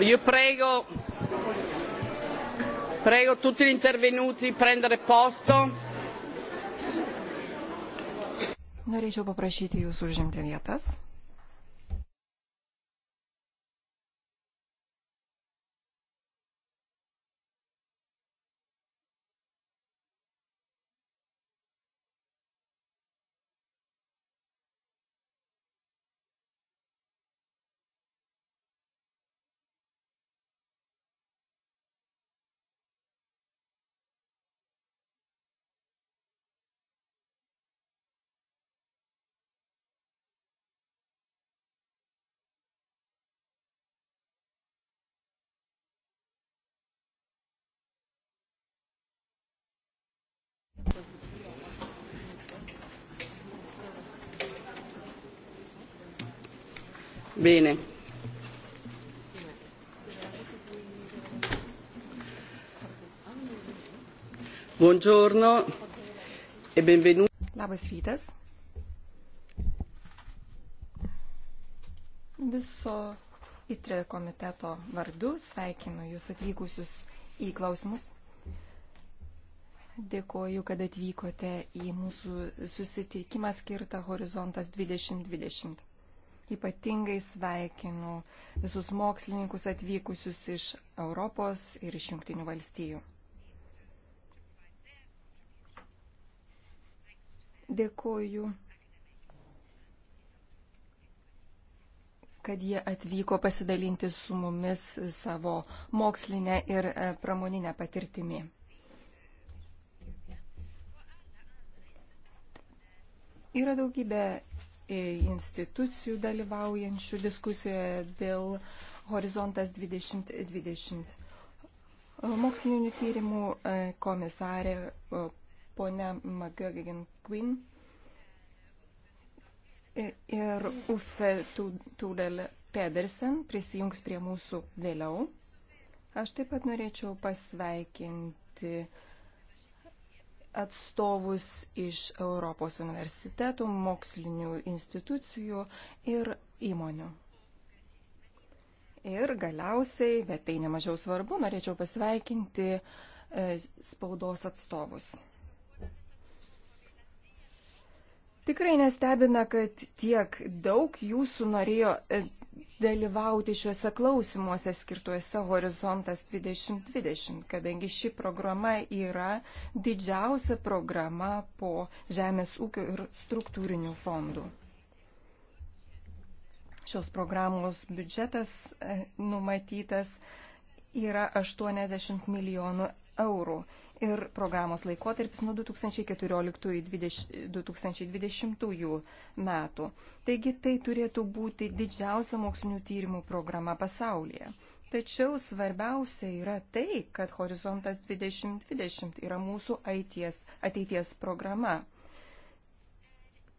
Io prego, prego tutti gli intervenuti prendere posto. Norėčiau paprašyti jūsų užimti vietas. Bene. Buongiorno e benvenuti. Labas rytas. Viso ITRE komiteto vardu sveikinu Jūs atvykusius į klausimus. Dėkuoju, kad atvykote į mūsų susitikimą skirtą Horizontas 2020. Ypatingai sveikinu visus mokslininkus atvykusius iš Europos ir iš Junktinių valstijų. Dėkuoju, kad jie atvyko pasidalinti su mumis savo mokslinę ir e, pramoninę patirtimį. Yra daugybė institucijų dalyvaujančių diskusijoje dėl Horizontas 2020. Mokslinių tyrimų e, komisarė e, ponia Magagin Quinn e, ir Uffe Tudel Pedersen prisijungs prie mūsų vėliau. Aš taip pat norėčiau pasveikinti uh, atstovus iš Europos universitetų, mokslinių institucijų ir įmonių. Ir galiausiai, bet tai nemažiau svarbu, norėčiau pasveikinti e, spaudos atstovus. Tikrai nestebina, kad tiek daug jūsų norėjo e, dalyvauti šiuose klausimuose skirtuose Horizontas 2020, kadangi ši programa yra didžiausia programa po Žemės ūkio ir struktūrinių fondų. Šios programos biudžetas e, numatytas yra 80 milijonų eurų ir programos laikotarpis nuo 2014-2020 metų. Taigi tai turėtų būti didžiausia mokslinių tyrimų programa pasaulyje. Tačiau svarbiausia yra tai, kad Horizontas 2020 yra mūsų ateities, ateities programa.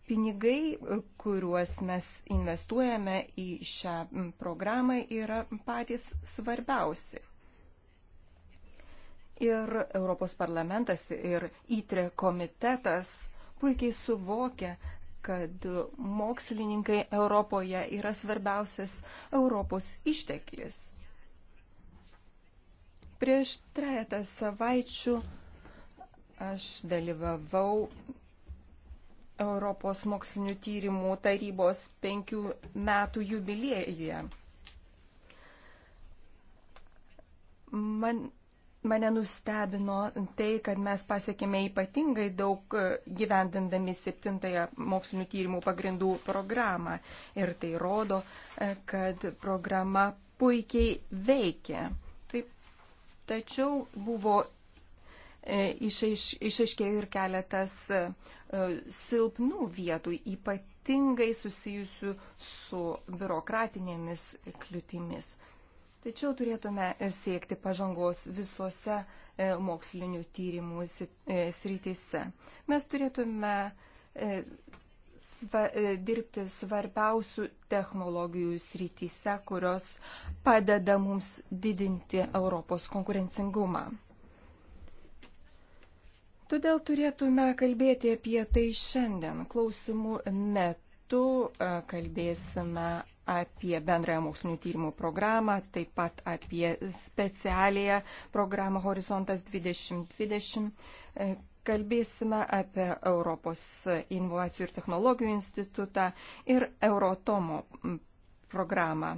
Pinigai, kuriuos mes investuojame į šią programą, yra patys svarbiausi ir Europos parlamentas ir įtre komitetas puikiai suvokia, kad mokslininkai Europoje yra svarbiausias Europos išteklis. Prieš trejatą savaičių aš dalyvavau Europos mokslinių tyrimų tarybos penkių metų jubiliejuje. Man Mane nustebino tai, kad mes pasiekėme ypatingai daug e, gyvendindami septintąją mokslinių tyrimų pagrindų programą. Ir tai rodo, e, kad programa puikiai veikia. Taip, tačiau buvo e, išaiš, išaiškėjo ir keletas silpnų vietų, ypatingai susijusių su biurokratinėmis kliūtimis. Tačiau turėtume e, siekti pažangos visose e, mokslinių tyrimų e, srityse. Mes turėtume sva, dirbti svarbiausių technologijų srityse, kurios padeda mums didinti Europos konkurencingumą. Todėl turėtume kalbėti apie tai šiandien. Klausimų metu kalbėsime apie bendrąją mokslinių tyrimų programą, taip pat apie specialiąją programą Horizontas 2020. E, kalbėsime apie Europos inovacijų ir technologijų institutą ir Eurotomo programą.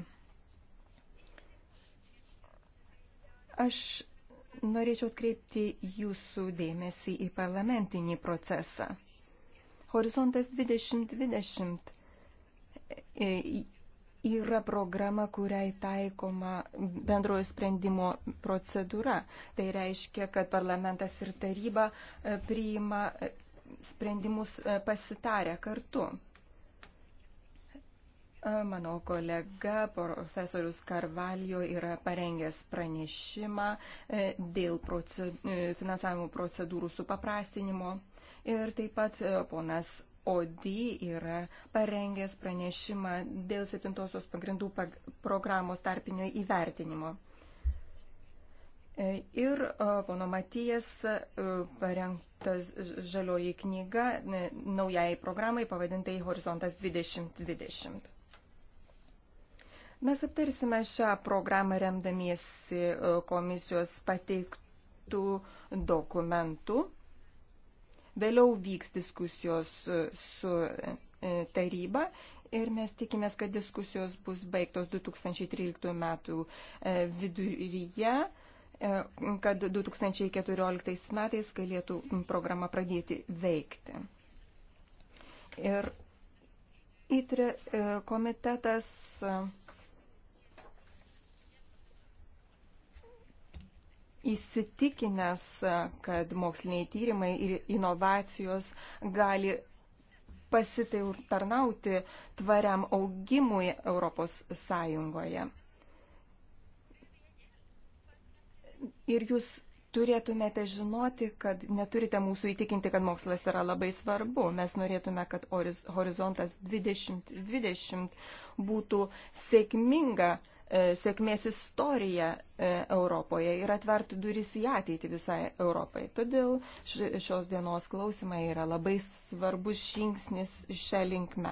Aš norėčiau atkreipti jūsų dėmesį į parlamentinį procesą. Horizontas 2020 yra programa, kuriai taikoma bendrojo sprendimo procedūra. Tai reiškia, kad parlamentas ir taryba e, priima e, sprendimus e, pasitarę kartu. Mano kolega profesorius Karvalio yra parengęs pranešimą dėl procedū, finansavimo procedūrų supaprastinimo. Ir taip pat ponas Odi yra parengęs pranešimą dėl septintosios pagrindų programos tarpinio įvertinimo. E, ir e, pono Matijas e, parengtas žalioji knyga naujai programai pavadintai Horizontas 2020. Mes aptarsime šią programą remdamiesi komisijos pateiktų dokumentų Vėliau vyks diskusijos e, su e, taryba ir mes tikimės, kad diskusijos bus baigtos 2013 metų e, viduryje kad 2014 metais galėtų programa pradėti veikti. Ir ITRE komitetas įsitikinęs, kad moksliniai tyrimai ir inovacijos gali pasitarnauti tvariam augimui Europos Sąjungoje. Ir jūs turėtumėte žinoti, kad neturite mūsų įtikinti, kad mokslas yra labai svarbu. Mes norėtume, kad horizontas 2020 būtų sėkminga uh, E, sėkmės istoriją e, Europoje ir atvertų duris į ateitį visai Europai. Todėl šios dienos klausimai yra labai svarbus žingsnis šią linkmę.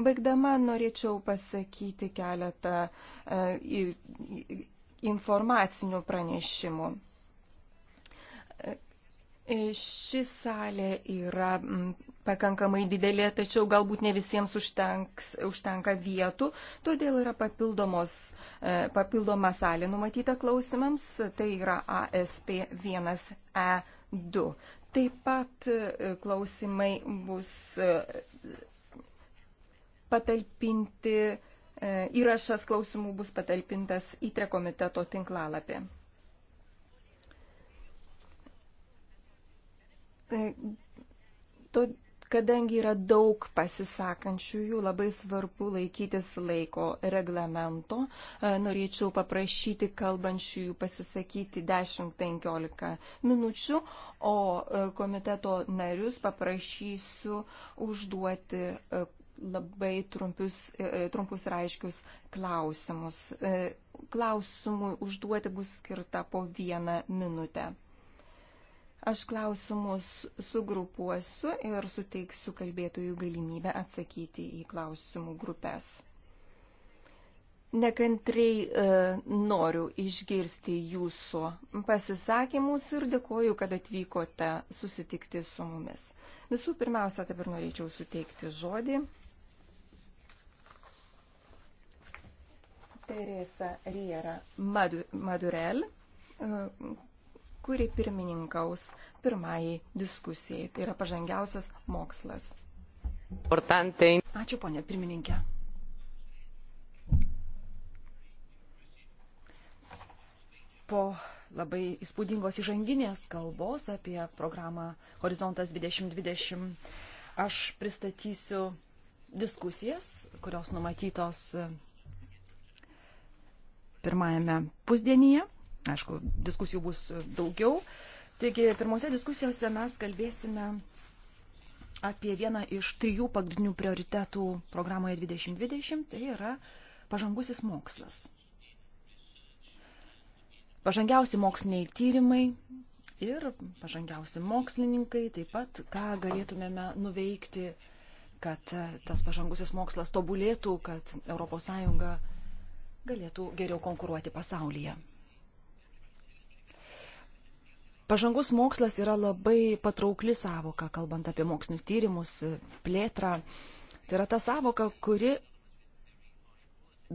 Baigdama norėčiau pasakyti keletą e, informacinių pranešimų. Ši salė yra pakankamai didelė, tačiau galbūt ne visiems užtenks, užtenka vietų, todėl yra e, papildoma salė numatyta klausimams, tai yra ASP 1E2. Taip pat e, klausimai bus e, patalpinti, įrašas klausimų bus patalpintas į trekomiteto tinklalapį. To, Kadangi yra daug pasisakančiųjų, labai svarbu laikytis laiko reglamento. E, norėčiau paprašyti kalbančiųjų pasisakyti 10-15 minučių, o e, komiteto narius paprašysiu užduoti e, labai trumpius, trumpus ir aiškius klausimus. Klausimui užduoti bus skirta po vieną minutę. Aš klausimus sugrupuosiu ir suteiksiu kalbėtojų galimybę atsakyti į klausimų grupės. Nekantriai e, noriu išgirsti jūsų pasisakymus ir dėkoju, kad atvykote susitikti su mumis. Visų pirmiausia, dabar norėčiau suteikti žodį. Teresa Riera Madurel, e, kuri pirmininkaus pirmajai diskusijai. Tai yra pažangiausias mokslas. Ačiū, ponė pirmininkė. Po labai įspūdingos įžanginės kalbos apie programą Horizontas 2020 aš pristatysiu diskusijas, kurios numatytos pirmajame pusdienyje. Aišku, diskusijų bus daugiau. Taigi, pirmose diskusijose mes kalbėsime apie vieną iš trijų pagrindinių prioritetų programoje 2020, tai yra pažangusis mokslas. Pažangiausi moksliniai tyrimai ir pažangiausi mokslininkai, taip pat ką galėtumėme nuveikti, kad tas pažangusis mokslas tobulėtų, kad ES galėtų geriau konkuruoti pasaulyje. Pažangus mokslas yra labai patraukli savoka, kalbant apie mokslinius tyrimus, plėtrą. Tai yra ta savoka, kuri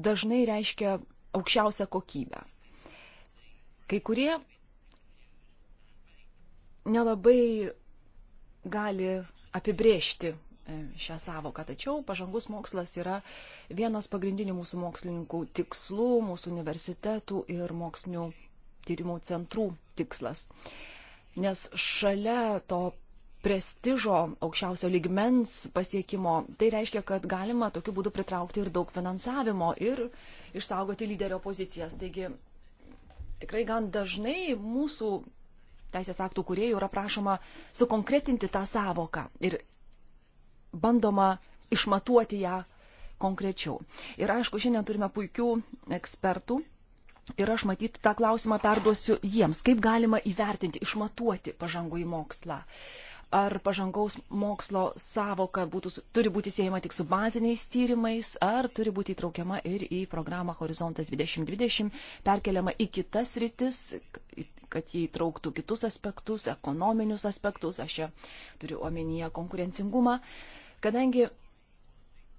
dažnai reiškia aukščiausią kokybę. Kai kurie nelabai gali apibrėžti e, šią savoką, tačiau pažangus mokslas yra vienas pagrindinių mūsų mokslininkų tikslų, mūsų universitetų ir mokslinių tyrimų centrų tikslas. Nes šalia to prestižo aukščiausio ligmens pasiekimo, tai reiškia, kad galima tokiu būdu pritraukti ir daug finansavimo ir išsaugoti lyderio pozicijas. Taigi tikrai gan dažnai mūsų teisės aktų kuriejų yra prašoma sukonkretinti tą savoką ir bandoma išmatuoti ją konkrečiau. Ir aišku, šiandien turime puikių ekspertų Ir aš matyt tą klausimą perduosiu jiems, kaip galima įvertinti, išmatuoti pažangų į mokslą. Ar pažangaus mokslo savoka būtų, turi būti siejama tik su baziniais tyrimais, ar turi būti įtraukiama ir į programą Horizontas 2020, perkeliama į kitas rytis, kad jį įtrauktų kitus aspektus, ekonominius aspektus, aš čia turiu omenyje konkurencingumą. Kadangi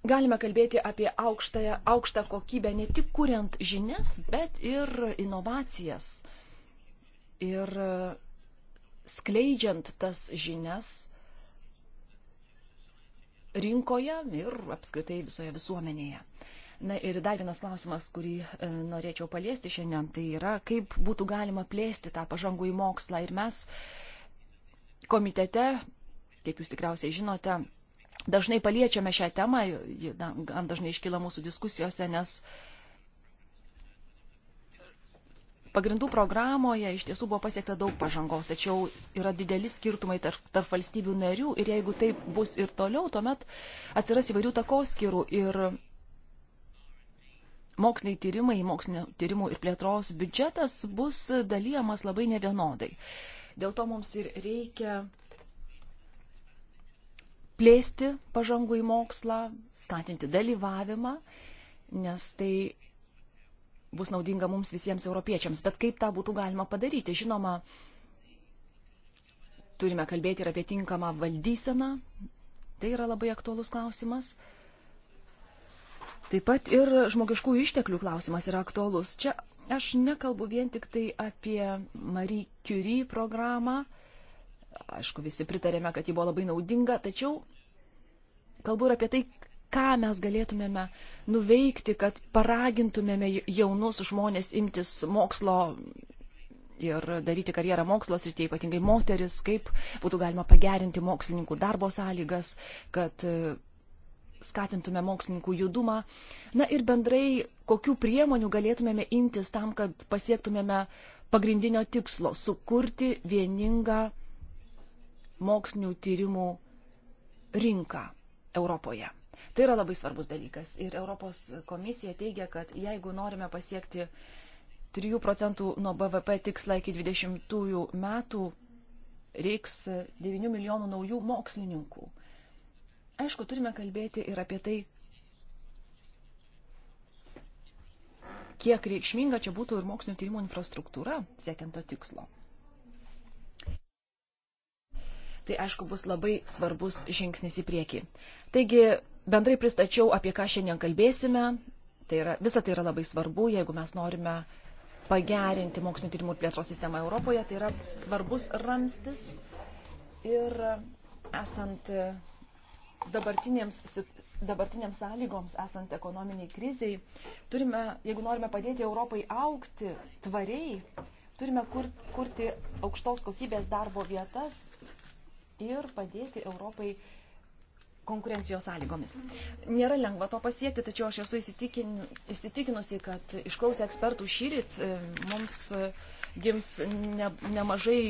galime kalbėti apie aukštą, aukštą kokybę ne tik kuriant žinias, bet ir inovacijas. Ir e, skleidžiant tas žinias rinkoje ir apskritai visoje visuomenėje. Na ir dar vienas klausimas, kurį e, norėčiau paliesti šiandien, tai yra, kaip būtų galima plėsti tą pažangų į mokslą. Ir mes komitete, kaip jūs tikriausiai žinote, dažnai paliečiame šią temą, ji gan dažnai iškyla mūsų diskusijose, nes pagrindų programoje iš tiesų buvo pasiekta daug pažangos, tačiau yra dideli skirtumai tarp, tarp valstybių narių ir jeigu taip bus ir toliau, tuomet atsiras įvairių takoskirų ir moksliniai tyrimai, mokslinio tyrimų ir plėtros biudžetas bus dalyjamas labai nevienodai. Dėl to mums ir reikia plėsti pažangų į mokslą, skatinti dalyvavimą, nes tai bus naudinga mums visiems europiečiams. Bet kaip tą būtų galima padaryti? Žinoma, turime kalbėti ir apie tinkamą valdyseną. Tai yra labai aktuolus klausimas. Taip pat ir žmogiškų išteklių klausimas yra aktuolus. Čia aš nekalbu vien tik tai apie Marie Curie programą aišku, visi pritarėme, kad ji buvo labai naudinga, tačiau kalbu ir apie tai, ką mes galėtumėme nuveikti, kad paragintumėme jaunus žmonės imtis mokslo ir daryti karjerą mokslo srityje, ypatingai moteris, kaip būtų galima pagerinti mokslininkų darbo sąlygas, kad e, skatintume mokslininkų judumą. Na ir bendrai, kokių priemonių galėtumėme imtis tam, kad pasiektumėme pagrindinio tikslo - sukurti vieningą mokslinių tyrimų rinką Europoje. Tai yra labai svarbus dalykas. Ir Europos komisija teigia, kad jeigu norime pasiekti 3 procentų nuo BVP tikslą iki 20 metų, reiks 9 milijonų naujų mokslininkų. Aišku, turime kalbėti ir apie tai, kiek reikšminga čia būtų ir mokslinio tyrimų infrastruktūra siekiant to tikslo tai aišku bus labai svarbus žingsnis į priekį. Taigi, bendrai pristačiau, apie ką šiandien kalbėsime. Tai yra, visa tai yra labai svarbu, jeigu mes norime pagerinti mokslinio tyrimų ir plėtros sistemą Europoje. Tai yra svarbus ramstis ir esant dabartinėms dabartiniams sąlygoms, esant ekonominiai kriziai, turime, jeigu norime padėti Europai aukti tvariai, turime kur, kurti aukštos kokybės darbo vietas, ir padėti Europai konkurencijos sąlygomis. Nėra lengva to pasiekti, tačiau aš esu įsitikin, įsitikinusi, kad išklausę ekspertų šyrit e, mums e, gims ne, nemažai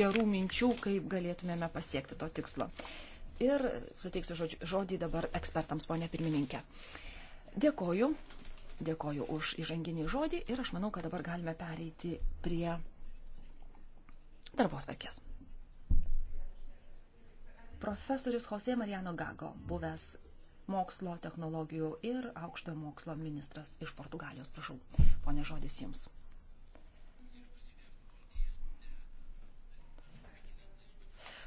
gerų minčių, kaip galėtumėme pasiekti to tikslo. Ir suteiksiu žodį, žodį dabar ekspertams, ponė pirmininkė. Dėkoju, dėkoju už įžanginį žodį ir aš manau, kad dabar galime pereiti prie darbos verkės profesorius Jose Mariano Gago, buvęs mokslo, technologijų ir aukšto mokslo ministras iš Portugalijos. Prašau, ponė žodis jums.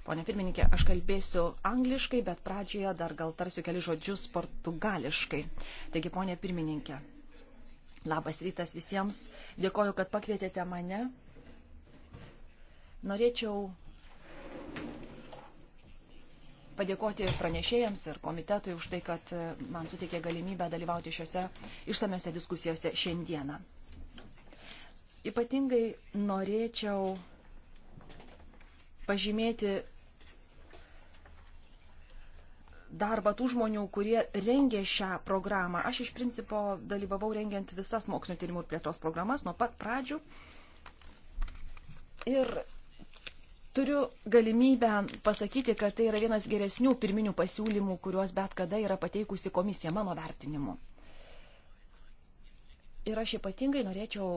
Pone pirmininkė, aš kalbėsiu angliškai, bet pradžioje dar gal tarsiu keli žodžius portugališkai. Taigi, ponė pirmininkė, labas rytas visiems. Dėkoju, kad pakvietėte mane. Norėčiau padėkoti pranešėjams ir komitetui už tai, kad e, man suteikė galimybę dalyvauti šiuose išsamiuose diskusijose šiandieną. Ypatingai norėčiau pažymėti darbą tų žmonių, kurie rengė šią programą. Aš iš principo dalyvavau rengiant visas mokslinio tyrimų ir plėtos programas nuo pat pradžių. Ir Turiu galimybę pasakyti, kad tai yra vienas geresnių pirminių pasiūlymų, kuriuos bet kada yra pateikusi komisija mano vertinimu. Ir aš ypatingai norėčiau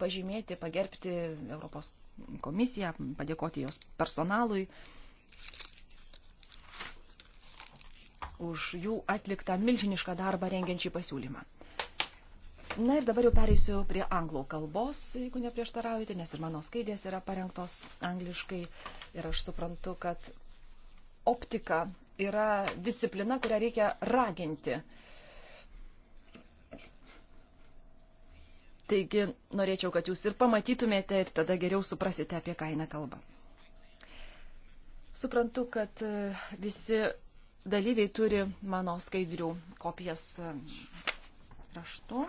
pažymėti, pagerbti Europos komisiją, padėkoti jos personalui už jų atliktą milžinišką darbą rengiant šį pasiūlymą. Na ir dabar jau pereisiu prie anglų kalbos, jeigu neprieštaraujate, nes ir mano skaidės yra parengtos angliškai ir aš suprantu, kad optika yra disciplina, kurią reikia raginti. Taigi norėčiau, kad jūs ir pamatytumėte ir tada geriau suprasite, apie ką eina kalba. Suprantu, kad e, visi dalyviai turi mano skaidrių kopijas e, raštu.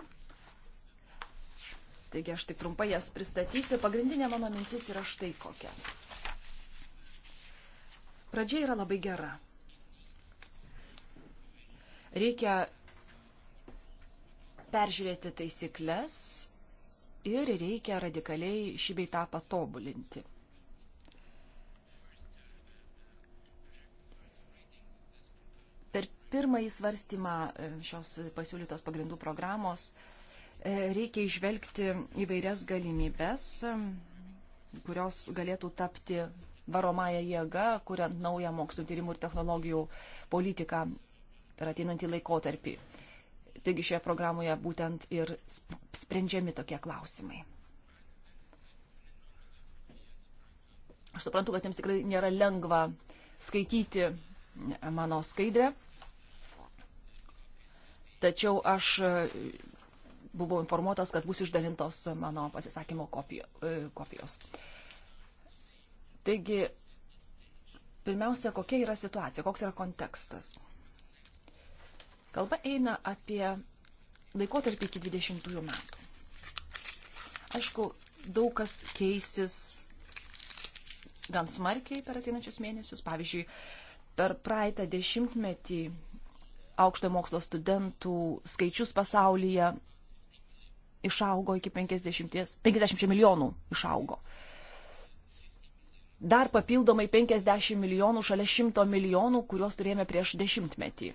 Taigi aš tik trumpai jas pristatysiu. Pagrindinė mano mintis yra štai kokia. Pradžia yra labai gera. Reikia peržiūrėti taisyklės ir reikia radikaliai šį beitą patobulinti. Per pirmąjį svarstymą šios pasiūlytos pagrindų programos E, reikia išvelgti įvairias galimybės, kurios galėtų tapti varomąją jėgą, kuriant naują mokslo tyrimų ir technologijų politiką per ateinantį laikotarpį. Taigi šioje programoje būtent ir sprendžiami tokie klausimai. Aš suprantu, kad jums tikrai nėra lengva skaityti mano skaidrę, tačiau aš buvau informuotas, kad bus išdalintos mano pasisakymo kopijo, e, kopijos. Taigi, pirmiausia, kokia yra situacija, koks yra kontekstas. Kalba eina apie laikotarpį iki 20 metų. Aišku, daug kas keisis gan smarkiai per ateinančius mėnesius. Pavyzdžiui, per praeitą dešimtmetį aukštojo mokslo studentų skaičius pasaulyje išaugo iki 50, 50 milijonų išaugo. Dar papildomai 50 milijonų šalia 100 milijonų, kuriuos turėjome prieš dešimtmetį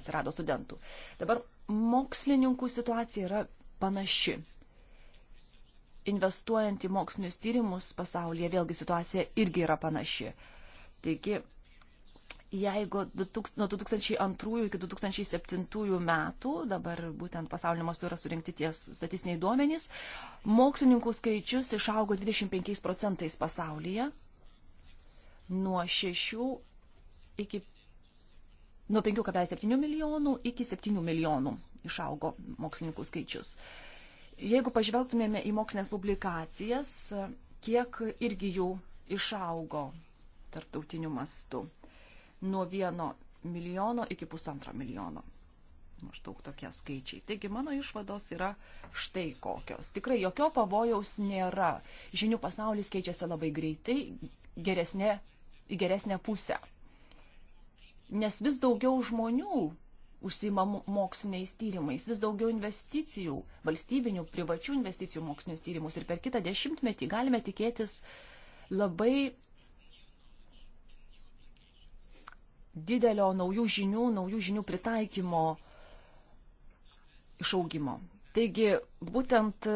atsirado studentų. Dabar mokslininkų situacija yra panaši. Investuojant į mokslinius tyrimus pasaulyje vėlgi situacija irgi yra panaši. Taigi jeigu nuo 2002 iki 2007 metų, dabar būtent pasaulyno mastu yra surinkti tie statistiniai duomenys, mokslininkų skaičius išaugo 25 procentais pasaulyje nuo 6 iki nuo 5,7 milijonų iki 7 milijonų išaugo mokslininkų skaičius. Jeigu pažvelgtumėme į mokslinės publikacijas, kiek irgi jų išaugo tarptautiniu mastu nuo vieno milijono iki pusantro milijono. Maždaug tokie skaičiai. Taigi mano išvados yra štai kokios. Tikrai jokio pavojaus nėra. Žinių pasaulis keičiasi labai greitai, geresnė, į geresnę pusę. Nes vis daugiau žmonių užsima moksliniais tyrimais, vis daugiau investicijų, valstybinių, privačių investicijų mokslinius tyrimus ir per kitą dešimtmetį galime tikėtis labai didelio naujų žinių, naujų žinių pritaikymo išaugimo. Taigi, būtent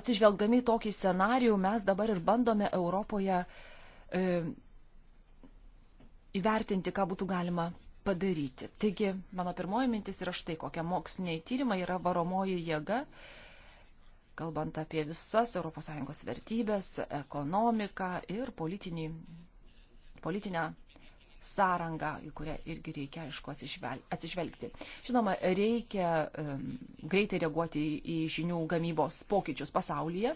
atsižvelgdami tokį scenarijų, mes dabar ir bandome Europoje e, įvertinti, ką būtų galima padaryti. Taigi, mano pirmoji mintis yra štai, kokia moksliniai tyrimai yra varomoji jėga, kalbant apie visas ES vertybės, ekonomiką ir politinį, politinę sąrangą, į kurią irgi reikia, aišku, atsižvelgti. Žinoma, reikia um, greitai reaguoti į žinių gamybos pokyčius pasaulyje,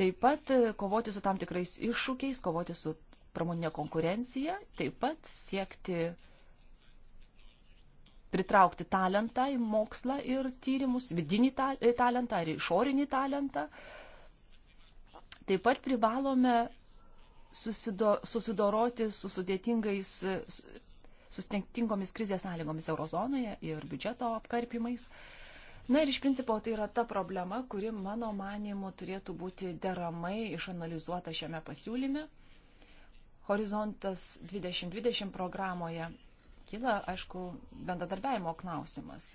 taip pat e, kovoti su tam tikrais iššūkiais, kovoti su pramoninė konkurencija, taip pat siekti pritraukti talentą į mokslą ir tyrimus, vidinį talentą ar išorinį talentą. Taip pat privalome susido, susidoroti su sudėtingais, susitinkomis krizės sąlygomis eurozonoje ir biudžeto apkarpimais. Na ir iš principo tai yra ta problema, kuri mano manimu turėtų būti deramai išanalizuota šiame pasiūlyme. Horizontas 2020 programoje kyla, aišku, bendradarbiajimo klausimas,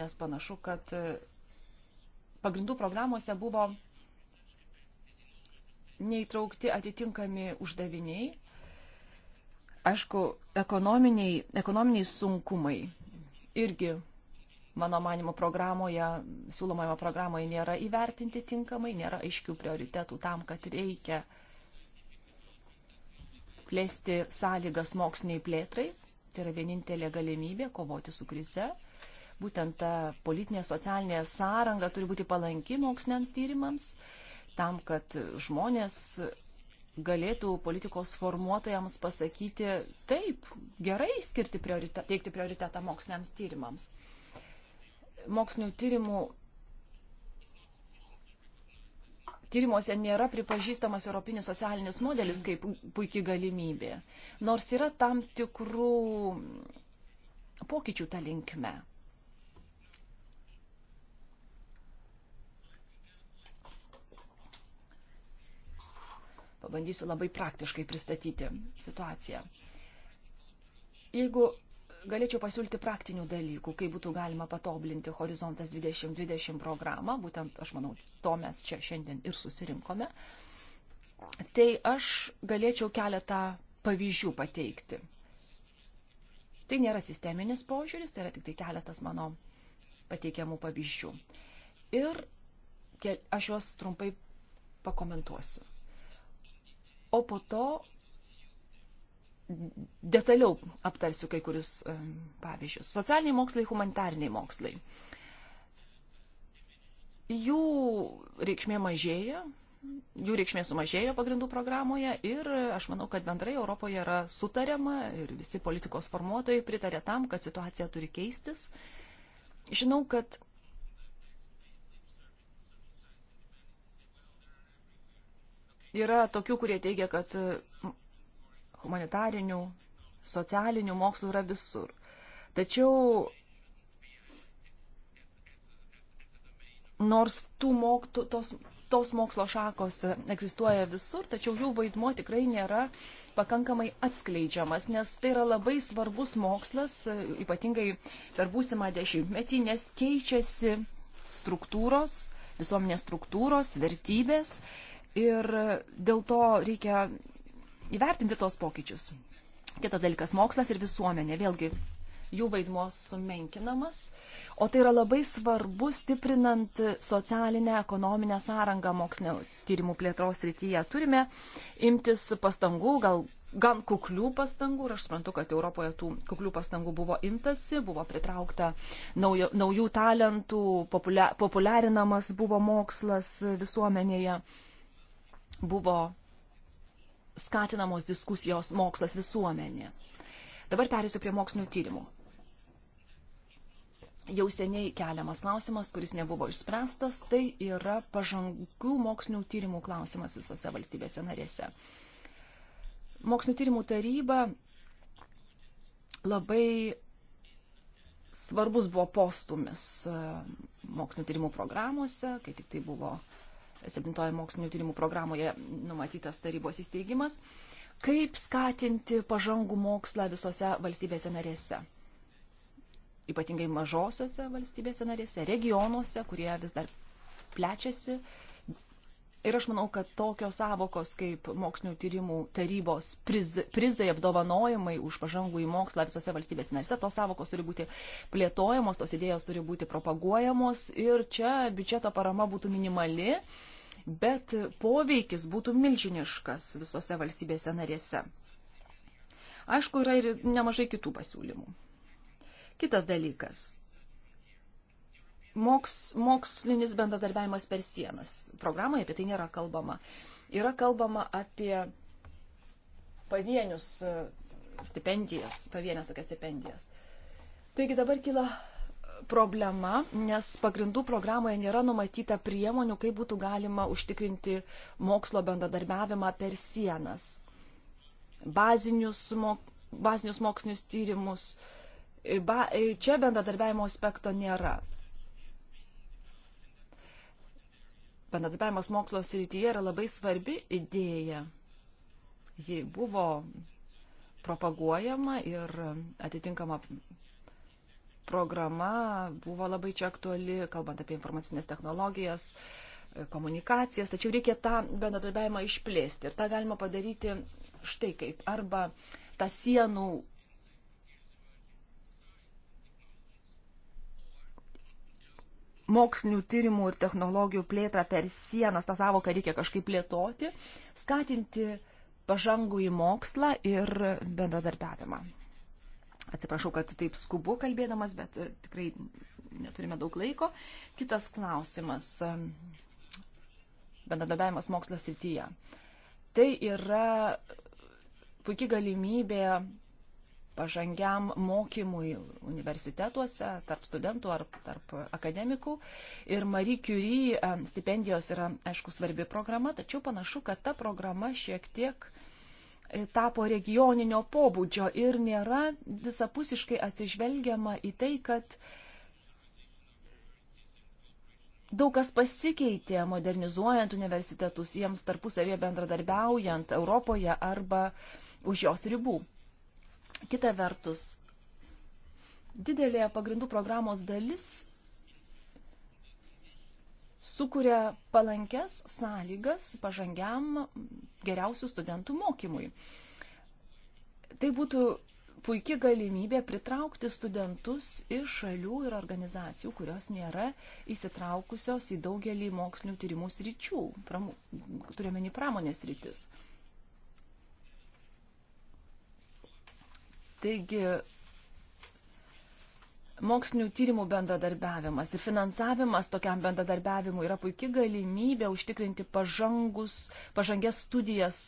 nes panašu, kad pagrindų programuose buvo neįtraukti atitinkami uždaviniai. Aišku, ekonominiai, ekonominiai sunkumai irgi mano manimo programoje, siūlomojo programoje nėra įvertinti tinkamai, nėra aiškių prioritetų tam, kad reikia plėsti sąlygas moksliniai plėtrai. Tai yra vienintelė galimybė kovoti su krize. Būtent ta politinė socialinė sąranga turi būti palanki moksliniams tyrimams tam, kad žmonės galėtų politikos formuotojams pasakyti taip, gerai skirti prioritetą, teikti prioritetą moksliniams tyrimams. Mokslinių tyrimų tyrimuose nėra pripažįstamas europinis socialinis modelis kaip puikiai galimybė, nors yra tam tikrų pokyčių tą linkme. Pabandysiu labai praktiškai pristatyti situaciją. Jeigu galėčiau pasiūlyti praktinių dalykų, kaip būtų galima patoblinti Horizontas 2020 programą, būtent aš manau, to mes čia šiandien ir susirinkome, tai aš galėčiau keletą pavyzdžių pateikti. Tai nėra sisteminis požiūris, tai yra tik tai keletas mano pateikiamų pavyzdžių. Ir aš juos trumpai pakomentuosiu o po to detaliau aptarsiu kai kurius e, pavyzdžius. Socialiniai mokslai, humanitariniai mokslai. Jų reikšmė mažėja, jų reikšmė sumažėjo pagrindų programoje ir aš manau, kad bendrai Europoje yra sutariama ir visi politikos formuotojai pritarė tam, kad situacija turi keistis. Žinau, kad Yra tokių, kurie teigia, kad humanitarinių, socialinių mokslų yra visur. Tačiau nors tų mok, tos, tos mokslo šakos egzistuoja visur, tačiau jų vaidmuo tikrai nėra pakankamai atskleidžiamas, nes tai yra labai svarbus mokslas, ypatingai per būsimą dešimtmetį, nes keičiasi struktūros, visuomenės struktūros, vertybės Ir dėl to reikia įvertinti tos pokyčius. Kitas dalykas - mokslas ir visuomenė. Vėlgi, jų vaidmo sumenkinamas. O tai yra labai svarbu stiprinant socialinę, ekonominę sąrangą mokslinio tyrimų plėtros rytyje. Turime imtis pastangų, gal gan kuklių pastangų ir aš suprantu, kad Europoje tų kuklių pastangų buvo imtasi, buvo pritraukta naujo, naujų talentų, populia, populiarinamas buvo mokslas visuomenėje. Uh, buvo skatinamos diskusijos mokslas visuomenė. Dabar perėsiu prie mokslinių tyrimų. Jau seniai keliamas klausimas, kuris nebuvo išspręstas, tai yra pažangių mokslinių tyrimų klausimas visose valstybėse narėse. Mokslinių tyrimų taryba labai svarbus buvo postumis e, mokslinio tyrimų programuose, kai tik tai buvo uh, septintoje mokslinio tyrimų programoje numatytas tarybos įsteigimas. Kaip skatinti pažangų mokslą visose valstybėse narėse? Ypatingai mažosiose valstybėse narėse, regionuose, kurie vis dar plečiasi, Ir aš manau, kad tokios savokos kaip mokslinio tyrimų tarybos priz, prizai, apdovanojimai už pažangų į mokslą visose valstybės narėse, tos savokos turi būti plėtojamos, tos idėjos turi būti propaguojamos ir čia biudžeto parama būtų minimali, bet poveikis būtų milžiniškas visose valstybėse narėse. Aišku, yra ir nemažai kitų pasiūlymų. Kitas dalykas moks, mokslinis bendradarbiavimas per sienas. Programoje apie tai nėra kalbama. Yra kalbama apie pavienius e, stipendijas, pavienės tokias stipendijas. Taigi dabar kyla problema, nes pagrindų programoje nėra numatyta priemonių, kaip būtų galima užtikrinti mokslo bendradarbiavimą per sienas. Bazinius, mok, bazinius mokslinius tyrimus. Ba, čia bendradarbiavimo aspekto nėra. bendradarbiavimas mokslo srityje yra labai svarbi idėja. Ji buvo propaguojama ir atitinkama programa buvo labai čia aktuali, kalbant apie informacinės technologijas, komunikacijas, tačiau reikia tą bendradarbiavimą išplėsti ir tą galima padaryti štai kaip. Arba tą sienų mokslinių tyrimų ir technologijų plėtrą per sienas, tą savoką reikia kažkaip plėtoti, skatinti pažangų į mokslą ir bendradarbiavimą. Atsiprašau, kad taip skubu kalbėdamas, bet e, tikrai neturime daug laiko. Kitas klausimas e, - bendradarbiavimas mokslo srityje. Tai yra puikia galimybė pažangiam mokymui universitetuose, tarp studentų ar tarp akademikų. Ir Marie Curie e, stipendijos yra, aišku, svarbi programa, tačiau panašu, kad ta programa šiek tiek e, tapo regioninio pobūdžio ir nėra visapusiškai atsižvelgiama į tai, kad daug kas pasikeitė modernizuojant universitetus, jiems tarpusavėje bendradarbiaujant Europoje arba už jos ribų. Kita vertus, didelė pagrindų programos dalis sukuria palankes sąlygas pažangiam geriausių studentų mokymui. Tai būtų puikia galimybė pritraukti studentus iš šalių ir organizacijų, kurios nėra įsitraukusios į daugelį mokslinių tyrimų sričių, pramu, turiuomenį pramonės rytis. Taigi, mokslinių tyrimų bendradarbiavimas ir finansavimas tokiam bendradarbiavimui yra puikia galimybė užtikrinti pažangus, pažangės studijas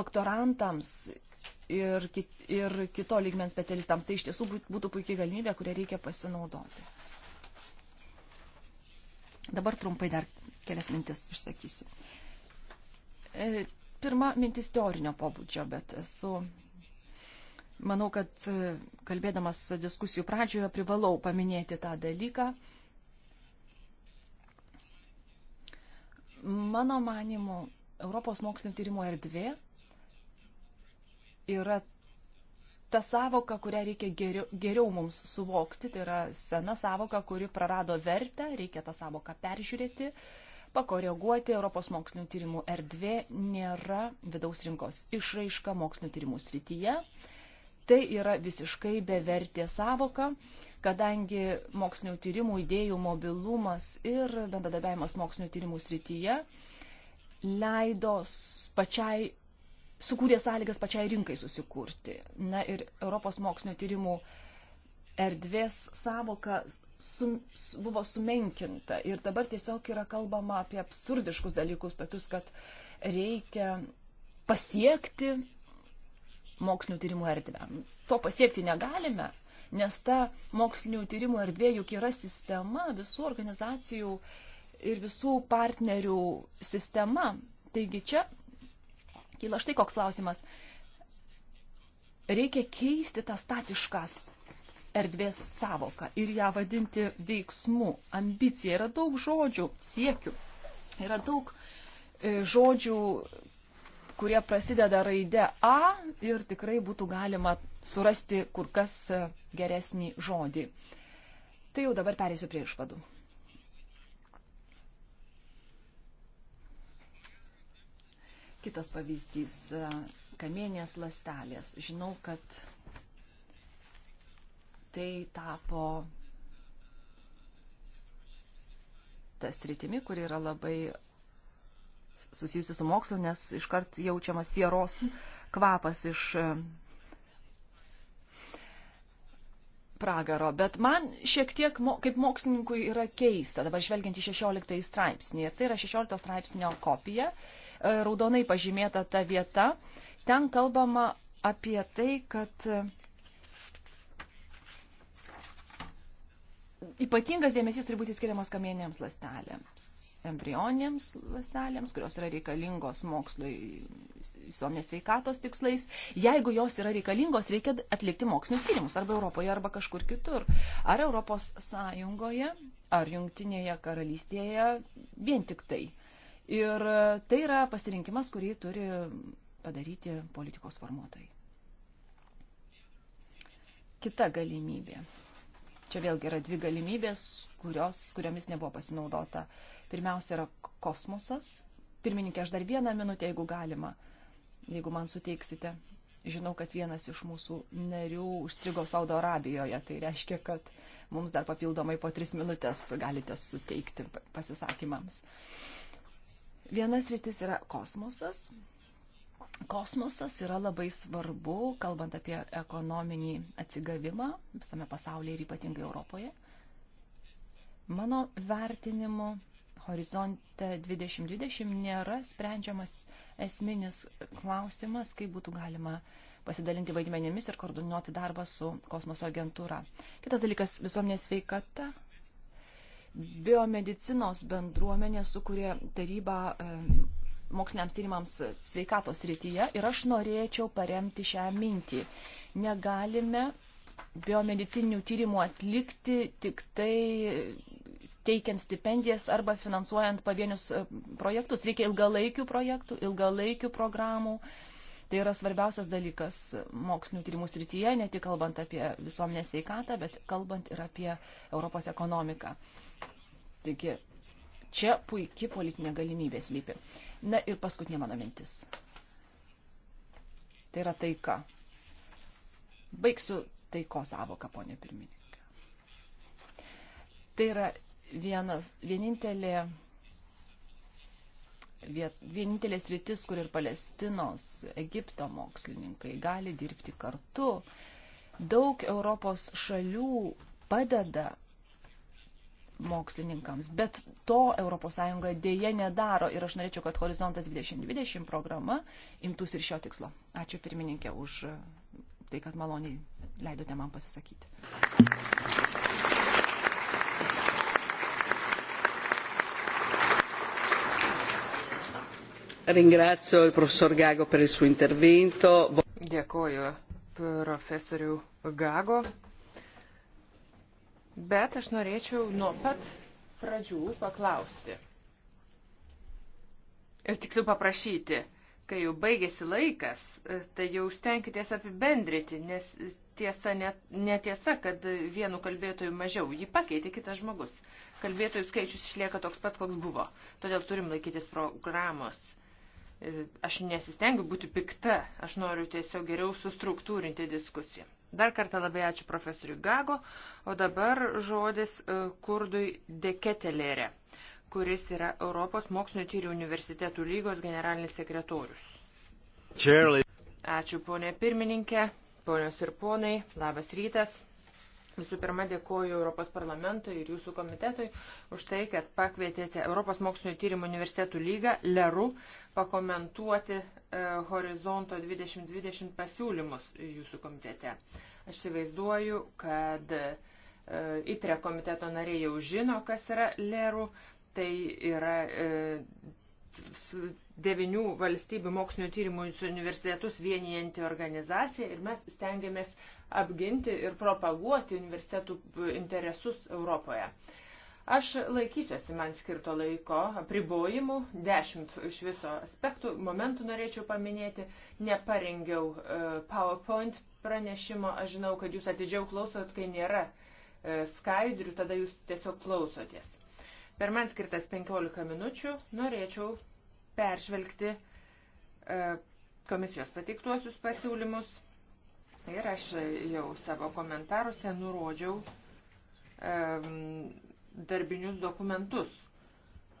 doktorantams ir, kit, ir kito lygmens specialistams. Tai iš tiesų būtų puikia galimybė, kurią reikia pasinaudoti. Dabar trumpai dar kelias mintis išsakysiu. E, pirma mintis teorinio pobūdžio, bet esu Manau, kad e, kalbėdamas diskusijų pradžioje privalau paminėti tą dalyką. Mano manimu, Europos mokslinio tyrimo erdvė yra ta savoka, kurią reikia geriau, geriau mums suvokti. Tai yra sena savoka, kuri prarado vertę, reikia tą savoką peržiūrėti, pakoreguoti. Europos mokslinio tyrimų erdvė nėra vidaus rinkos išraiška mokslinio tyrimų srityje. Uh, tai yra visiškai bevertė savoka, kadangi mokslinio tyrimų idėjų mobilumas ir bendradarbiavimas mokslinio tyrimų srityje leido pačiai, sukūrė sąlygas pačiai rinkai susikurti. Na ir Europos mokslinio tyrimų erdvės savoka sum, buvo sumenkinta ir dabar tiesiog yra kalbama apie absurdiškus dalykus, tokius, kad reikia pasiekti mokslinių tyrimų erdvę. To pasiekti negalime, nes ta mokslinių tyrimų erdvė juk yra sistema visų organizacijų ir visų partnerių sistema. Taigi čia kyla štai koks klausimas. Reikia keisti tą statiškas erdvės savoką ir ją vadinti veiksmu. Ambicija yra daug žodžių, siekių, yra daug e, žodžių kurie prasideda raide A ir tikrai būtų galima surasti kur kas e, geresnį žodį. Tai jau dabar perėsiu prie išvadų. Kitas pavyzdys e, - kamienės lastelės. Žinau, kad tai tapo tas rytimi, kuri yra labai susijusių su mokslu, nes iškart jaučiamas sieros kvapas iš e, pragaro. Bet man šiek tiek, kaip mokslininkui, yra keista, dabar žvelgiant į 16 straipsnį, ir tai yra 16 straipsnio kopija, e, raudonai pažymėta ta vieta, ten kalbama apie tai, kad e, ypatingas dėmesys turi būti skiriamas kamienėms lastelėms embrioninėms lasdelėms, kurios yra reikalingos mokslui visuomenės sveikatos tikslais. Jeigu jos yra reikalingos, reikia atlikti mokslinius tyrimus arba Europoje, arba kažkur kitur. Ar Europos Sąjungoje, ar Junktinėje karalystėje vien tik tai. Ir tai yra pasirinkimas, kurį turi padaryti politikos formuotojai. Kita galimybė. Čia vėlgi yra dvi galimybės, kurios, kuriomis nebuvo pasinaudota uh, Pirmiausia yra kosmosas. Pirmininkė, aš dar vieną minutę, jeigu galima, jeigu man suteiksite. Žinau, kad vienas iš mūsų narių užstrigo Saudo Arabijoje, tai reiškia, kad mums dar papildomai po tris minutės galite suteikti pasisakymams. Vienas rytis yra kosmosas. Kosmosas yra labai svarbu, kalbant apie ekonominį atsigavimą visame pasaulyje ir ypatingai Europoje. Mano vertinimu, horizonte 2020 nėra sprendžiamas esminis klausimas, kaip būtų galima pasidalinti vaidmenimis ir koordinuoti darbą su kosmoso agentūra. Kitas dalykas - visuomenės sveikata. Biomedicinos bendruomenė sukūrė tarybą moksliniams tyrimams sveikatos rytyje ir aš norėčiau paremti šią mintį. Negalime biomedicinių tyrimų atlikti tik tai teikiant stipendijas arba finansuojant pavienius e, projektus. Reikia ilgalaikių projektų, ilgalaikių programų. Tai yra svarbiausias dalykas mokslinių tyrimų srityje, ne tik kalbant apie visuomenės veikatą, bet kalbant ir apie Europos ekonomiką. Taigi, čia puikia politinė galimybė slypi. Na ir paskutinė mano mintis. Tai yra taika. Baigsiu taiko savoką, ponė pirmininkė. Tai yra vienas, vienintelė, viet, vienintelės rytis, kur ir Palestinos, Egipto mokslininkai gali dirbti kartu. Daug Europos šalių padeda mokslininkams, bet to ES dėje nedaro ir aš norėčiau, kad Horizontas 2020 programa imtųs ir šio tikslo. Ačiū pirmininkė už tai, kad maloniai leidote man pasisakyti. Ringrazio il professor Gago per il suo intervento. Dėkoju profesoriu Gago. Bet aš norėčiau nuo pat pradžių paklausti. Ir tiksliau paprašyti, kai jau baigėsi laikas, tai jau stenkitės apibendryti, nes tiesa, net, netiesa, kad vienu kalbėtoju mažiau, jį pakeitė kitas žmogus. Kalbėtojų skaičius išlieka toks pat, koks buvo. Todėl turim laikytis programos. E, aš nesistengiu būti pikta, aš noriu tiesiog geriau sustruktūrinti diskusiją. Dar kartą labai ačiū profesoriui Gago, o dabar žodis e, kurdui Deketelėre, kuris yra Europos mokslinio tyrių universitetų lygos generalinis sekretorius. Čerli. Ačiū ponė pirmininkė, ponios ir ponai, labas rytas. Visų pirma, dėkoju Europos parlamentui ir jūsų komitetui už tai, kad pakvietėte Europos mokslinio tyrimų universitetų lygą LERU pakomentuoti e, Horizonto 2020 pasiūlymus jūsų komitete. Aš įsivaizduoju, kad e, ITRE komiteto nariai jau žino, kas yra LERU. Tai yra e, devinių valstybių mokslinio tyrimų universitetus vienijanti organizacija ir mes stengiamės apginti ir propaguoti universitetų interesus Europoje. Aš laikysiuosi man skirto laiko apribojimų, dešimt iš viso aspektų, momentų norėčiau paminėti, neparengiau e, PowerPoint pranešimo, aš žinau, kad jūs atidžiau klausot, kai nėra e, skaidrių, tada jūs tiesiog klausotės. Per man skirtas 15 minučių norėčiau peržvelgti e, komisijos pateiktuosius pasiūlymus Ir aš jau savo komentaruose nurodžiau um, darbinius dokumentus,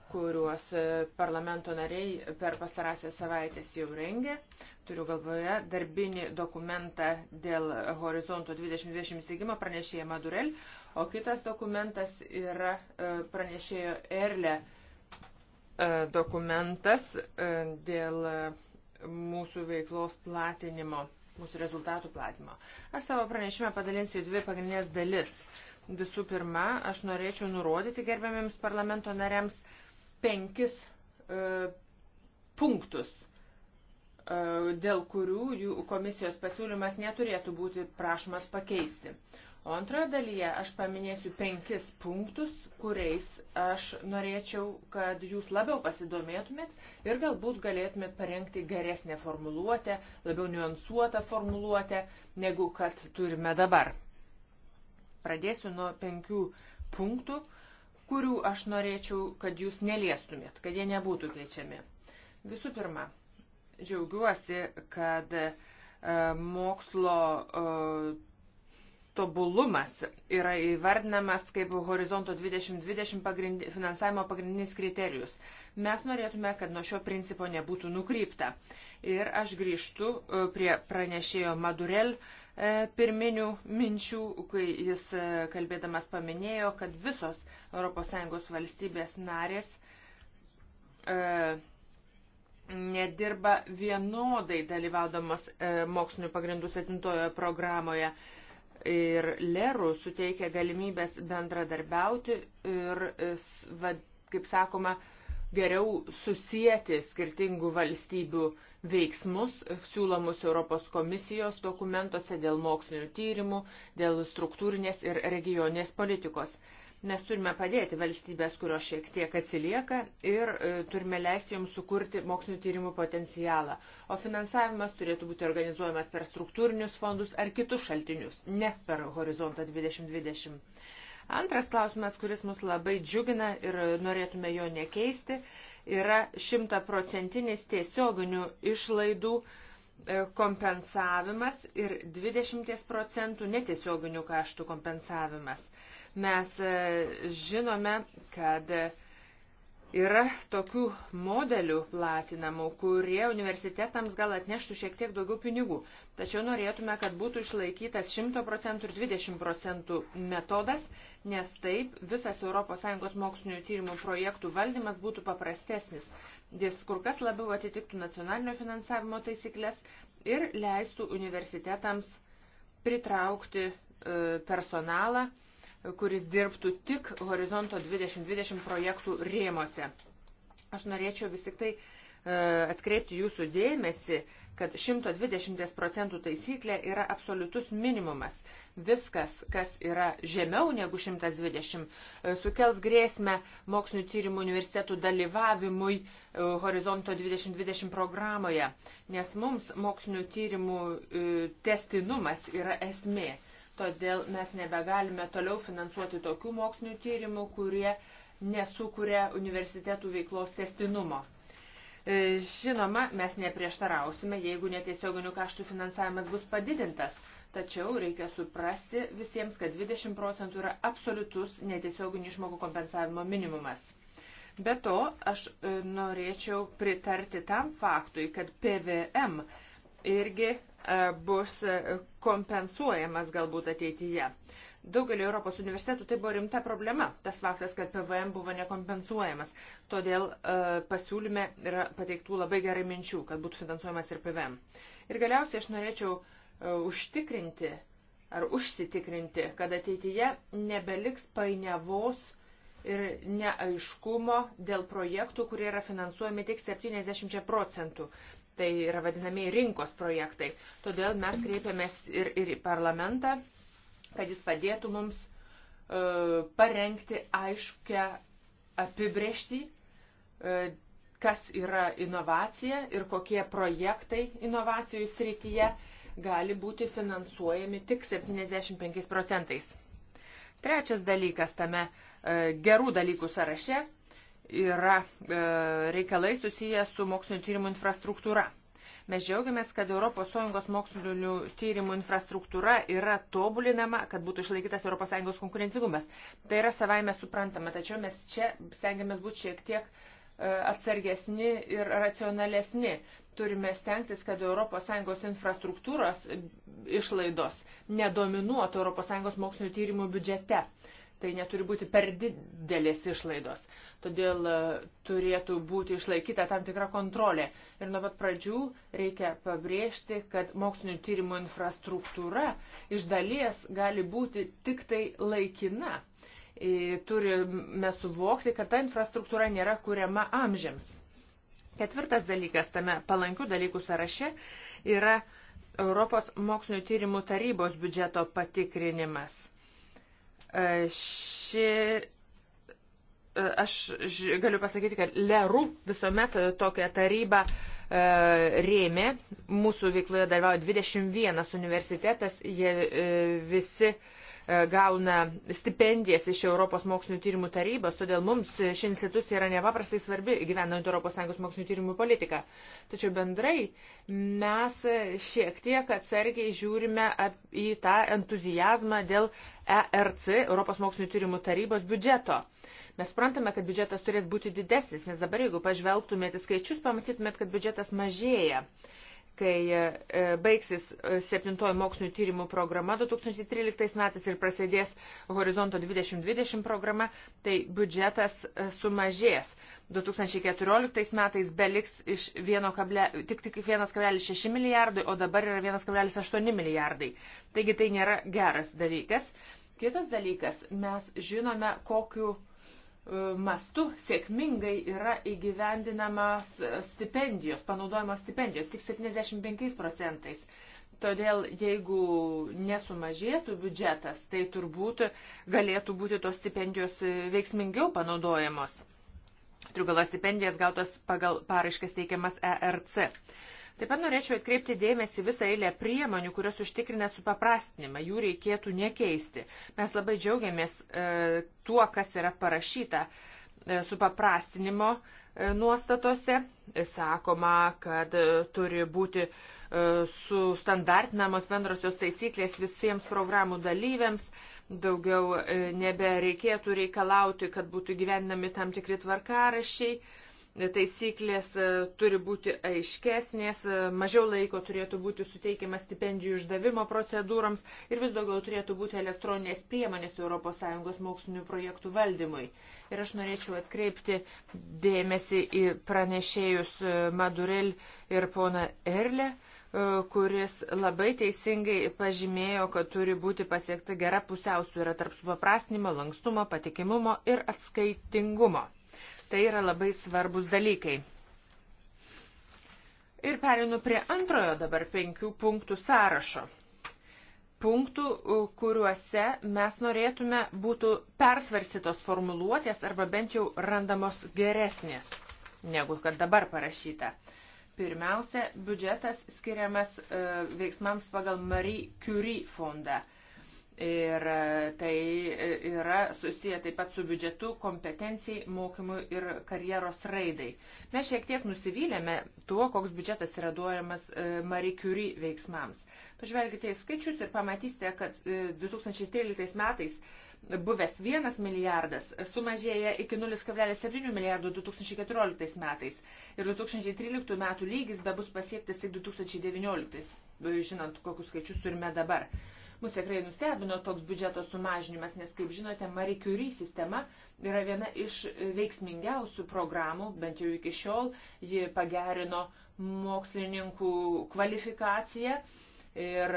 kuriuos e, parlamento nariai per pastarąsią savaitęs jau rengė. Turiu galvoje darbinį dokumentą dėl Horizonto 2020 įsigimo pranešėjo Madurel, o kitas dokumentas yra e, pranešėjo Erle e, dokumentas dėl mūsų veiklos platinimo mūsų rezultatų platinimo. Aš savo pranešimą padalinsiu į dvi pagrindinės dalis. Visų pirma, aš norėčiau nurodyti gerbiamiems parlamento nariams penkis e, punktus, e, dėl kurių jų komisijos pasiūlymas neturėtų būti prašomas pakeisti. E, O antroje dalyje aš paminėsiu penkis punktus, kuriais aš norėčiau, kad jūs labiau pasidomėtumėt ir galbūt galėtumėt parengti geresnę formuluotę, labiau niuansuotą formuluotę, negu kad turime dabar. Pradėsiu nuo penkių punktų, kurių aš norėčiau, kad jūs neliestumėt, kad jie nebūtų keičiami. Visų pirma, džiaugiuosi, kad e, mokslo e, tobulumas yra įvardinamas kaip horizonto 2020 pagrindi, finansavimo pagrindinis kriterijus. Mes norėtume, kad nuo šio principo nebūtų nukrypta. Ir aš grįžtu e, prie pranešėjo Madurel e, pirminių minčių, kai jis e, kalbėdamas paminėjo, kad visos ES valstybės narės nedirba vienodai dalyvaudamas mokslinių pagrindų septintojoje programoje ir Lerų suteikia galimybės bendradarbiauti ir, kaip sakoma, geriau susijęti skirtingų valstybių veiksmus siūlomus Europos komisijos dokumentuose dėl mokslinių tyrimų, dėl struktūrinės ir regioninės politikos. Mes turime padėti valstybės, kurios šiek tiek atsilieka ir e, turime leisti joms sukurti mokslinio tyrimų potencialą. O finansavimas turėtų būti organizuojamas per struktūrinius fondus ar kitus šaltinius, ne per horizontą 2020. Antras klausimas, kuris mus labai džiugina ir e, norėtume jo nekeisti, yra šimtaprocentinis tiesioginių išlaidų e, kompensavimas ir 20 procentų netiesioginių kaštų kompensavimas. Mes e, žinome, kad yra tokių modelių platinamų, kurie universitetams gal atneštų šiek tiek daugiau pinigų. Tačiau norėtume, kad būtų išlaikytas 100 procentų ir 20 procentų metodas, nes taip visas ES mokslinio tyrimų projektų valdymas būtų paprastesnis. Jis kur kas labiau atitiktų nacionalinio finansavimo taisyklės ir leistų universitetams pritraukti e, personalą kuris dirbtų tik Horizonto 2020 projektų rėmose. Aš norėčiau vis tik tai e, atkreipti jūsų dėmesį, kad 120 procentų taisyklė yra absoliutus minimumas. Viskas, kas yra žemiau negu 120, e, sukels grėsmę mokslinio tyrimų universitetų dalyvavimui e, Horizonto 2020 programoje, nes mums mokslinio tyrimų testinumas yra esmė. Todėl mes nebegalime toliau finansuoti tokių mokslinių tyrimų, kurie nesukuria universitetų veiklos testinumo. E, žinoma, mes neprieštarausime, jeigu netiesioginių kaštų finansavimas bus padidintas, tačiau reikia suprasti visiems, kad 20 procentų yra absoliutus netiesioginių išmokų kompensavimo minimumas. Be to, aš e, norėčiau pritarti tam faktui, kad PVM irgi E, bus kompensuojamas galbūt ateityje. Daugelį Europos universitetų tai buvo rimta problema, tas faktas, kad PVM buvo nekompensuojamas. Todėl e, pasiūlyme yra pateiktų labai gerai minčių, kad būtų finansuojamas ir PVM. Ir galiausiai aš norėčiau e, užtikrinti ar užsitikrinti, kad ateityje nebeliks painiavos ir neaiškumo dėl projektų, kurie yra finansuojami tik 70 procentų. Tai yra vadinamieji rinkos projektai. Todėl mes kreipiamės ir, ir į parlamentą, kad jis padėtų mums uh, parengti aiškę apibrėžtį, uh, kas yra inovacija ir kokie projektai inovacijų srityje gali būti finansuojami tik 75 procentais. Trečias dalykas tame e, gerų dalykų sąraše yra e, reikalai susiję su mokslinio tyrimų infrastruktūra. Mes džiaugiamės, kad ES mokslinio tyrimų infrastruktūra yra tobulinama, kad būtų išlaikytas ES konkurencingumas. Tai yra savaime suprantama, tačiau mes čia stengiamės būti šiek tiek e, atsargesni ir racionalesni. Turime stengtis, kad ES infrastruktūros išlaidos nedominuotų ES mokslinio tyrimų biudžete tai neturi būti per didelės išlaidos. Todėl e, turėtų būti išlaikyta tam tikra kontrolė. Ir nuo pat pradžių reikia pabrėžti, kad mokslinio tyrimų infrastruktūra iš dalies gali būti tik tai laikina. E, turime suvokti, kad ta infrastruktūra nėra kuriama amžiams. Ketvirtas dalykas tame palankių dalykų sąraše yra Europos mokslinio tyrimų tarybos biudžeto patikrinimas E, ši e, aš galiu pasakyti, kad Leru visuomet tokią tarybą e, rėmė. Mūsų veikloje dalyvauja 21 universitetas, jie visi uh, E, gauna stipendijas iš Europos mokslinio tyrimų tarybos, todėl mums ši institucija yra nepaprastai svarbi gyvenant ES mokslinio tyrimų politiką. Tačiau bendrai mes šiek tiek atsargiai žiūrime į tą entuzijazmą dėl ERC, Europos mokslinio tyrimų tarybos biudžeto. Mes suprantame, kad biudžetas turės būti didesnis, nes dabar jeigu pažvelgtumėte skaičius, pamatytumėt, kad biudžetas mažėja. Uh, kai e, baigsis e, septintoji mokslinio tyrimų programa 2013 metais ir prasidės Horizonto 2020 programa, tai biudžetas e, sumažės. 2014 metais beliks iš kable, tik, tik 1,6 milijardai, o dabar yra 1,8 milijardai. Taigi tai nėra geras dalykas. Kitas dalykas, mes žinome, kokiu mastu sėkmingai yra įgyvendinamas stipendijos, panaudojamos stipendijos tik 75 procentais. Todėl jeigu nesumažėtų biudžetas, tai turbūt galėtų būti tos stipendijos veiksmingiau panaudojamos. Triugalo stipendijas gautas pagal paraiškas teikiamas ERC. Taip pat norėčiau atkreipti dėmesį visą eilę priemonių, kurios užtikrina supaprastinimą. Jų reikėtų nekeisti. Mes labai džiaugiamės e, tuo, kas yra parašyta e, supaprastinimo e, nuostatose. E, sakoma, kad e, turi būti e, sustandartinamos bendrosios taisyklės visiems programų dalyviams. Daugiau e, nebereikėtų reikalauti, kad būtų gyvenami tam tikri tvarkarašiai. E, taisyklės e, turi būti aiškesnės, e, mažiau laiko turėtų būti suteikiama stipendijų išdavimo procedūrams ir vis daugiau turėtų būti elektroninės priemonės ES mokslinių projektų valdymui. Ir aš norėčiau atkreipti dėmesį į pranešėjus e, Madurel ir pona Erle kuris labai teisingai pažymėjo, kad turi būti pasiekta gera pusiausvyrą tarp supaprastinimo, lankstumo, patikimumo ir atskaitingumo. Tai yra labai svarbus dalykai. Ir perinu prie antrojo dabar penkių punktų sąrašo. Punktų, kuriuose mes norėtume būtų persvarsytos formuluotės arba bent jau randamos geresnės negu kad dabar parašyta. Pirmiausia, biudžetas skiriamas e, veiksmams pagal Marie Curie fondą. E, Ir tai yra susiję taip pat su biudžetu, kompetencijai, mokymui ir karjeros raidai. Mes šiek tiek nusivylėme tuo, koks biudžetas yra duojamas e, Marie Curie veiksmams. Pažvelgite į skaičius ir pamatysite, kad 2013 e, metais buvęs 1 milijardas sumažėja iki 0,7 milijardų 2014 metais ir 2013 metų lygis be bus pasiektas tik 2019, žinant, kokius skaičius turime dabar. Mus tikrai nustebino toks biudžeto sumažinimas, nes, kaip žinote, Marie Curie sistema yra viena iš veiksmingiausių programų, bent jau iki šiol, ji pagerino mokslininkų kvalifikaciją ir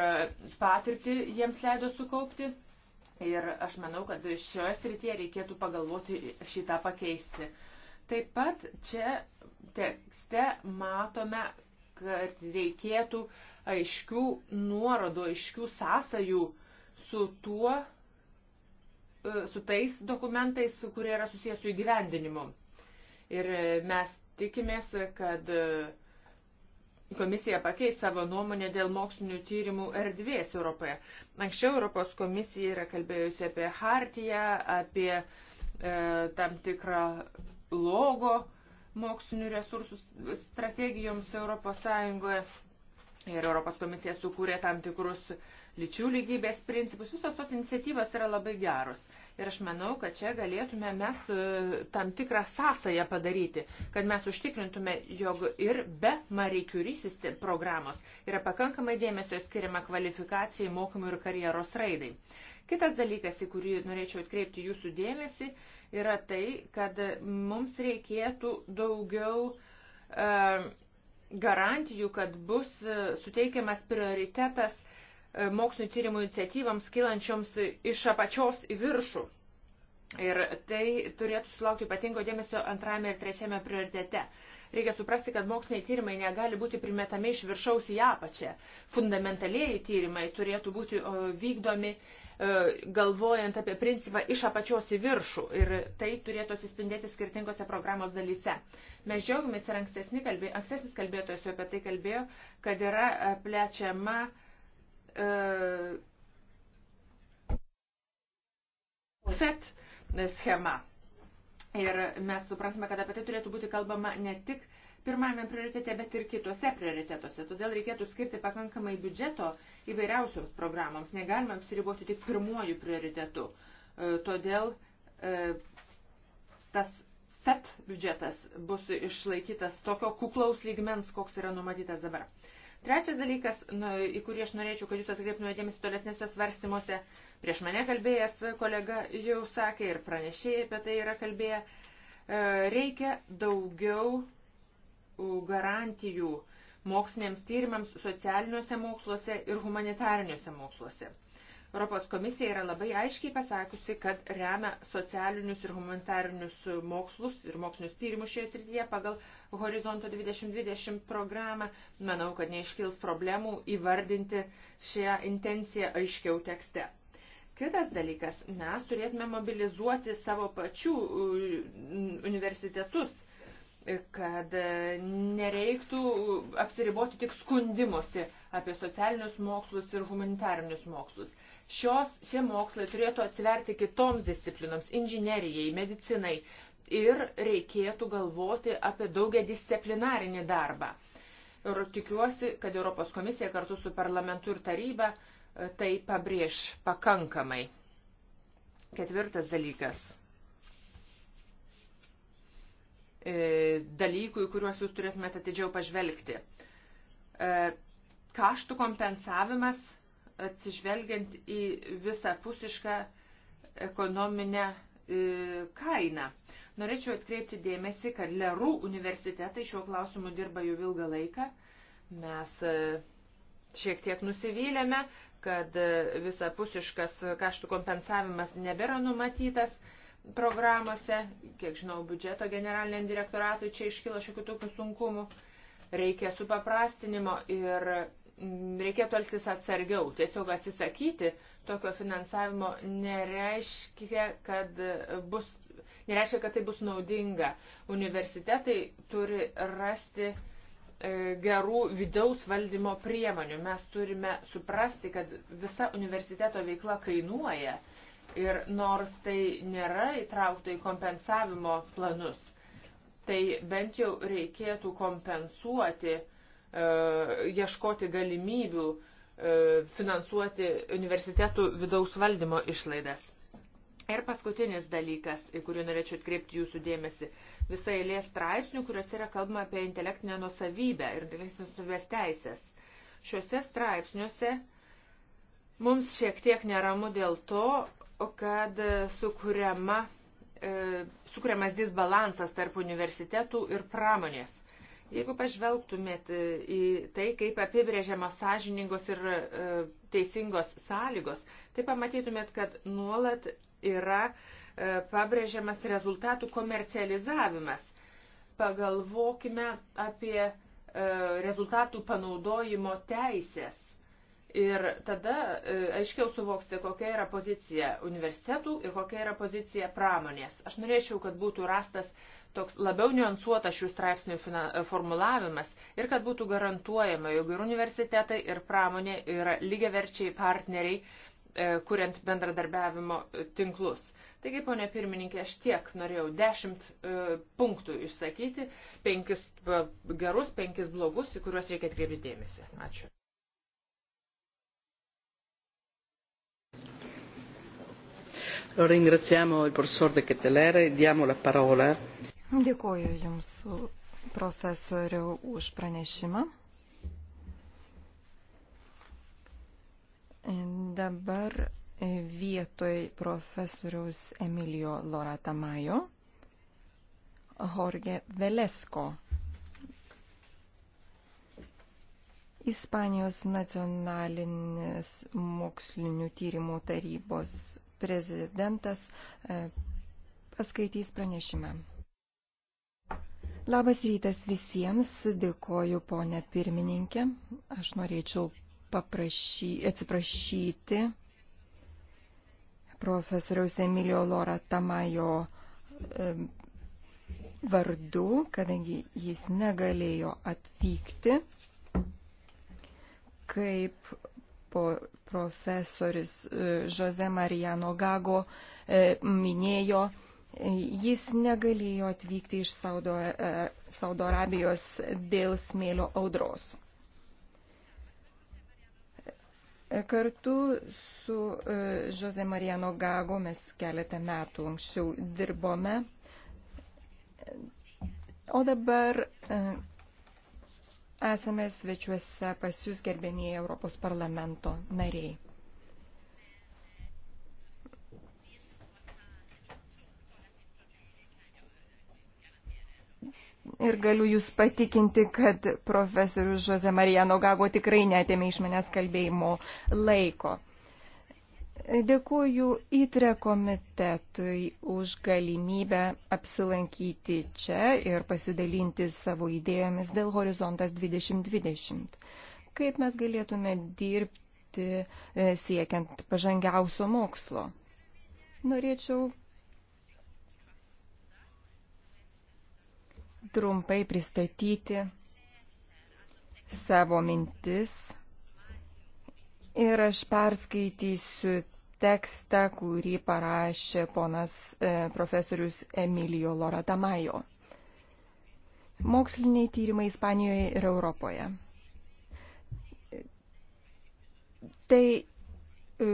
patirtį jiems leido sukaupti. Ir aš manau, kad šioje srityje reikėtų pagalvoti šitą pakeisti. Taip pat čia tekste matome, kad reikėtų uh, aiškių nuorodų, aiškių sąsajų su tuo, e, su tais dokumentais, kurie yra susijęs su įgyvendinimu. Ir e, mes tikimės, kad e, komisija pakeis savo nuomonę dėl mokslinių tyrimų erdvės Europoje. Anksčiau Europos komisija yra kalbėjusi apie hartiją, apie e, tam tikrą logo mokslinių resursų strategijoms Europos Sąjungoje ir Europos komisija sukūrė tam tikrus lyčių lygybės principus. Visos tos iniciatyvos yra labai geros. Ir aš manau, kad čia galėtume mes e, tam tikrą sąsąją padaryti, kad mes užtikrintume, jog ir be Marie Curie programos yra pakankamai dėmesio skiriama kvalifikacijai, mokymui ir karjeros raidai. Kitas dalykas, į kurį norėčiau atkreipti jūsų dėmesį, yra tai, kad mums reikėtų daugiau uh, garantijų, kad bus e, suteikiamas prioritetas e, mokslinio tyrimų iniciatyvams kilančioms iš apačios į viršų. Ir tai turėtų sulaukti ypatingo dėmesio antrajame ir trečiame prioritete. Reikia suprasti, kad moksliniai tyrimai negali būti primetami iš viršaus į apačią. Fundamentalieji tyrimai turėtų būti vykdomi galvojant apie principą iš apačios į viršų ir tai turėtų atsispindėti skirtingose programos dalyse. Mes džiaugiamės ir ankstesnis kalbė, kalbėtojas apie tai kalbėjo, kad yra e, plečiama uh, e, FET schema. Ir mes suprantame, kad apie tai turėtų būti kalbama ne tik pirmame prioritete, bet ir kitose prioritetuose. Todėl reikėtų skirti pakankamai biudžeto įvairiausioms programoms. Negalime apsiriboti tik pirmuoju prioritetu. E, todėl e, tas FET biudžetas bus išlaikytas tokio kuklaus lygmens, koks yra numatytas dabar. Trečias dalykas, nu, į kurį aš norėčiau, kad jūs atkreiptumėte dėmesį tolesnėse svarstymuose, prieš mane kalbėjęs kolega jau sakė ir pranešėjai apie tai yra kalbėję, e, reikia daugiau garantijų moksliniams tyrimams socialiniuose moksluose ir humanitariniuose moksluose. Europos komisija yra labai aiškiai pasakusi, kad remia socialinius ir humanitarinius mokslus ir mokslinius tyrimus šioje srityje pagal Horizonto 2020 programą. Manau, kad neiškils problemų įvardinti šią intenciją aiškiau tekste. Kitas dalykas, mes turėtume mobilizuoti savo pačių uh, universitetus, kad uh, nereiktų apsiriboti tik skundimosi apie socialinius mokslus ir humanitarinius mokslus. Šios, šie mokslai turėtų atsiverti kitoms disciplinoms - inžinerijai, medicinai ir reikėtų galvoti apie daugia disciplinarinį darbą. Ir tikiuosi, kad Europos komisija kartu su parlamentu ir taryba e, tai pabrėž pakankamai. Ketvirtas dalykas e, dalykų, į kuriuos jūs turėtumėte atidžiau pažvelgti. E, kaštų kompensavimas atsižvelgiant į visapusišką ekonominę e, kainą. Norėčiau atkreipti dėmesį, kad Lerų universitetai šiuo klausimu dirba jau ilgą laiką. Mes e, šiek tiek nusivylėme, kad e, visapusiškas kaštų kompensavimas nebėra numatytas programuose. Kiek žinau, biudžeto generaliniam direktoratui čia iškilo šiokių tokių sunkumų. Reikia supaprastinimo ir reikėtų elgtis atsargiau. Tiesiog atsisakyti tokio finansavimo nereiškia, kad bus. Nereiškia, kad tai bus naudinga. Universitetai turi rasti e, gerų vidaus valdymo priemonių. Mes turime suprasti, kad visa universiteto veikla kainuoja ir nors tai nėra įtraukta į kompensavimo planus, tai bent jau reikėtų kompensuoti uh, E, ieškoti galimybių e, finansuoti universitetų vidaus valdymo išlaidas. Ir paskutinis dalykas, į kurį norėčiau atkreipti jūsų dėmesį, visa eilė straipsnių, kuriuose yra kalbama apie intelektinę nusavybę ir intelektinės nusavybės teisės. Šiuose straipsniuose mums šiek tiek neramu dėl to, kad sukuriama, e, sukuriamas disbalansas tarp universitetų ir pramonės Jeigu pažvelgtumėt e, į tai, kaip apibrėžiamos sąžiningos ir e, teisingos sąlygos, tai pamatytumėt, kad nuolat yra e, pabrėžiamas rezultatų komercializavimas. Pagalvokime apie rezultatų panaudojimo teisės. Ir tada aiškiau suvoksite, kokia yra pozicija universitetų ir kokia yra pozicija pramonės. Aš norėčiau, kad būtų rastas uh, toks labiau niuansuotas šių straipsnių e, formulavimas ir kad būtų garantuojama, jog ir universitetai, ir pramonė yra lygiaverčiai partneriai, e, kuriant bendradarbiavimo e, tinklus. Taigi, ponė pirmininkė, aš tiek norėjau dešimt punktų išsakyti, penkis gerus, penkis blogus, į kuriuos reikia atkreipti dėmesį. Ačiū. Allora ringraziamo il professor De Kettelere e diamo la parola Dėkuoju Jums, profesoriau, už pranešimą. Dabar vietoj profesoriaus Emilio Lora Tamajo, Jorge Velesko, Ispanijos nacionalinės mokslinių tyrimų tarybos prezidentas e, paskaitys pranešimą. Labas rytas visiems, dėkoju ponė pirmininkė. Aš norėčiau paprašy, atsiprašyti profesoriaus Emilio Lora Tamajo e, vardu, kadangi jis negalėjo atvykti kaip profesorius e, Jose Mariano Gago e, minėjo Jis negalėjo atvykti iš Saudo, e, Saudo Arabijos dėl smėlio audros. Kartu su e, Jose Mariano Gago mes keletą metų anksčiau dirbome. O dabar e, esame svečiuose pas jūs gerbėmiai Europos parlamento nariai. ir galiu Jūs patikinti, kad profesorius Žoze Marijano Gago tikrai netėmė iš manęs kalbėjimo laiko. Dėkuoju įtre komitetui už galimybę apsilankyti čia ir pasidalinti savo idėjomis dėl Horizontas 2020. Kaip mes galėtume dirbti e, siekiant pažangiausio mokslo? Norėčiau trumpai pristatyti savo mintis ir aš perskaitysiu tekstą, kurį parašė ponas e, profesorius Emilio Loratamajo. Moksliniai tyrimai Ispanijoje ir Europoje. Tai e,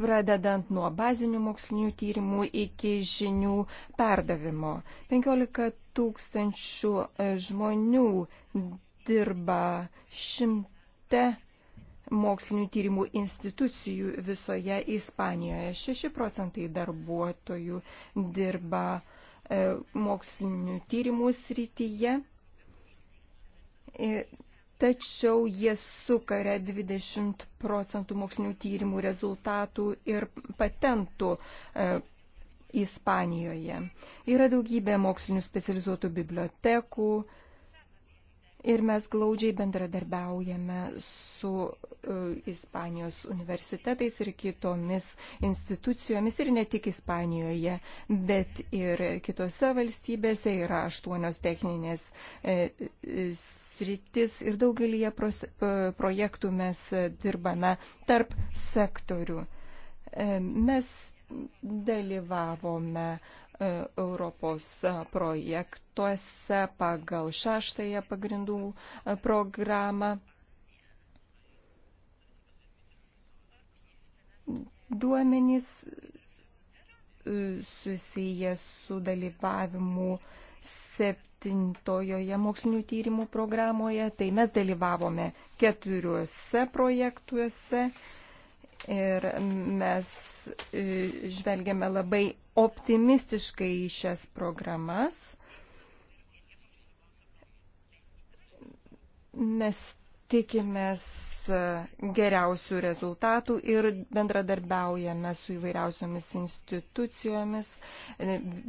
pradedant nuo bazinių mokslinių tyrimų iki žinių perdavimo. 15 tūkstančių e, žmonių dirba šimte mokslinių tyrimų institucijų visoje Ispanijoje. 6 procentai darbuotojų dirba e, mokslinių tyrimų srityje, e, tačiau jie sukaria 20 procentų mokslinių tyrimų rezultatų ir patentų Ispanijoje. Yra daugybė mokslinių specializuotų bibliotekų ir mes glaudžiai bendradarbiaujame su e, Ispanijos universitetais ir kitomis institucijomis ir ne tik Ispanijoje, bet ir kitose valstybėse yra aštuonios techninės e, e, sritis ir daugelįje projektų mes dirbame tarp sektorių. Mes dalyvavome e, Europos projektuose pagal šeštąją pagrindų e, programą. Duomenys e, susijęs su dalyvavimu septintojoje mokslinių tyrimų programoje. Tai mes dalyvavome keturiuose projektuose Ir mes e, žvelgiame labai optimistiškai į šias programas. Mes tikimės geriausių rezultatų ir bendradarbiaujame su įvairiausiomis institucijomis,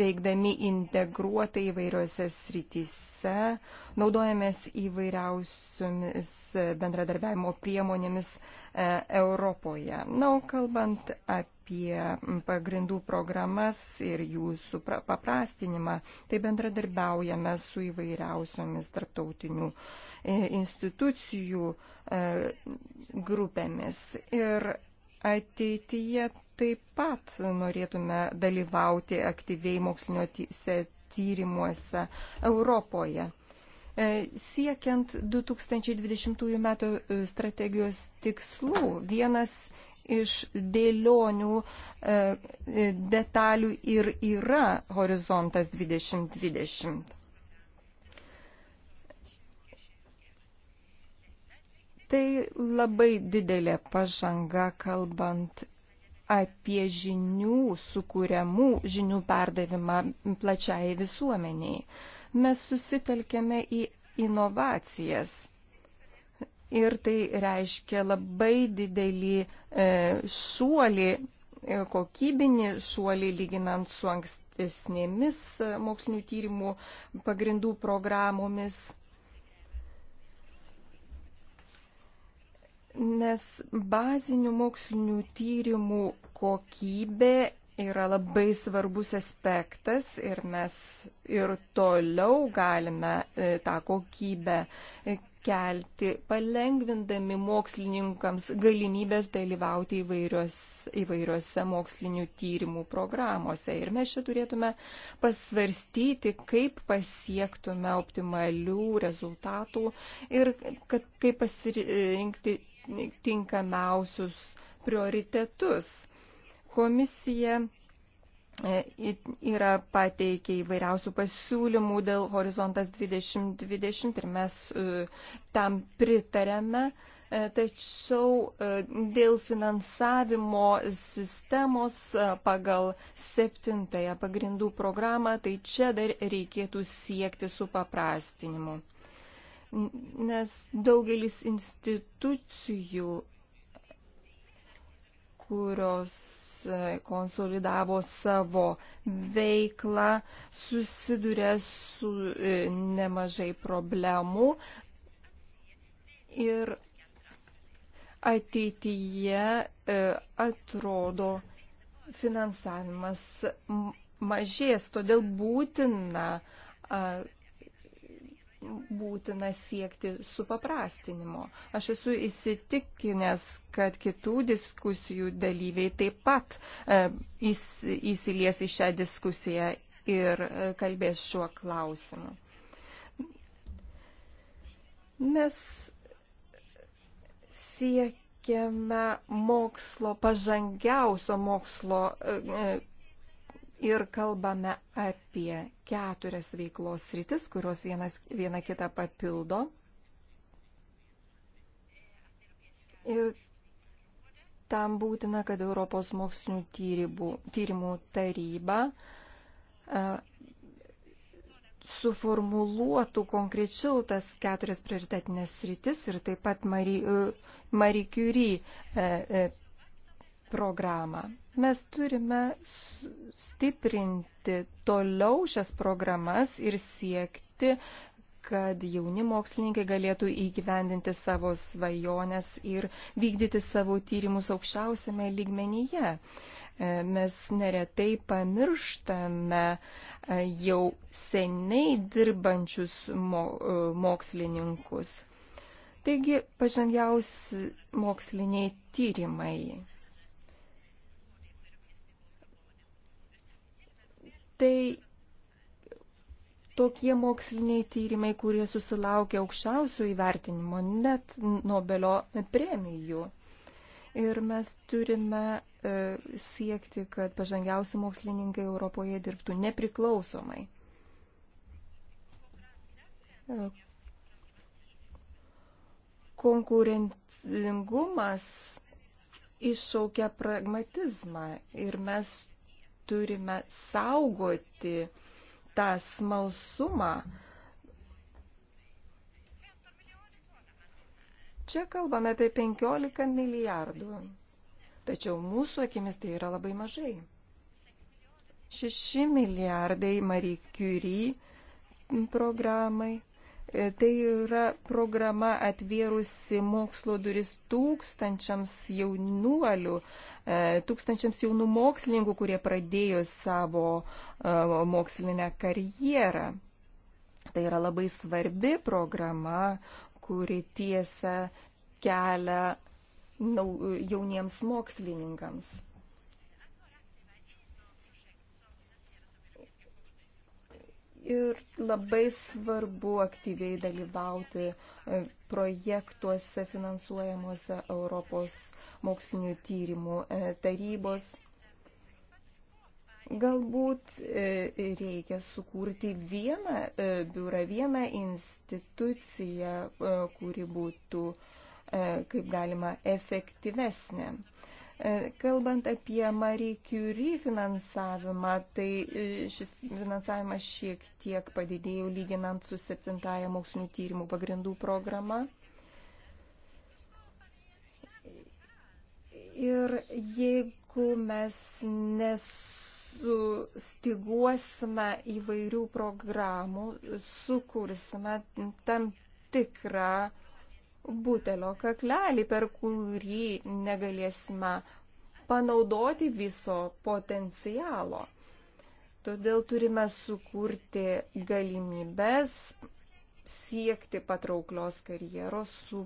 veikdami integruotai įvairiose srityse, naudojamės įvairiausiomis bendradarbiavimo priemonėmis e, Europoje. Na, o kalbant apie pagrindų programas ir jų paprastinimą, tai bendradarbiaujame su įvairiausiomis tarptautinių e, institucijų, E, grupėmis. Ir ateityje taip pat norėtume dalyvauti aktyviai moksliniuose tyrimuose Europoje. E, siekiant 2020 m. strategijos tikslų, vienas iš dėlionių e, detalių ir yra horizontas 2020 Tai labai didelė pažanga, kalbant apie žinių sukūriamų žinių perdavimą plačiai visuomeniai. Mes susitelkėme į inovacijas. Ir tai reiškia labai didelį e, šuolį, e, kokybinį šuolį lyginant su ankstesnėmis e, mokslinių tyrimų pagrindų programomis. nes bazinių mokslinių tyrimų kokybė yra labai svarbus aspektas ir mes ir toliau galime e, tą kokybę kelti, palengvindami mokslininkams galimybės dalyvauti įvairios, įvairiose mokslinių tyrimų programuose. Ir mes čia turėtume pasvarstyti, kaip pasiektume optimalių rezultatų ir kad, kaip pasirinkti tinkamiausius prioritetus. Komisija e, yra pateikę įvairiausių pasiūlymų dėl horizontas 2020 ir mes e, tam pritarėme. E, tačiau dėl finansavimo sistemos pagal septintąją pagrindų programą, tai čia dar reikėtų siekti su paprastinimu nes daugelis institucijų, kurios e, konsolidavo savo veiklą, susiduria su e, nemažai problemų ir ateityje e, atrodo finansavimas mažės, todėl būtina būtina siekti supaprastinimo. Aš esu įsitikinęs, kad kitų diskusijų dalyviai taip pat e, įsilies į šią diskusiją ir e, kalbės šiuo klausimu. Mes siekiame mokslo, pažangiausio mokslo e, ir kalbame apie keturias veiklos sritis, kurios vienas, viena kitą papildo. Ir tam būtina, kad Europos mokslinių tyrybų, tyrimų taryba a, suformuluotų konkrečiau tas keturias prioritetinės sritis ir taip pat Marie, Marie Curie a, e, a, e, programą. Mes turime stiprinti toliau šias programas ir siekti, kad jauni mokslininkai galėtų įgyvendinti savo svajones ir vykdyti savo tyrimus aukščiausiame lygmenyje. E, mes neretai pamirštame e, jau seniai dirbančius mo e, mokslininkus. Taigi pažangiausi moksliniai tyrimai tai tokie moksliniai tyrimai, kurie susilaukia aukščiausio įvertinimo, net Nobelio premijų. Ir mes turime e, siekti, kad pažangiausi mokslininkai Europoje dirbtų nepriklausomai. E, konkurencingumas iššaukia pragmatizmą ir mes turime saugoti tą smalsumą. Čia kalbame apie 15 milijardų, tačiau mūsų akimis tai yra labai mažai. 6 milijardai Marie Curie programai. E, tai yra programa atvėrusi mokslo duris tūkstančiams jaunuolių E, tūkstančiams jaunų mokslininkų, kurie pradėjo savo e, mokslinę karjerą. Tai yra labai svarbi programa, kuri tiesia kelią jauniems mokslininkams. ir labai svarbu aktyviai dalyvauti e, projektuose finansuojamuose Europos mokslinių tyrimų e, tarybos. Galbūt e, reikia sukurti vieną biurą, vieną instituciją, kuri būtų kaip galima efektyvesnė. E, kalbant apie Marie Curie finansavimą, tai e, šis finansavimas šiek tiek padidėjo lyginant su septintąją mokslinių tyrimų pagrindų programa. Ir jeigu mes nesu sustiguosime įvairių programų, sukursime tam tikrą butelio kaklelį, per kurį negalėsime panaudoti viso potencialo. Todėl turime sukurti galimybės siekti patrauklios karjeros su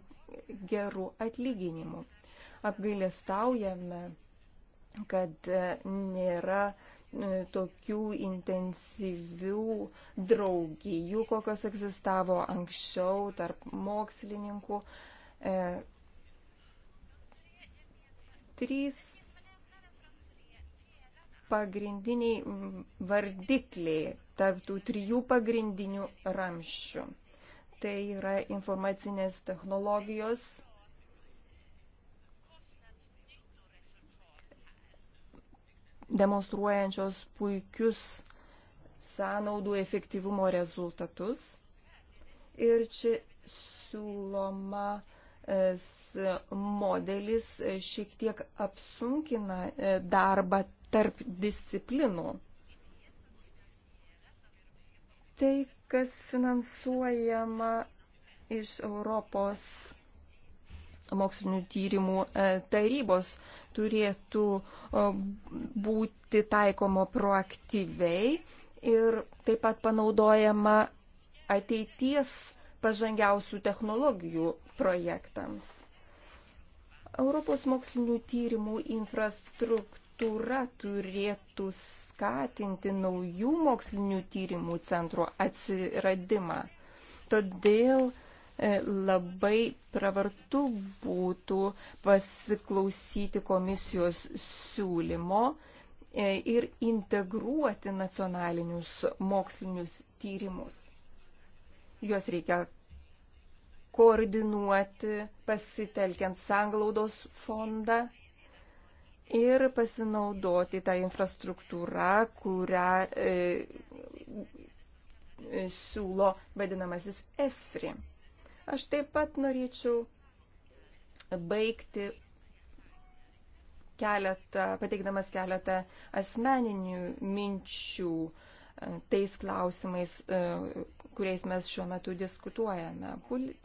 geru atlyginimu. Apgailestaujame, kad nėra E, tokių intensyvių draugijų, kokios egzistavo anksčiau tarp mokslininkų. E, trys pagrindiniai mm, vardikliai tarp tų trijų pagrindinių ramščių. Tai yra informacinės technologijos, demonstruojančios puikius sąnaudų efektyvumo rezultatus. Ir čia siūloma e, modelis e, šiek tiek apsunkina e, darbą tarp disciplinų. Tai, kas finansuojama iš Europos mokslinių tyrimų e, tarybos turėtų e, būti taikoma proaktyviai ir taip pat panaudojama ateities pažangiausių technologijų projektams. Europos mokslinių tyrimų infrastruktūra turėtų skatinti naujų mokslinių tyrimų centro atsiradimą. Todėl uh, E, labai pravartu būtų pasiklausyti komisijos siūlymo e, ir integruoti nacionalinius mokslinius tyrimus. Juos reikia koordinuoti, pasitelkiant sanglaudos fondą ir pasinaudoti tą infrastruktūrą, kurią e, siūlo vadinamasis ESFRI. Aš taip pat norėčiau baigti keletą, pateikdamas keletą asmeninių minčių e, tais klausimais, e, kuriais mes šiuo metu diskutuojame.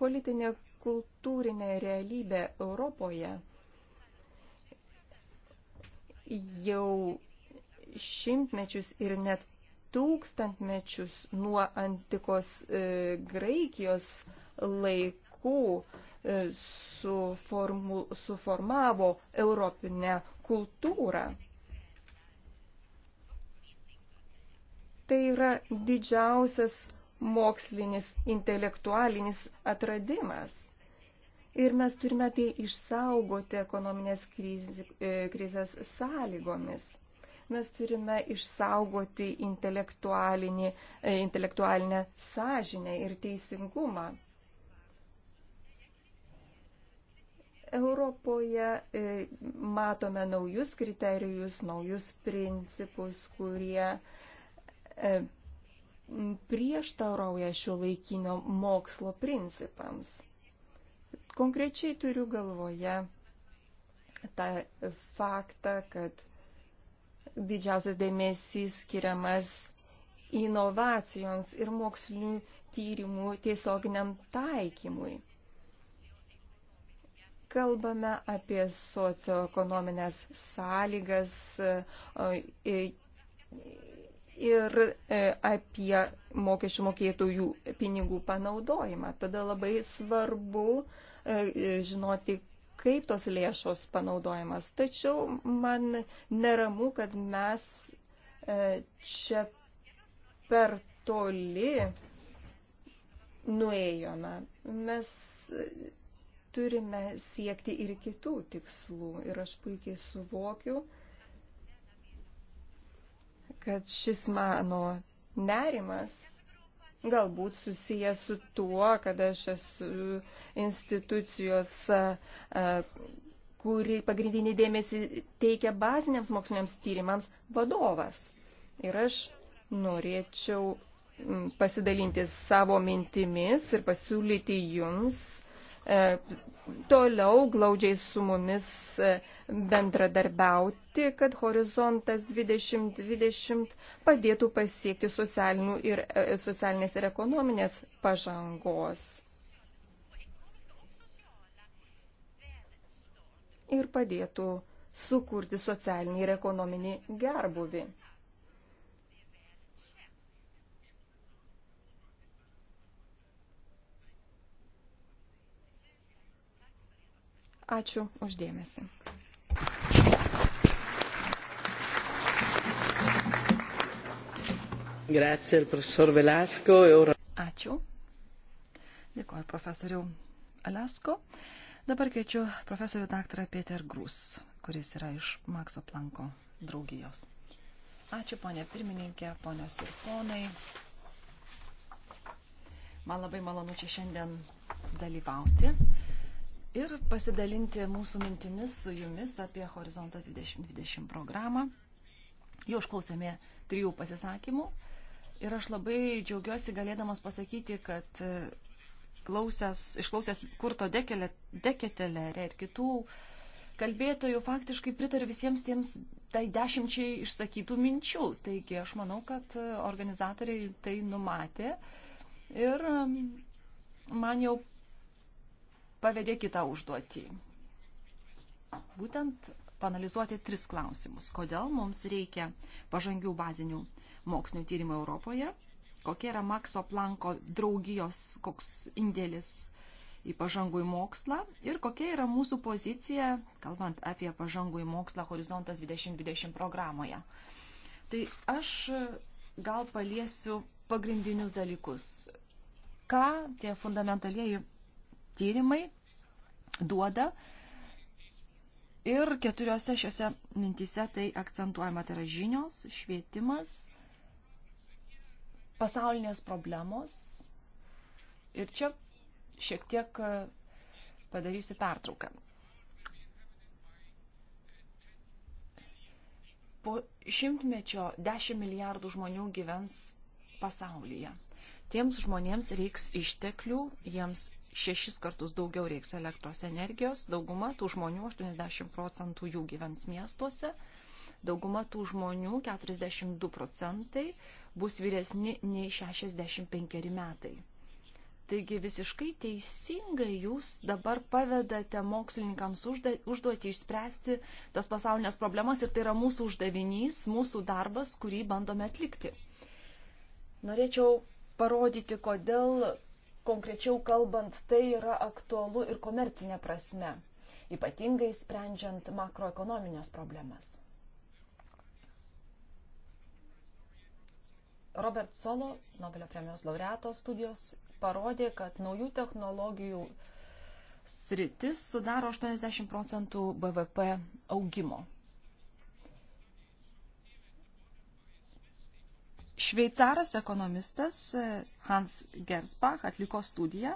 Politinė kultūrinė realybė Europoje jau šimtmečius ir net tūkstantmečius nuo antikos e, Graikijos e, laikų e, suformu, suformavo europinę kultūrą. Tai yra didžiausias mokslinis, intelektualinis atradimas. Ir mes turime tai išsaugoti ekonominės e, krizės sąlygomis. Mes turime išsaugoti e, intelektualinę sąžinę ir teisingumą. Europoje e, matome naujus kriterijus, naujus principus, kurie e, prieštarauja šio laikinio mokslo principams. Konkrečiai turiu galvoje tą faktą, kad didžiausias dėmesys skiriamas inovacijoms ir mokslinių tyrimų tiesioginiam taikymui kalbame apie socioekonominės sąlygas e, e, ir e, apie mokesčių mokėtojų pinigų panaudojimą. Todėl labai svarbu žinoti, kaip tos lėšos panaudojamas. Tačiau man neramu, kad mes čia per toli nuėjome. Mes turime siekti ir kitų tikslų. Ir aš puikiai suvokiu, kad šis mano nerimas galbūt susijęs su tuo, kad aš esu institucijos, kuri pagrindinį dėmesį teikia baziniams moksliniams tyrimams vadovas. Ir aš norėčiau pasidalinti savo mintimis ir pasiūlyti jums E, toliau glaudžiai su mumis e, bendradarbiauti, kad horizontas 2020 padėtų pasiekti ir, e, socialinės ir ekonominės pažangos. Ir padėtų sukurti socialinį ir ekonominį gerbuvi. Ačiū uždėmesi. Grazie, profesor Velasko. E Ačiū. Dėkuoju profesoriu Alasko. Dabar kviečiu profesorių daktarą Peter Grus, kuris yra iš Makso Planko draugijos. Ačiū, ponė pirmininkė, ponios ir ponai. Man labai malonu čia šiandien dalyvauti ir pasidalinti mūsų mintimis su jumis apie Horizontas 2020 programą. Jau išklausėme trijų pasisakymų ir aš labai džiaugiuosi galėdamas pasakyti, kad e, klausęs, išklausęs Kurto Deketelerę ir kitų kalbėtojų faktiškai pritariu visiems tiems tai dešimčiai išsakytų minčių. Taigi aš manau, kad e, organizatoriai tai numatė ir man jau pavedė kitą užduotį. Būtent panalizuoti tris klausimus. Kodėl mums reikia pažangių bazinių mokslinių tyrimų Europoje? Kokia yra Makso Planko draugijos, koks indėlis į pažangų į mokslą? Ir kokia yra mūsų pozicija, kalbant apie pažangų į mokslą Horizontas 2020 programoje? Tai aš gal paliesiu pagrindinius dalykus. Ką tie fundamentalieji tyrimai duoda. Ir keturiose šiose mintise tai akcentuojama, tai yra žinios, švietimas, pasaulinės problemos. Ir čia šiek tiek e, padarysiu pertrauką. Po šimtmečio 10 milijardų žmonių gyvens pasaulyje. Tiems žmonėms reiks išteklių, jiems šešis kartus daugiau reiks elektros energijos. Dauguma tų žmonių, 80 procentų jų gyvens miestuose. Dauguma tų žmonių, 42 procentai, bus vyresni nei 65 metai. Taigi visiškai teisingai jūs dabar pavedate mokslininkams užduoti išspręsti tas pasaulinės problemas ir tai yra mūsų uždavinys, mūsų darbas, kurį bandome atlikti. Norėčiau parodyti, kodėl konkrečiau kalbant, tai yra aktualu ir komercinė prasme, ypatingai sprendžiant makroekonominės problemas. Robert Solo, Nobelio premijos laureato studijos, parodė, kad naujų technologijų sritis sudaro 80 procentų BVP augimo Šveicaras ekonomistas e, Hans Gersbach atliko studiją,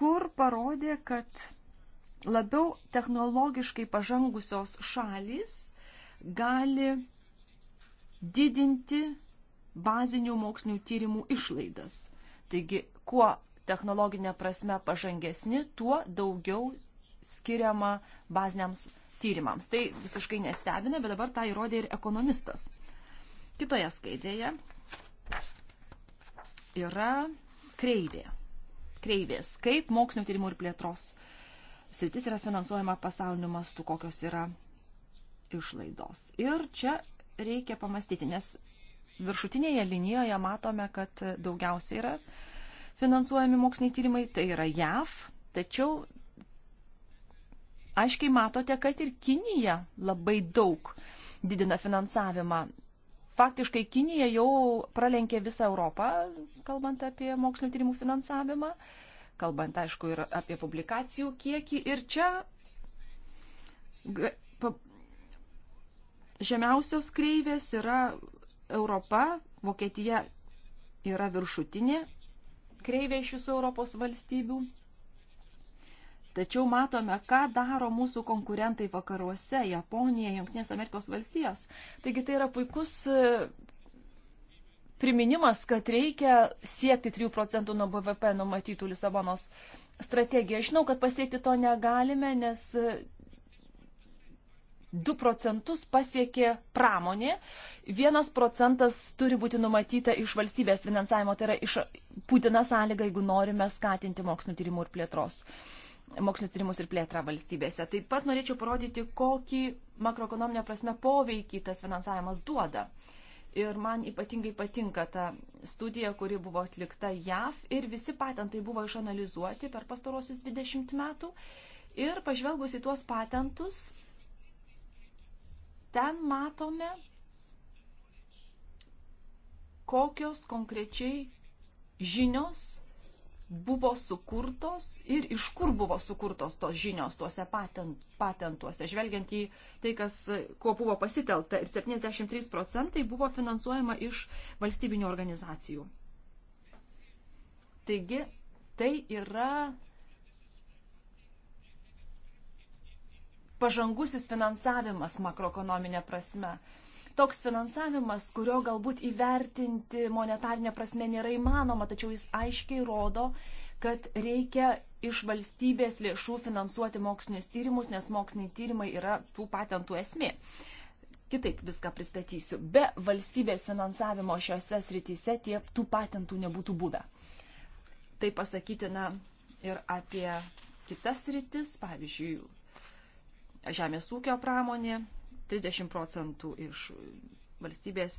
kur parodė, kad labiau technologiškai pažangusios šalys gali didinti bazinių mokslinių tyrimų išlaidas. Taigi, kuo technologinė prasme pažangesni, tuo daugiau skiriama baziniams tyrimams. Tai visiškai nestebina, bet dabar tą įrodė ir ekonomistas. Kitoje skaidrėje yra kreivė. Kreivės, kaip mokslinio tyrimų ir plėtros sritis yra finansuojama pasauliniu mastu, kokios yra išlaidos. Ir čia reikia pamastyti, nes viršutinėje linijoje matome, kad daugiausiai yra finansuojami moksliniai tyrimai, tai yra JAV, tačiau aiškiai matote, kad ir Kinija labai daug didina finansavimą faktiškai Kinija jau pralenkė visą Europą, kalbant apie mokslinio tyrimų finansavimą, kalbant, aišku, ir apie publikacijų kiekį. Ir čia žemiausios kreivės yra Europa, Vokietija yra viršutinė kreivė iš visų Europos valstybių. Tačiau matome, ką daro mūsų konkurentai vakaruose - Japonija, Junktinės Amerikos valstijos. Taigi tai yra puikus e, priminimas, kad reikia siekti 3 procentų nuo BVP numatytų Lisabonos strategiją. Žinau, kad pasiekti to negalime, nes 2 e, procentus pasiekė pramonė, 1 procentas turi būti numatyta iš valstybės finansavimo, tai yra iš būtina sąlyga, jeigu norime skatinti mokslinio tyrimų ir plėtros. Uh, mokslinius tyrimus ir plėtrą valstybėse. Taip pat norėčiau parodyti, kokį makroekonominę prasme poveikį tas finansavimas duoda. Ir man ypatingai patinka ta studija, kuri buvo atlikta JAV ir visi patentai buvo išanalizuoti per pastarosius 20 metų. Ir pažvelgus į tuos patentus, ten matome, kokios konkrečiai žinios buvo sukurtos ir iš kur buvo sukurtos tos žinios tuose patent, patentuose, žvelgiant į tai, kas, kuo buvo pasitelta. Ir 73 procentai buvo finansuojama iš valstybinių organizacijų. Taigi, tai yra pažangusis finansavimas makroekonominė prasme toks finansavimas, kurio galbūt įvertinti monetarnė prasme nėra įmanoma, tačiau jis aiškiai rodo, kad reikia iš valstybės lėšų finansuoti mokslinius tyrimus, nes moksliniai tyrimai yra tų patentų esmė. Kitaip viską pristatysiu. Be valstybės finansavimo šiose srityse tie tų patentų nebūtų buvę. Tai pasakytina ir apie kitas sritis, pavyzdžiui, žemės ūkio pramonė, 30 procentų iš valstybės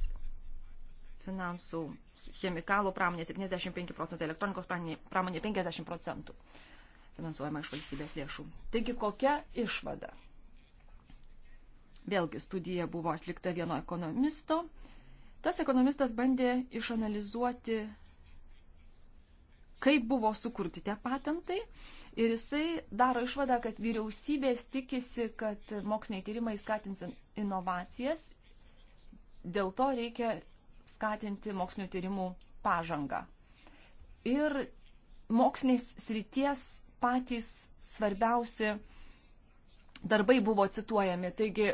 finansų, chemikalų pramonė 75 procentai, elektronikos pramonė 50 procentų finansuojama iš valstybės lėšų. Taigi kokia išvada? Vėlgi studija buvo atlikta vieno ekonomisto. Tas ekonomistas bandė išanalizuoti, kaip buvo sukurti tie patentai Ir jisai daro išvadą, kad vyriausybės tikisi, kad moksliniai tyrimai skatins inovacijas, dėl to reikia skatinti mokslinio tyrimų pažangą. Ir mokslinės srities patys svarbiausi darbai buvo cituojami, taigi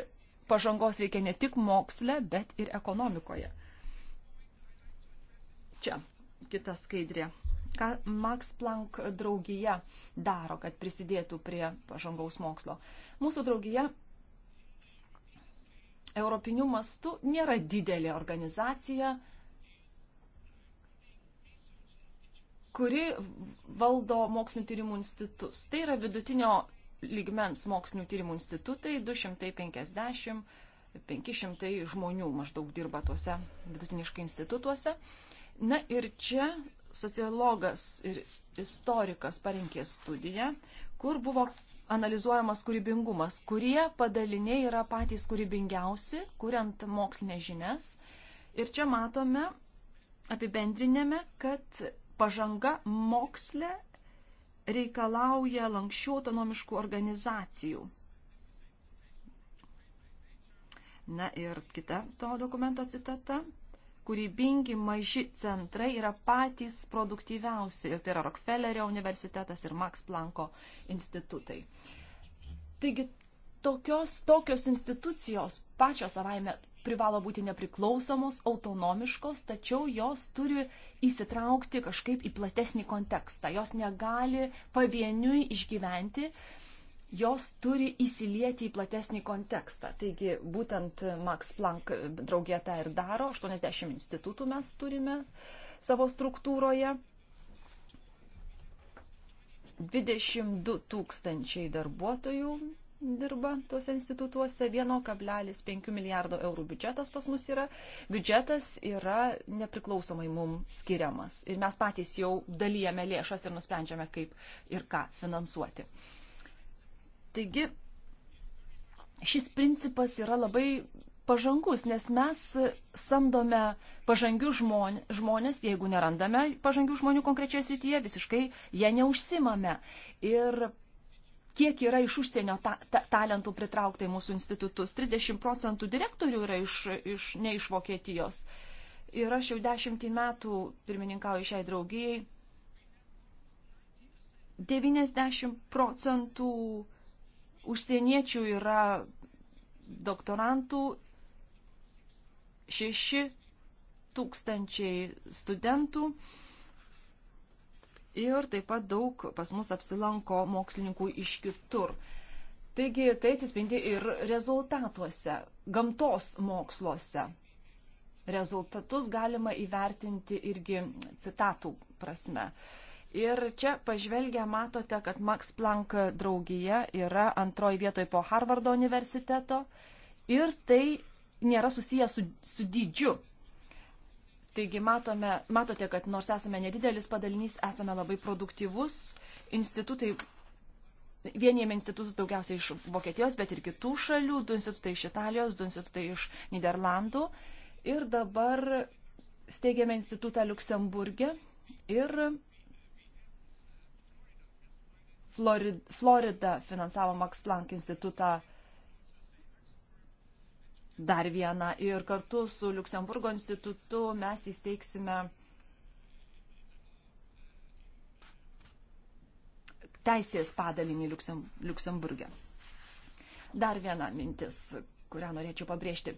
pažangos reikia ne tik moksle, bet ir ekonomikoje. Čia kita skaidrė ką Max Planck draugija daro, kad prisidėtų prie pažangaus mokslo. Mūsų draugija europiniu mastu nėra didelė organizacija, kuri valdo mokslinių tyrimų institutus. Tai yra vidutinio lygmens mokslinių tyrimų institutai, 250-500 žmonių maždaug dirba tuose vidutiniškai institutuose. Na ir čia sociologas ir istorikas parinkė studiją, kur buvo analizuojamas kūrybingumas, kurie padaliniai yra patys kūrybingiausi, kuriant mokslinės žinias. Ir čia matome, apibendrinėme, kad pažanga moksle reikalauja lankščių autonomiškų organizacijų. Na ir kita to dokumento citata kūrybingi maži centrai yra patys produktyviausi. Ir tai yra Rockefellerio universitetas ir Max Planko institutai. Taigi tokios, tokios institucijos pačios savaime privalo būti nepriklausomos, autonomiškos, tačiau jos turi įsitraukti kažkaip į platesnį kontekstą. Jos negali pavieniui išgyventi. Uh, jos turi įsilieti į platesnį kontekstą. Taigi būtent Max Planck draugė tą ir daro, 80 institutų mes turime savo struktūroje, 22 tūkstančiai darbuotojų dirba tuose institutuose, 1,5 milijardo eurų biudžetas pas mus yra. Biudžetas yra nepriklausomai mums skiriamas ir mes patys jau dalyjame lėšas ir nusprendžiame, kaip ir ką finansuoti. Uh, Taigi, šis principas yra labai pažangus, nes mes samdome pažangių žmonės, žmonės jeigu nerandame pažangių žmonių konkrečioje srityje, visiškai jie neužsimame. Ir kiek yra iš užsienio ta, ta, talentų pritraukta į mūsų institutus? 30 procentų direktorių yra iš, iš, ne iš Vokietijos. Ir aš jau dešimtį metų pirmininkauju šiai draugijai. 90 procentų Užsieniečių yra doktorantų 6 tūkstančiai studentų ir taip pat daug pas mus apsilanko mokslininkų iš kitur. Taigi tai atsispindi ir rezultatuose, gamtos moksluose. Rezultatus galima įvertinti irgi citatų prasme. Uh, Ir čia pažvelgę matote, kad Max Planck draugija yra antroji vietoje po Harvardo universiteto ir tai nėra susiję su, su dydžiu. Taigi matome, matote, kad nors esame nedidelis padalinys, esame labai produktyvus. Institutai, vienijame institutus daugiausiai iš Vokietijos, bet ir kitų šalių, du institutai iš Italijos, du institutai iš Niderlandų. Ir dabar steigėme institutą Luksemburgė ir Florid, Florida finansavo Max Planck institutą dar vieną ir kartu su Luksemburgo institutu mes įsteigsime teisės padalinį Luksem, Luksemburgė. Dar viena mintis, kurią norėčiau pabrėžti.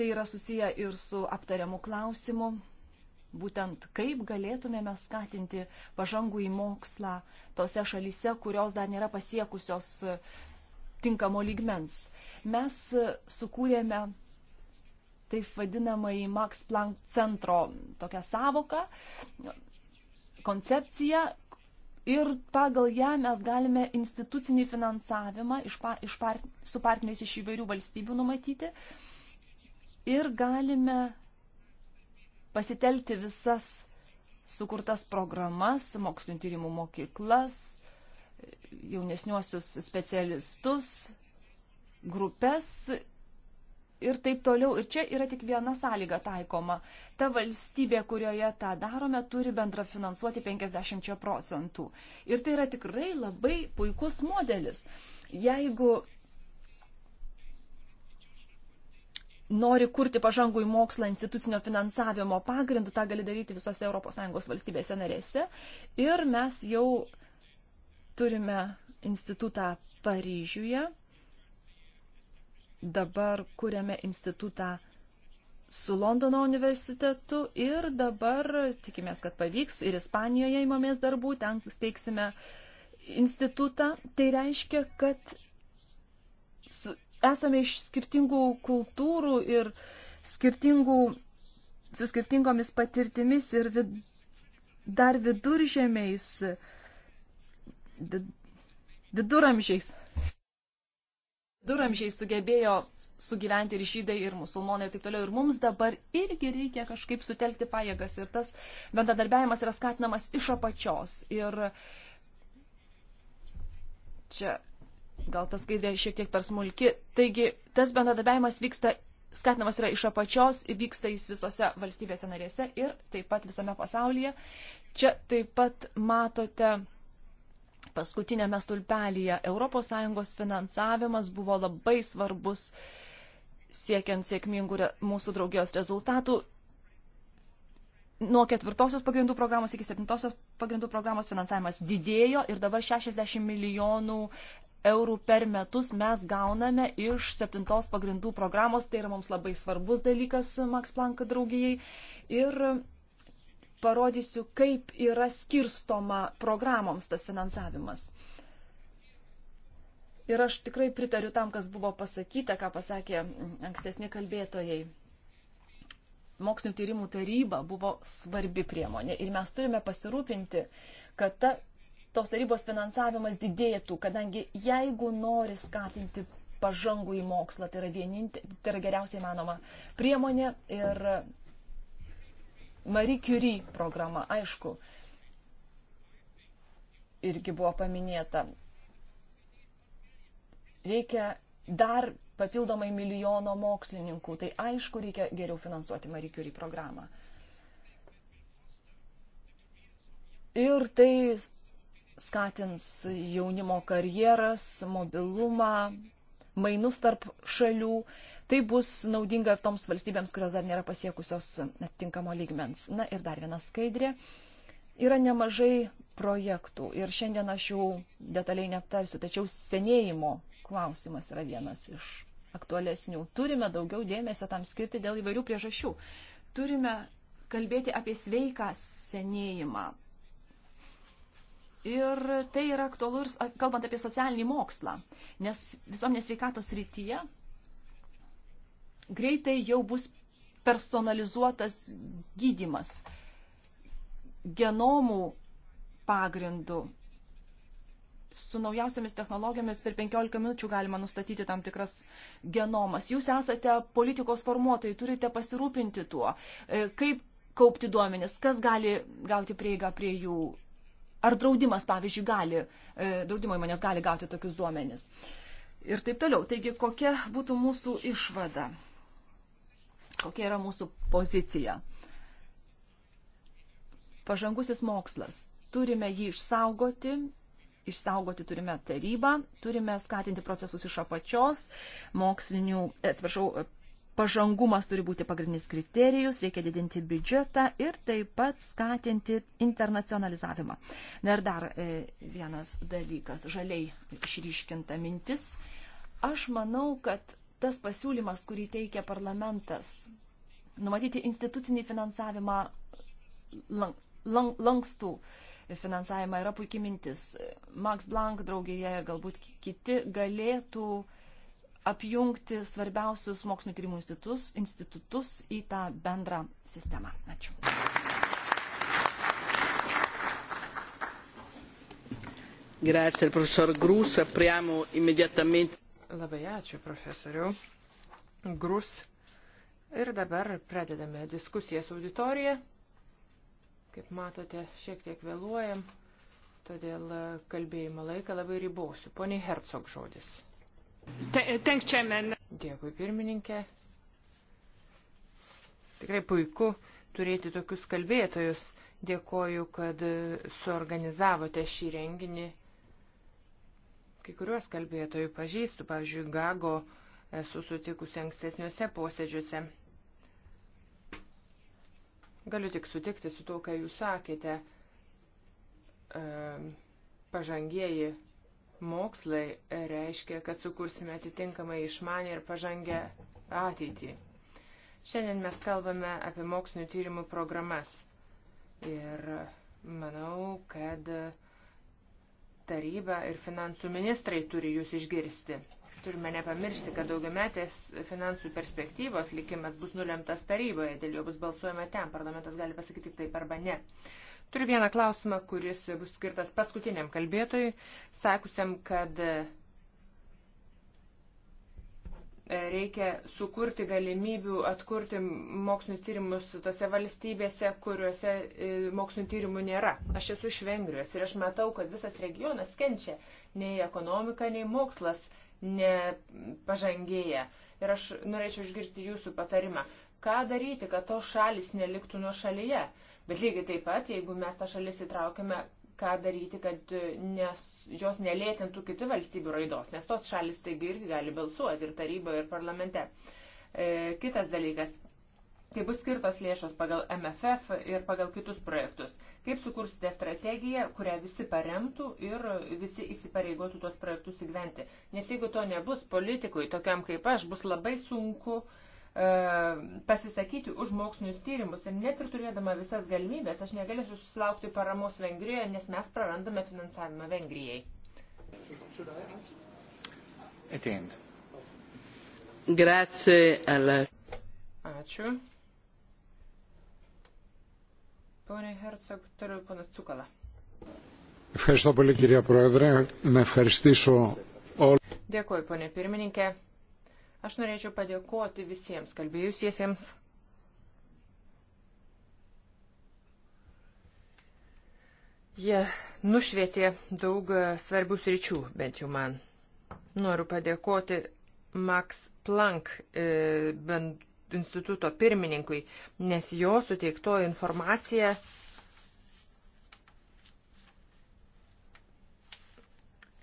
Tai yra susiję ir su aptariamu klausimu būtent kaip galėtumėme skatinti pažangų į mokslą tose šalyse, kurios dar nėra pasiekusios e, tinkamo lygmens. Mes e, sukūrėme taip vadinamąjį Max Planck centro tokią savoką, koncepciją, ir pagal ją mes galime institucinį finansavimą iš pa, iš par, su partneriais iš įvairių valstybių numatyti ir galime pasitelti visas sukurtas programas, mokslinio tyrimų mokyklas, jaunesniuosius specialistus, grupės ir taip toliau. Ir čia yra tik viena sąlyga taikoma. Ta valstybė, kurioje tą darome, turi bendra finansuoti 50 procentų. Ir tai yra tikrai labai puikus modelis. Jeigu nori kurti pažangų į mokslą institucinio finansavimo pagrindų, tą gali daryti visose ES valstybėse narėse. Ir mes jau turime institutą Paryžiuje, dabar kuriame institutą su Londono universitetu ir dabar tikimės, kad pavyks ir Ispanijoje įmamės darbų, ten steigsime institutą. Tai reiškia, kad su, esame iš skirtingų kultūrų ir skirtingų, su skirtingomis patirtimis ir vid, dar viduržėmiais, vid, viduramžiais. Viduramžiais sugebėjo sugyventi ir žydai, ir musulmonai, ir taip toliau. Ir mums dabar irgi reikia kažkaip sutelkti pajėgas. Ir tas bendradarbiavimas yra skatinamas iš apačios. Ir čia gal ta skaidrė šiek tiek per smulki. Taigi, tas bendradarbiavimas vyksta, skatinamas yra iš apačios, vyksta jis visose valstybėse narėse ir taip pat visame pasaulyje. Čia taip pat matote paskutinėme stulpelėje ES finansavimas buvo labai svarbus siekiant sėkmingų mūsų draugijos rezultatų. Nuo ketvirtosios pagrindų programos iki septintosios pagrindų programos finansavimas didėjo ir dabar 60 milijonų eurų per metus mes gauname iš septintos pagrindų programos, tai yra mums labai svarbus dalykas Max Planck draugijai. Ir parodysiu, kaip yra skirstoma programoms tas finansavimas. Ir aš tikrai pritariu tam, kas buvo pasakyta, ką pasakė ankstesni kalbėtojai. Mokslinio tyrimų taryba buvo svarbi priemonė ir mes turime pasirūpinti, kad ta tos tarybos finansavimas didėtų, kadangi jeigu nori skatinti pažangų į mokslą, tai yra, vieninti, tai yra geriausiai manoma priemonė ir Marie Curie programa, aišku, irgi buvo paminėta. Reikia dar papildomai milijono mokslininkų, tai aišku, reikia geriau finansuoti Marie Curie programą. Ir tai skatins jaunimo karjeras, mobilumą, mainus tarp šalių. Tai bus naudinga ir toms valstybėms, kurios dar nėra pasiekusios atitinkamo lygmens. Na ir dar viena skaidrė. Yra nemažai projektų ir šiandien aš jų detaliai neaptarsiu, tačiau senėjimo klausimas yra vienas iš aktualesnių. Turime daugiau dėmesio tam skirti dėl įvairių priežasčių. Turime kalbėti apie sveiką senėjimą, Ir tai yra aktualu ir kalbant apie socialinį mokslą, nes visuomenės veikatos rytyje greitai jau bus personalizuotas gydimas genomų pagrindu. Su naujausiamis technologijomis per 15 minučių galima nustatyti tam tikras genomas. Jūs esate politikos formuotojai, turite pasirūpinti tuo, e, kaip kaupti duomenis, kas gali gauti prieigą prie jų, ar draudimas, pavyzdžiui, gali, e, draudimo įmonės gali gauti tokius duomenis. Ir taip toliau. Taigi, kokia būtų mūsų išvada? Kokia yra mūsų pozicija? Pažangusis mokslas. Turime jį išsaugoti, išsaugoti turime tarybą, turime skatinti procesus iš apačios, mokslinių, e, atsiprašau, pažangumas turi būti pagrindinis kriterijus, reikia didinti biudžetą ir taip pat skatinti internacionalizavimą. Na ir dar e, vienas dalykas, žaliai išryškinta mintis. Aš manau, kad tas pasiūlymas, kurį teikia parlamentas, numatyti institucinį finansavimą lang, lang, lankstų finansavimą yra puikia mintis. Max Blank draugėje ir galbūt kiti galėtų uh, apjungti svarbiausius mokslinio tyrimų institutus, institutus į tą bendrą sistemą. Ačiū. Grazie, profesor Grus. Apriamo immediatamente. Labai ačiū, profesoriau Grus. Ir dabar pradedame diskusiją su auditorija. Kaip matote, šiek tiek vėluojam, todėl kalbėjimo laiką labai ribosiu. Pone Hercog žodis. Thanks, Chairman. Dėkui, pirmininkė. Tikrai puiku turėti tokius kalbėtojus. Dėkoju, kad suorganizavote šį renginį. Kai kuriuos kalbėtojų pažįstu, pavyzdžiui, Gago esu sutikusi ankstesniuose posėdžiuose. Galiu tik sutikti su to, ką jūs sakėte. E, pažangieji mokslai reiškia, kad sukursime atitinkamai išmanę ir pažangę ateitį. Šiandien mes kalbame apie mokslinių tyrimų programas. Ir manau, kad taryba ir finansų ministrai turi jūs išgirsti. Turime nepamiršti, kad daugiametės finansų perspektyvos likimas bus nulemtas taryboje, dėl jo bus balsuojama ten, parlamentas gali pasakyti taip arba ne. Uh, Turiu vieną klausimą, kuris bus skirtas paskutiniam kalbėtojui, sakusiam, kad e, reikia sukurti galimybių atkurti mokslinius tyrimus tose valstybėse, kuriuose e, mokslinių tyrimų nėra. Aš esu iš Vengrijos ir aš matau, kad visas regionas kenčia. Nei ekonomika, nei mokslas nepažangėja. Ir aš norėčiau išgirsti jūsų patarimą. Ką daryti, kad tos šalis neliktų nuo šalyje? Uh, Bet lygiai taip pat, jeigu mes tą šalis įtraukiame, ką daryti, kad e, nes, jos nelėtintų kitų valstybių raidos, nes tos šalis taigi irgi gali balsuoti ir taryboje, ir parlamente. E, kitas dalykas, kai bus skirtos lėšos pagal MFF ir pagal kitus projektus, kaip sukursite strategiją, kurią visi paremtų ir visi įsipareigotų tuos projektus įgyventi. Nes jeigu to nebus, politikui, tokiam kaip aš, bus labai sunku uh, E, pasisakyti už mokslinius tyrimus ir net ir turėdama visas galimybės, aš negalėsiu susilaukti paramos Vengrijoje, nes mes prarandame finansavimą Vengrijai. Ačiū. Pone Hercog, turiu ponas Cukala. Ευχαριστώ πολύ κυρία Πρόεδρε. Να ευχαριστήσω όλους. Δякую, πόνε πυρμήνικε. Aš norėčiau padėkoti visiems kalbėjusiesiems. Jie nušvietė daug svarbių sričių, bent jau man. Noriu padėkoti Max Planck e, bend, instituto pirmininkui, nes jo suteiktoji informacija e,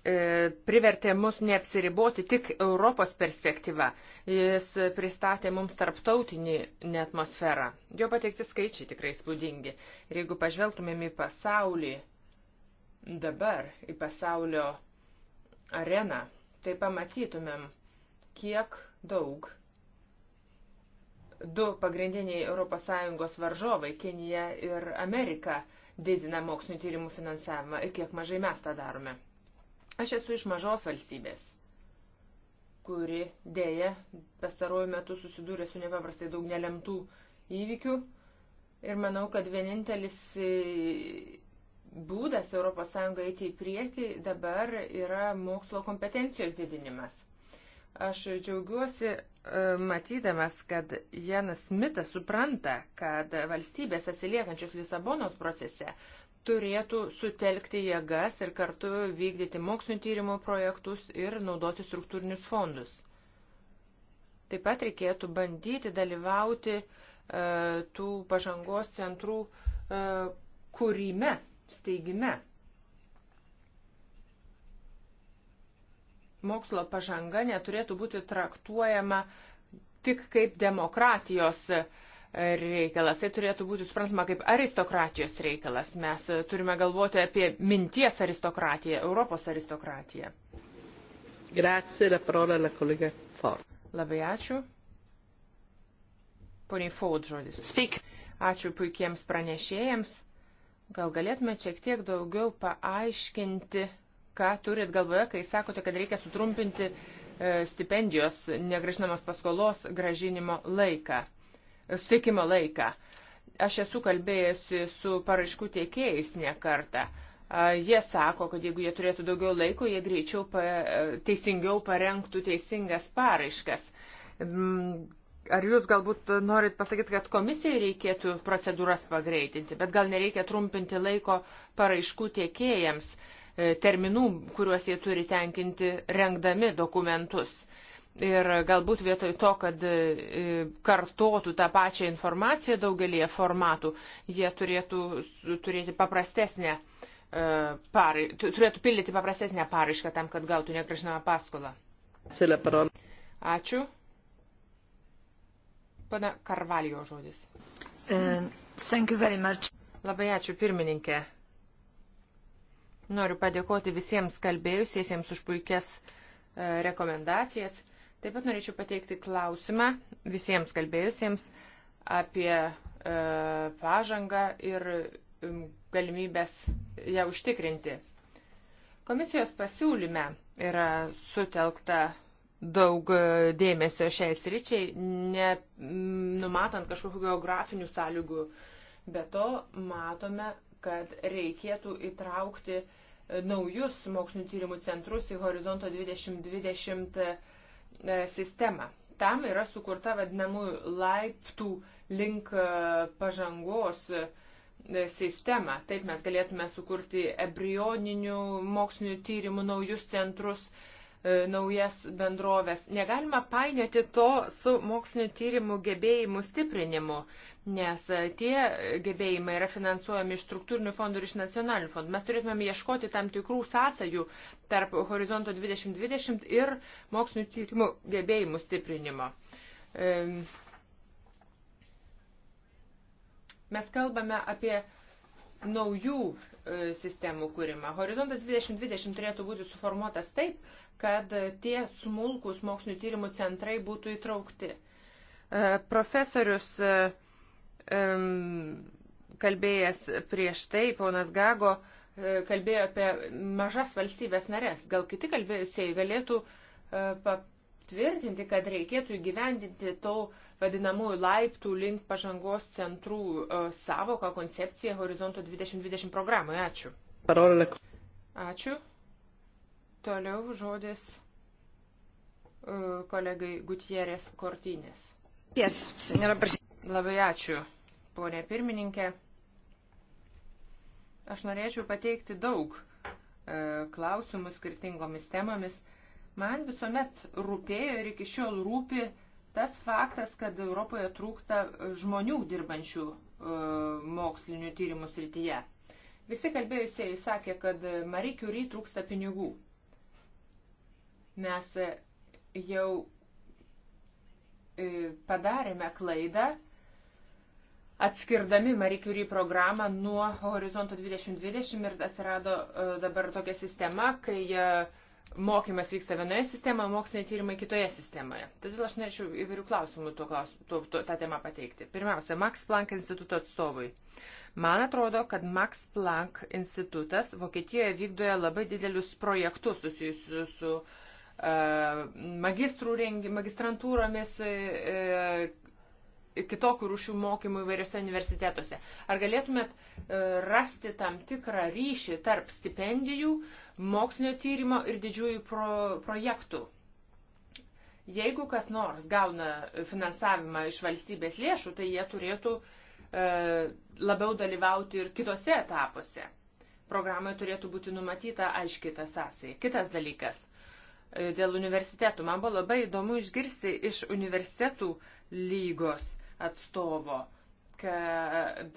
E, privertė mus neapsiriboti tik Europos perspektyva. Jis pristatė mums tarptautinį atmosferą. Jo pateikti skaičiai tikrai spūdingi. Ir jeigu pažvelgtumėm į pasaulį dabar, į pasaulio areną, tai pamatytumėm, kiek daug du pagrindiniai ES varžovai - Kinija ir Amerika - didina mokslinio tyrimų finansavimą ir kiek mažai mes tą darome. Aš esu iš mažos valstybės, kuri dėja pastaruoju metu susidūrė su nepaprastai daug nelemtų įvykių ir manau, kad vienintelis e, būdas ES eiti į priekį dabar yra mokslo kompetencijos didinimas. Aš džiaugiuosi e, matydamas, kad Janas Mitas supranta, kad valstybės atsiliekančios Lisabonos procese turėtų sutelkti jėgas ir kartu vykdyti mokslinio tyrimo projektus ir naudoti struktūrinius fondus. Taip pat reikėtų bandyti dalyvauti e, tų pažangos centrų e, kūrime, steigime. Mokslo pažanga neturėtų būti traktuojama tik kaip demokratijos e, reikalas. Tai turėtų būti suprantama kaip aristokratijos reikalas. Mes turime galvoti apie minties aristokratiją, Europos aristokratiją. Grazie, la parola alla collega Ford. Labai ačiū. Pone Ford žodis. Speak. Ačiū puikiems pranešėjams. Gal galėtumėte šiek tiek daugiau paaiškinti, ką turit galvoje, kai sakote, kad reikia sutrumpinti e, stipendijos negražinamos paskolos gražinimo laiką sutikimo laiką. Aš esu kalbėjusi su paraiškų teikėjais ne kartą. Jie sako, kad jeigu jie turėtų daugiau laiko, jie greičiau pa, teisingiau parengtų teisingas paraiškas. Mm, ar jūs galbūt norit pasakyti, kad komisijai reikėtų procedūras pagreitinti, bet gal nereikia trumpinti laiko paraiškų tiekėjams e, terminų, kuriuos jie turi tenkinti rengdami dokumentus? Ir galbūt vietoj to, kad e, kartotų tą pačią informaciją daugelie formatų, jie turėtų turėti paprastesnę. E, pari, turėtų pildyti paprastesnę paraišką tam, kad gautų negražinamą paskolą. Ačiū. Pana Karvalijo žodis. E, Labai ačiū pirmininkė. Noriu padėkoti visiems kalbėjusiesiems už puikias rekomendacijas. Taip pat norėčiau pateikti klausimą visiems kalbėjusiems apie e, pažangą ir galimybės ją užtikrinti. Komisijos pasiūlyme yra sutelkta daug dėmesio šiai sričiai, nenumatant kažkokių geografinių sąlygų. Be to matome, kad reikėtų įtraukti naujus mokslinių tyrimų centrus į Horizonto 2020 E, sistemą. Tam yra sukurta vadinamųjų laiptų link e, pažangos e, sistemą. Taip mes galėtume sukurti embrioninių mokslinių tyrimų naujus centrus, naujas bendrovės. Negalima painioti to su mokslinio tyrimų gebėjimų stiprinimu nes e, tie gebėjimai yra finansuojami iš struktūrinių fondų ir iš nacionalinių fondų. Mes turėtumėm ieškoti tam tikrų sąsajų tarp horizonto 2020 ir mokslinių tyrimų gebėjimų stiprinimo. Mes kalbame apie naujų e, sistemų kūrimą. Horizontas 2020 turėtų būti suformuotas taip, kad tie smulkus mokslinių tyrimų centrai būtų įtraukti. E, profesorius uh, kalbėjęs prieš tai, ponas Gago e, kalbėjo apie mažas valstybės narės. Gal kiti kalbėjusieji galėtų e, patvirtinti, kad reikėtų įgyvendinti to vadinamųjų laiptų link pažangos centrų e, savoką, koncepciją Horizonto 2020 programoje. Ačiū. Parolė. Ačiū. Toliau žodis kolegai Gutierės Kortinės. Yes, Labai ačiū ponė pirmininkė. Aš norėčiau pateikti daug e, klausimų skirtingomis temomis. Man visuomet rūpėjo ir iki šiol rūpi tas faktas, kad Europoje trūksta žmonių dirbančių e, mokslinių tyrimų srityje. Visi kalbėjusieji sakė, kad Marie Curie trūksta pinigų. Mes jau e, padarėme klaidą, atskirdami Marie Curie programą nuo Horizonto 2020 ir atsirado e, dabar tokia sistema, kai e, mokymas vyksta vienoje sistemoje, moksliniai tyrimai kitoje sistemoje. Todėl aš norėčiau įvairių klausimų tuo klausimu, tuo, tuo, tą temą pateikti. Pirmiausia, Max Planck instituto atstovui. Man atrodo, kad Max Planck institutas Vokietijoje vykdoja labai didelius projektus susijusius su, su e, magistrų rengi, magistrantūromis, kitokių rūšių mokymų įvairiose universitetuose. Ar galėtumėt e, rasti tam tikrą ryšį tarp stipendijų, mokslinio tyrimo ir didžiųjų pro, projektų? Jeigu kas nors gauna finansavimą iš valstybės lėšų, tai jie turėtų e, labiau dalyvauti ir kitose etapuose. Programai turėtų būti numatyta aiškita sąsaja. Kitas dalykas e, dėl universitetų. Man buvo labai įdomu išgirsti iš universitetų lygos, atstovo, kad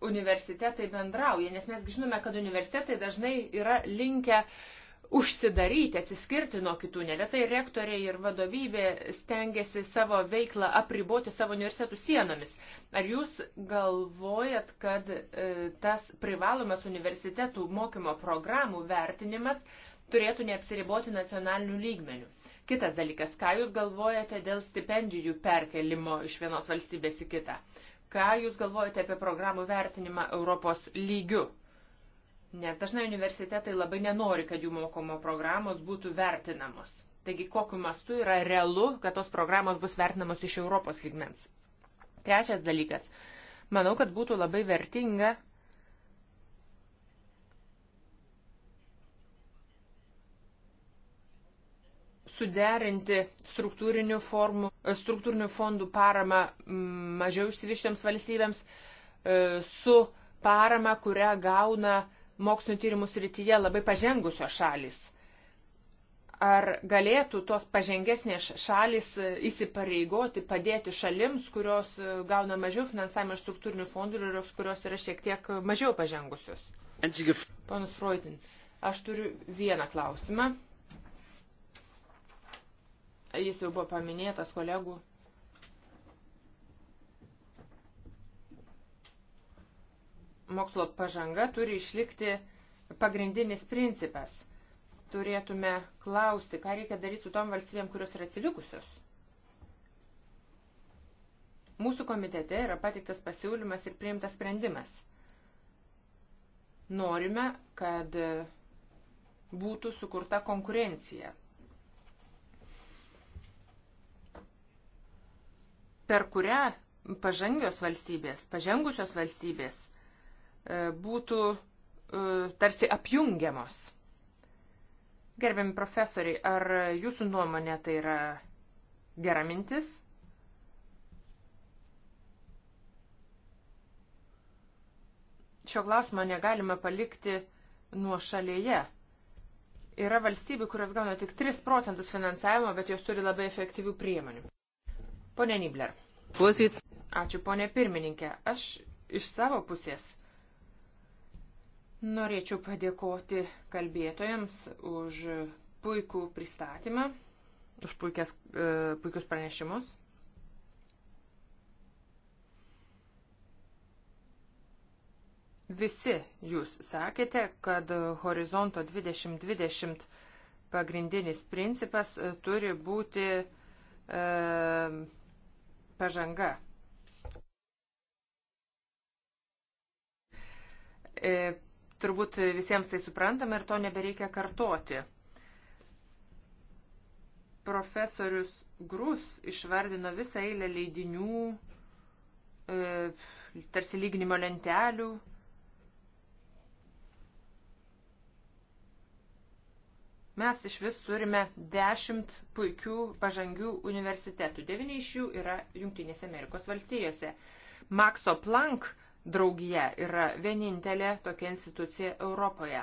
universitetai bendrauja, nes mes žinome, kad universitetai dažnai yra linkę užsidaryti, atsiskirti nuo kitų. Neretai rektoriai ir vadovybė stengiasi savo veiklą apriboti savo universitetų sienomis. Ar jūs galvojat, kad e, tas privalomas universitetų mokymo programų vertinimas turėtų neapsiriboti nacionaliniu lygmeniu. Kitas dalykas, ką jūs galvojate dėl stipendijų perkelimo iš vienos valstybės į kitą? Ką jūs galvojate apie programų vertinimą Europos lygiu? Nes dažnai universitetai labai nenori, kad jų mokomo programos būtų vertinamos. Taigi, kokiu mastu yra realu, kad tos programos bus vertinamos iš Europos lygmens. Trečias dalykas. Manau, kad būtų labai vertinga suderinti struktūrinių, formų, struktūrinių fondų paramą mažiau išsivyščiams valstybėms e, su parama, kurią gauna mokslinio tyrimų srityje labai pažengusios šalis. Ar galėtų tos pažengesnės šalis e, įsipareigoti, padėti šalims, kurios e, gauna mažiau finansavimo iš struktūrinių fondų ir kurios yra šiek tiek mažiau pažengusios? Ponas Freutin, aš turiu vieną klausimą Jis jau buvo paminėtas kolegų. Mokslo pažanga turi išlikti pagrindinis principas. Turėtume klausti, ką reikia daryti su tom valstybėm, kurios yra atsilikusios. Mūsų komitete yra pateiktas pasiūlymas ir priimtas sprendimas. Norime, kad būtų sukurta konkurencija per kurią pažangios valstybės, pažengusios valstybės e, būtų e, tarsi apjungiamos. Gerbiami profesoriai, ar jūsų nuomonė tai yra gera mintis? Šio klausimo negalime palikti nuo šalyje. Yra valstybių, kurios gauna tik 3 procentus finansavimo, bet jos turi labai efektyvių priemonių. Pone Nibler. Pusits. Ačiū, ponė pirmininkė. Aš iš savo pusės norėčiau padėkoti kalbėtojams už puikų pristatymą, už puikias, e, puikius pranešimus. Visi jūs sakėte, kad horizonto 2020 pagrindinis principas e, turi būti e, pažanga. E, turbūt visiems tai suprantama ir to nebereikia kartoti. Profesorius Grus išvardino visą eilę leidinių, e, tarsi lyginimo lentelių, Mes iš vis turime dešimt puikių pažangių universitetų. Devini iš jų yra Junktinėse Amerikos valstijose. Makso Planck draugija yra vienintelė tokia institucija Europoje.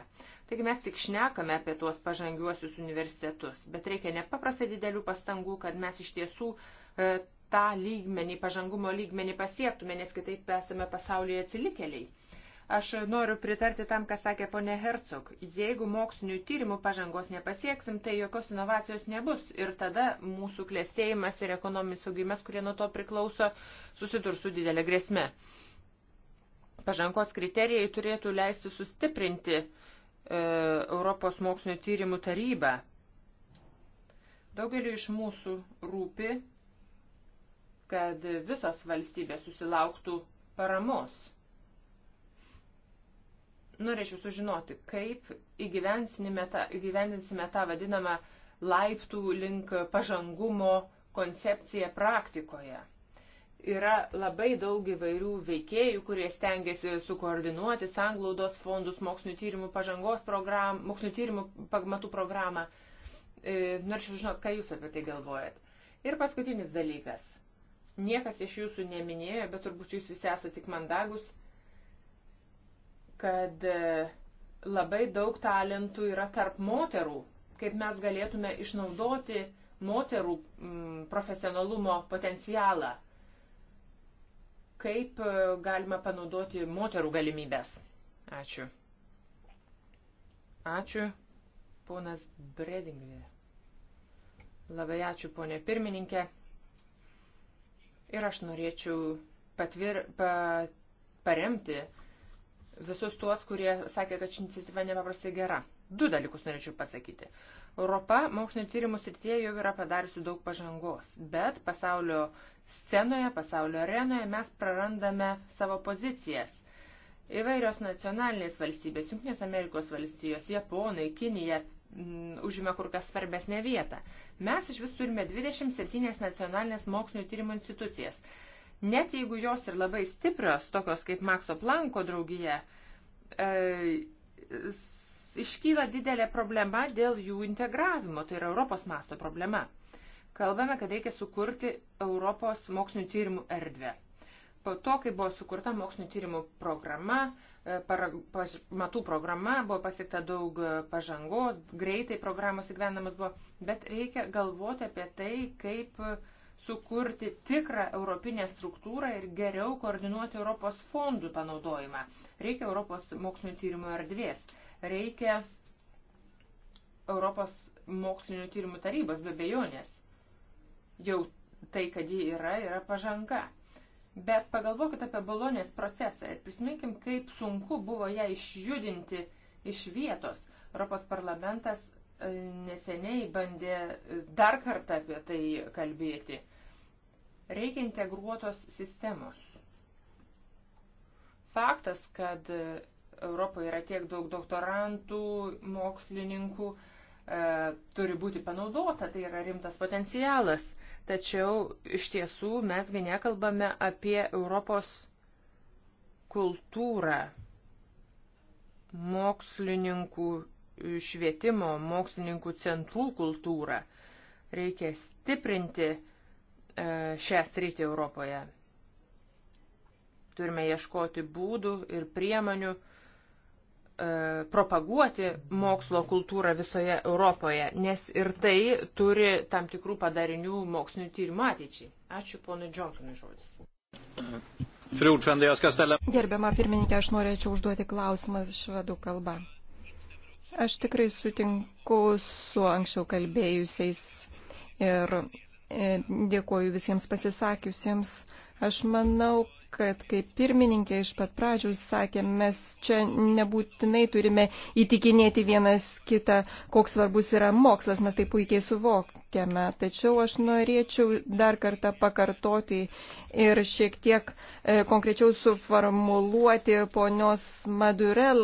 Taigi mes tik šnekame apie tuos pažangiuosius universitetus, bet reikia nepaprastai didelių pastangų, kad mes iš tiesų e, tą lygmenį, pažangumo lygmenį pasiektume, nes kitaip esame pasaulyje atsilikėliai. Aš noriu pritarti tam, ką sakė ponė Hercog. Jeigu mokslinių tyrimų pažangos nepasieksim, tai jokios inovacijos nebus ir tada mūsų klėstėjimas ir ekonominis augimas, kurie nuo to priklauso, susidurs su didelė grėsme. Pažangos kriterijai turėtų leisti sustiprinti e, Europos mokslinio tyrimų tarybą. Daugeliu iš mūsų rūpi, kad visos valstybės susilauktų paramos Norėčiau sužinoti, kaip įgyvendinsime tą, įgyvendinsime tą vadinamą laiptų link pažangumo koncepciją praktikoje. Yra labai daug įvairių veikėjų, kurie stengiasi sukoordinuoti sanglaudos fondus, mokslinio tyrimų pažangos programą, mokslinio tyrimų pamatų programą. E, norėčiau žinot, ką jūs apie tai galvojat. Ir paskutinis dalykas. Niekas iš jūsų neminėjo, bet turbūt jūs visi esate tik mandagus kad e, labai daug talentų yra tarp moterų, kaip mes galėtume išnaudoti moterų mm, profesionalumo potencialą, kaip e, galime panaudoti moterų galimybės. Ačiū. Ačiū, ponas Bredingvė. Labai ačiū, ponė pirmininkė. Ir aš norėčiau patvir, pa, paremti uh, visus tuos, kurie sakė, kad ši iniciatyva nepaprastai gera. Du dalykus norėčiau pasakyti. Europa mokslinio tyrimų srityje jau yra padariusi daug pažangos, bet pasaulio scenoje, pasaulio arenoje mes prarandame savo pozicijas. Įvairios nacionalinės valstybės, Junktinės Amerikos valstijos, Japonai, Kinija m, mm, užima kur kas svarbesnę vietą. Mes iš vis turime 27 nacionalinės mokslinio tyrimų institucijas. Net jeigu jos ir labai stiprios, tokios kaip Makso Planko draugija, e, iškyla didelė problema dėl jų integravimo, tai yra Europos masto problema. Kalbame, kad reikia sukurti Europos mokslinių tyrimų erdvę. Po to, kai buvo sukurta mokslinių tyrimų programa, e, para, paž, matų programa, buvo pasiekta daug pažangos, greitai programos įgyvenamas buvo, bet reikia galvoti apie tai, kaip uh, sukurti tikrą europinę struktūrą ir geriau koordinuoti Europos fondų panaudojimą. Reikia Europos mokslinio tyrimo erdvės, reikia Europos mokslinio tyrimų tarybos be bejonės. Jau tai, kad ji yra, yra pažanga. Bet pagalvokit apie balonės procesą ir prisiminkim, kaip sunku buvo ją išjudinti iš vietos. Europos parlamentas e, neseniai bandė e, dar kartą apie tai kalbėti. Reikia integruotos sistemos. Faktas, kad Europoje yra tiek daug doktorantų, mokslininkų, e, turi būti panaudota, tai yra rimtas potencialas. Tačiau iš tiesų mesgi nekalbame apie Europos kultūrą mokslininkų švietimo, mokslininkų centrų kultūrą. Reikia stiprinti uh, E, šią sritį Europoje. Turime ieškoti būdų ir priemonių e, propaguoti mokslo kultūrą visoje Europoje, nes ir tai turi tam tikrų padarinių mokslinių tyrimų ateičiai. Ačiū ponui Johnsonui žodis. Gerbiama pirmininkė, aš norėčiau užduoti klausimą švedų kalbą. Aš tikrai sutinku su anksčiau kalbėjusiais ir E, Dėkuoju visiems pasisakiusiems. Aš manau, kad kaip pirmininkė iš pat pradžių sakė, mes čia nebūtinai turime įtikinėti vienas kitą, koks svarbus yra mokslas, mes tai puikiai suvokiame. Tačiau aš norėčiau dar kartą pakartoti ir šiek tiek e, konkrečiau suformuluoti ponios Madurel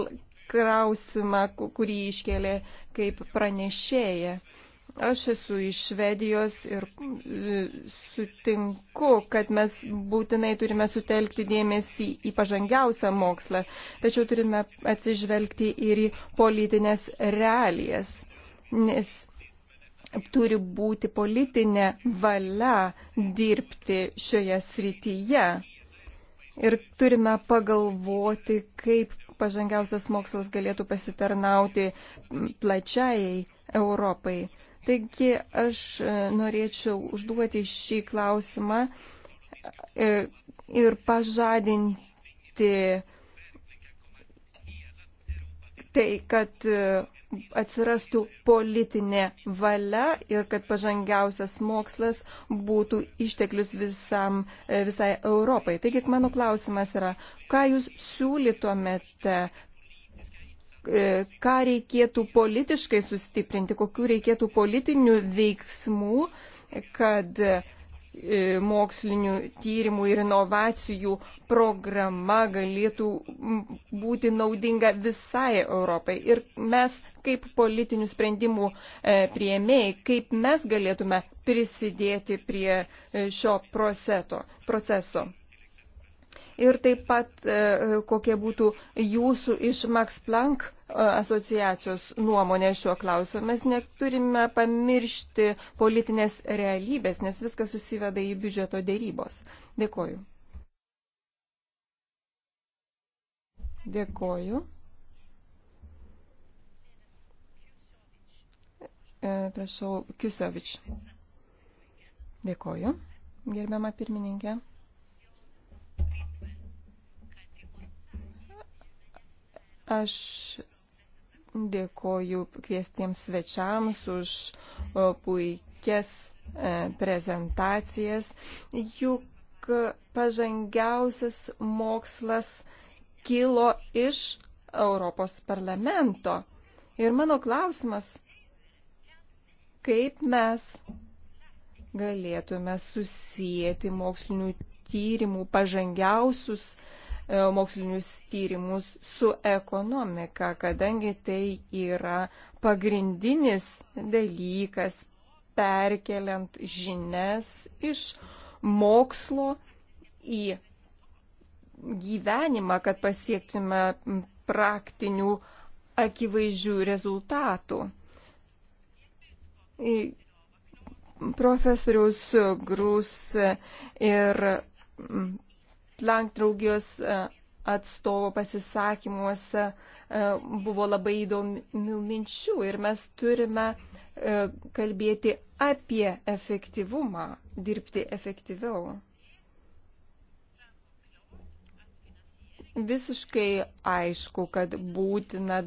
klausimą, kurį iškėlė kaip pranešėja. Aš esu iš Švedijos ir e, sutinku, kad mes būtinai turime sutelkti dėmesį į pažangiausią mokslą, tačiau turime atsižvelgti ir į politinės realijas, nes turi būti politinė valia dirbti šioje srityje. Ir turime pagalvoti, kaip pažangiausias mokslas galėtų pasitarnauti plačiai Europai. Taigi aš e, norėčiau užduoti šį klausimą e, ir pažadinti tai, kad e, atsirastų politinė valia ir kad pažangiausias mokslas būtų išteklius visam, visai Europai. Taigi mano klausimas yra, ką jūs siūlytumėte E, ką reikėtų politiškai sustiprinti, kokiu reikėtų politinių veiksmų, kad e, mokslinių tyrimų ir inovacijų programa galėtų būti naudinga visai Europai. Ir mes kaip politinių sprendimų e, prieimėjai, kaip mes galėtume prisidėti prie šio proceso ir taip pat e, kokie būtų jūsų iš Max Planck e, asociacijos nuomonė šiuo klausimu. Mes neturime pamiršti politinės realybės, nes viskas susiveda į biudžeto dėrybos. Dėkoju. Dėkoju. E, prašau, Kiusovič. Dėkoju, gerbiama pirmininkė. Aš dėkoju kviestiems svečiams už puikias e, prezentacijas, juk pažangiausias mokslas kilo iš Europos parlamento. Ir mano klausimas, kaip mes galėtume susijęti mokslinių tyrimų pažangiausius uh, E, mokslinius tyrimus su ekonomika, kadangi tai yra pagrindinis dalykas perkeliant žinias iš mokslo į gyvenimą, kad pasiektume praktinių akivaizdžių rezultatų. Profesorius Grus ir Plank draugijos e, atstovo pasisakymuose e, buvo labai įdomių minčių ir mes turime e, kalbėti apie efektyvumą, dirbti efektyviau. Visiškai aišku, kad būtina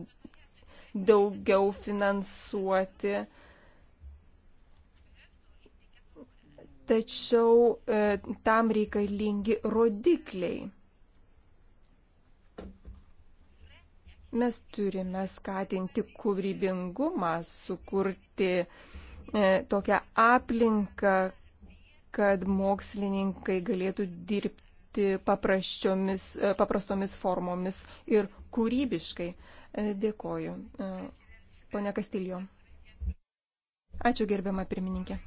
daugiau finansuoti uh, tačiau e, tam reikalingi rodikliai. Mes turime skatinti kūrybingumą, sukurti e, tokią aplinką, kad mokslininkai galėtų dirbti e, paprastomis formomis ir kūrybiškai. Dėkoju. Pone Kastilio. Ačiū gerbiama pirmininkė.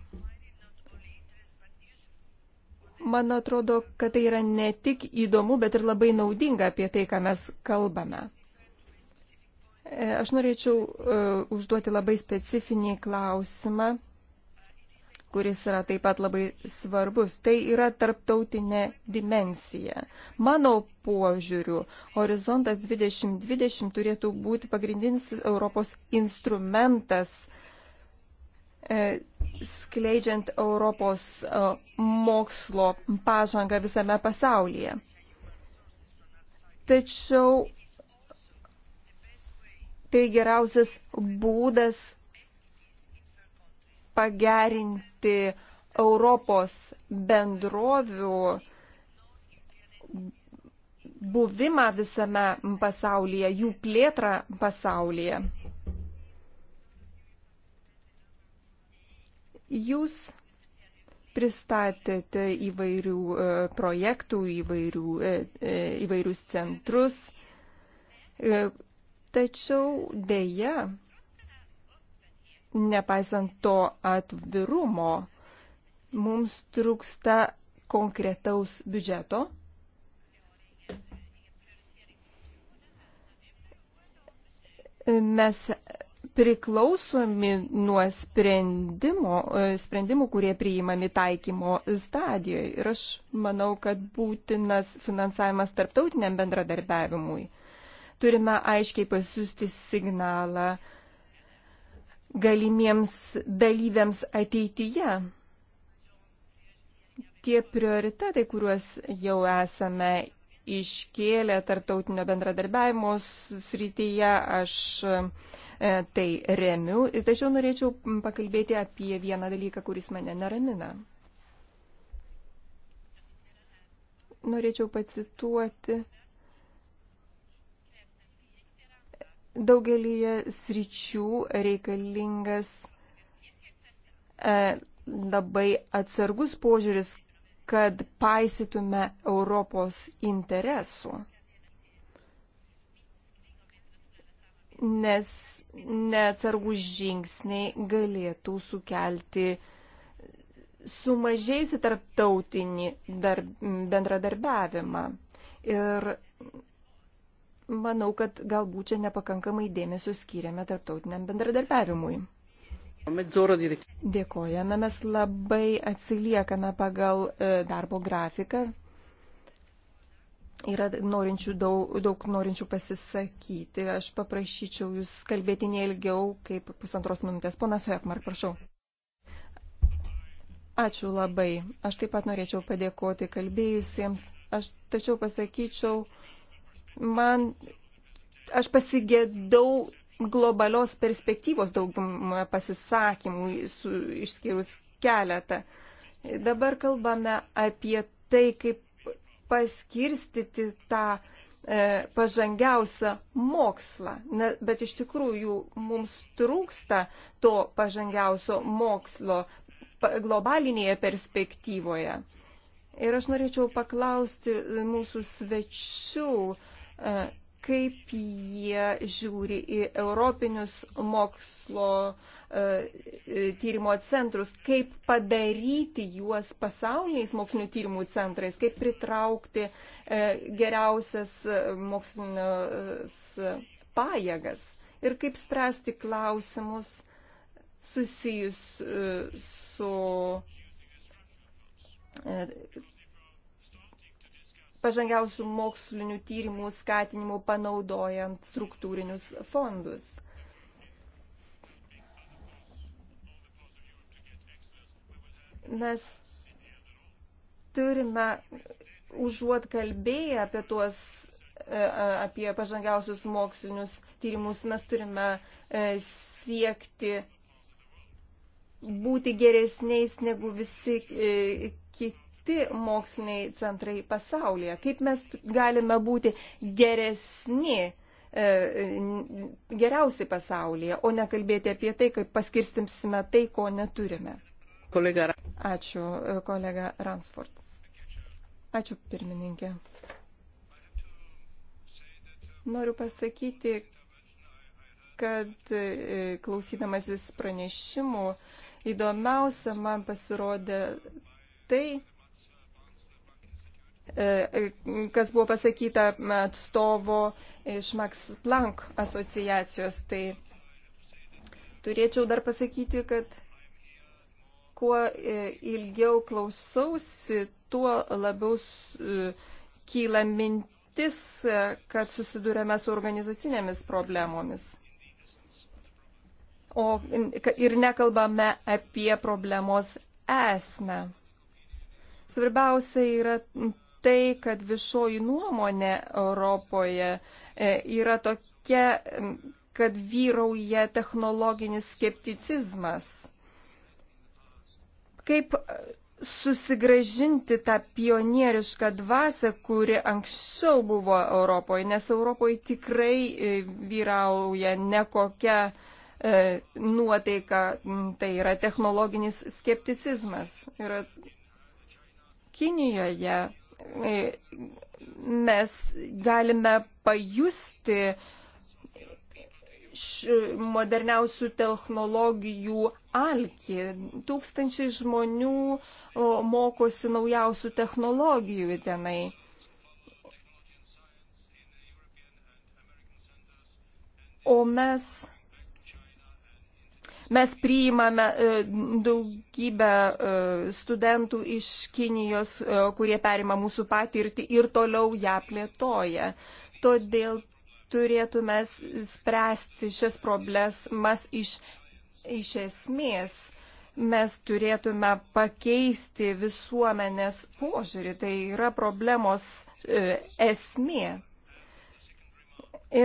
Man atrodo, kad tai yra ne tik įdomu, bet ir labai naudinga apie tai, ką mes kalbame. E, aš norėčiau uh, užduoti labai specifinį klausimą, kuris yra taip pat labai svarbus. Tai yra tarptautinė dimensija. Mano požiūriu, horizontas 2020 turėtų būti pagrindinis Europos instrumentas E, skleidžiant Europos e, mokslo pažangą visame pasaulyje. Tačiau tai geriausias būdas pagerinti Europos bendrovių buvimą visame pasaulyje, jų plėtrą pasaulyje. Jūs pristatėte įvairių e, projektų, įvairių, e, e, įvairius centrus, tačiau dėja, nepaisant to atvirumo, mums trūksta konkretaus biudžeto. Mes priklausomi nuo sprendimo, e, sprendimų, kurie priimami taikymo stadijoje. Ir aš manau, kad būtinas finansavimas tarptautiniam bendradarbiavimui. Turime aiškiai pasiūsti signalą galimiems dalyviams ateityje. Tie prioritetai, kuriuos jau esame iškėlė tarptautinio bendradarbiavimo srityje, aš e, tai remiu. Tačiau norėčiau pakalbėti apie vieną dalyką, kuris mane neramina. Norėčiau pacituoti. Daugelį sričių reikalingas e, labai atsargus požiūris, kad paisytume Europos interesų. Nes neatsargų žingsniai galėtų sukelti sumažėjusi tarptautinį dar, bendradarbiavimą. Ir manau, kad galbūt čia nepakankamai dėmesio skiriame tarptautiniam bendradarbiavimui. Dėkojame, mes labai atsiliekame pagal e, darbo grafiką. Yra norinčių daug, daug norinčių pasisakyti. Aš paprašyčiau jūs kalbėti neilgiau kaip pusantros minutės. Ponas Hekmark, prašau. Ačiū labai. Aš taip pat norėčiau padėkoti kalbėjusiems. Aš tačiau pasakyčiau, man, aš pasigėdau globalios perspektyvos daugumoje pasisakymų, su, išskyrus keletą. Dabar kalbame apie tai, kaip paskirstyti tą e, pažangiausią mokslą. Ne, bet iš tikrųjų mums trūksta to pažangiausio mokslo pa, globalinėje perspektyvoje. Ir aš norėčiau paklausti mūsų svečių, e, kaip jie žiūri į europinius mokslo e, e, tyrimo centrus, kaip padaryti juos pasauliniais mokslinio tyrimų centrais, kaip pritraukti e, geriausias mokslinės pajėgas ir kaip spręsti klausimus susijus su pažangiausių mokslinių tyrimų skatinimo panaudojant struktūrinius fondus. Mes turime užuot kalbėję apie tuos e, apie pažangiausius mokslinius tyrimus, mes turime e, siekti būti geresniais negu visi e, kiti kiti moksliniai centrai pasaulyje? Kaip mes galime būti geresni, e, geriausi pasaulyje, o ne kalbėti apie tai, kaip paskirstimsime tai, ko neturime? Kolega. Ačiū, e, kolega Ransford. Ačiū, pirmininkė. Noriu pasakyti, kad e, klausydamasis pranešimų įdomiausia man pasirodė tai, E, e, kas buvo pasakyta atstovo iš Max Planck asociacijos. Tai turėčiau dar pasakyti, kad kuo e, ilgiau klausausi, tuo labiau kyla mintis, kad susidurėme su organizacinėmis problemomis. O ir nekalbame apie problemos esmę. Svarbiausia yra tai, kad viešoji nuomonė Europoje e, yra tokia, kad vyrauja technologinis skepticizmas. Kaip e, susigražinti tą pionierišką dvasę, kuri anksčiau buvo Europoje, nes Europoje tikrai e, vyrauja nekokia nuotaika, tai yra technologinis skepticizmas. Yra Kinijoje mes galime pajusti moderniausių technologijų alkį. Tūkstančiai žmonių mokosi naujausių technologijų tenai. O mes Mes priimame e, daugybę e, studentų iš Kinijos, e, kurie perima mūsų patirtį ir toliau ją plėtoja. Todėl turėtume spręsti šias problemas iš, iš esmės. Mes turėtume pakeisti visuomenės požiūrį, tai yra problemos e, esmė.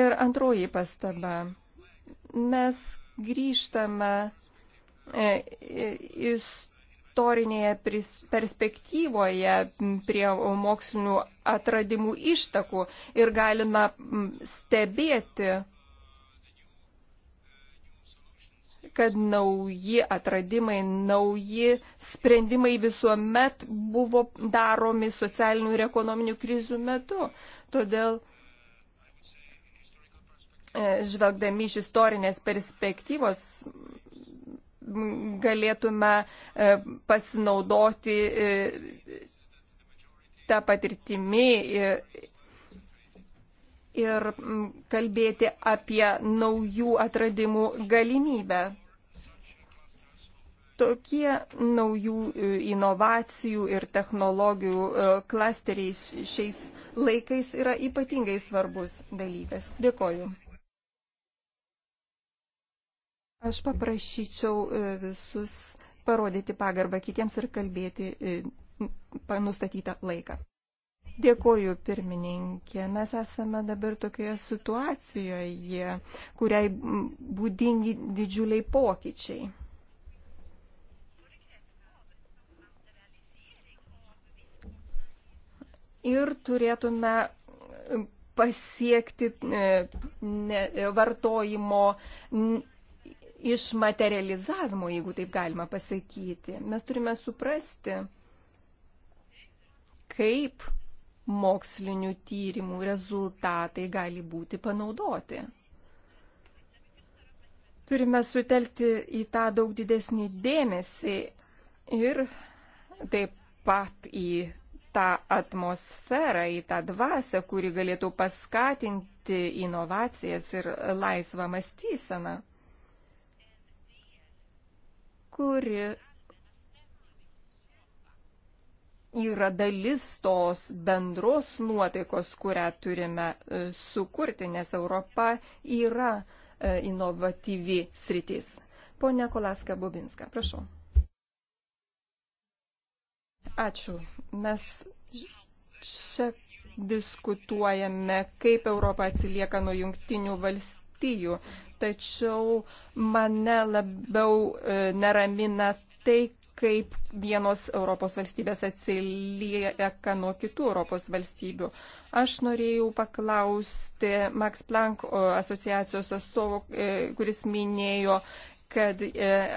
Ir antroji pastaba. Mes grįžtama e, e, istorinėje perspektyvoje prie mokslinių atradimų ištakų ir galime stebėti, kad nauji atradimai, nauji sprendimai visuomet buvo daromi socialinių ir ekonominių krizių metu. Todėl E, žvelgdami iš istorinės perspektyvos galėtume e, pasinaudoti e, tą patirtimį ir kalbėti apie naujų atradimų galimybę. Tokie naujų inovacijų ir technologijų klasteriai šiais laikais yra ypatingai svarbus dalykas. Dėkoju. Aš paprašyčiau e, visus parodyti pagarbą kitiems ir kalbėti e, nustatytą laiką. Dėkoju, pirmininkė. Mes esame dabar tokioje situacijoje, kuriai būdingi didžiuliai pokyčiai. Ir turėtume pasiekti e, vartojimo išmaterializavimo, jeigu taip galima pasakyti. Mes turime suprasti, kaip mokslinių tyrimų rezultatai gali būti panaudoti. Turime sutelkti į tą daug didesnį dėmesį ir taip pat į tą atmosferą, į tą dvasę, kuri galėtų paskatinti inovacijas ir laisvą mąstyseną kuri yra dalis tos bendros nuotaikos, kurią turime e, sukurti, nes Europa yra e, inovatyvi sritis. Pone Kolaska Bubinska, prašau. Ačiū. Mes čia diskutuojame, kaip Europa atsilieka nuo jungtinių valstybių valstijų tačiau mane labiau e, neramina tai, kaip vienos Europos valstybės atsilieka nuo kitų Europos valstybių. Aš norėjau paklausti Max Planck asociacijos atstovo, e, kuris minėjo, kad e,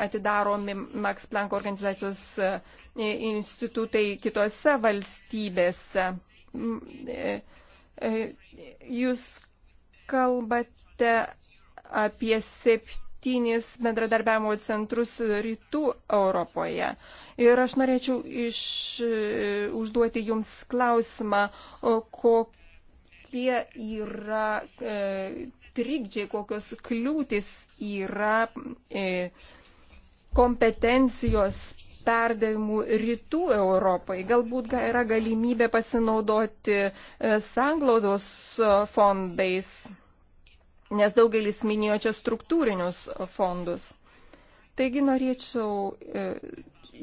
atidaromi Max Planck organizacijos institutai kitose valstybėse. Jūs kalbate apie septynis bendradarbiavimo centrus rytų Europoje. Ir aš norėčiau iš, užduoti Jums klausimą, kokie yra e, trikdžiai, kokios kliūtis yra e, kompetencijos perdavimų rytų Europai. Galbūt yra galimybė pasinaudoti e, sanglaudos fondais nes daugelis minėjo čia struktūrinius fondus. Taigi norėčiau e,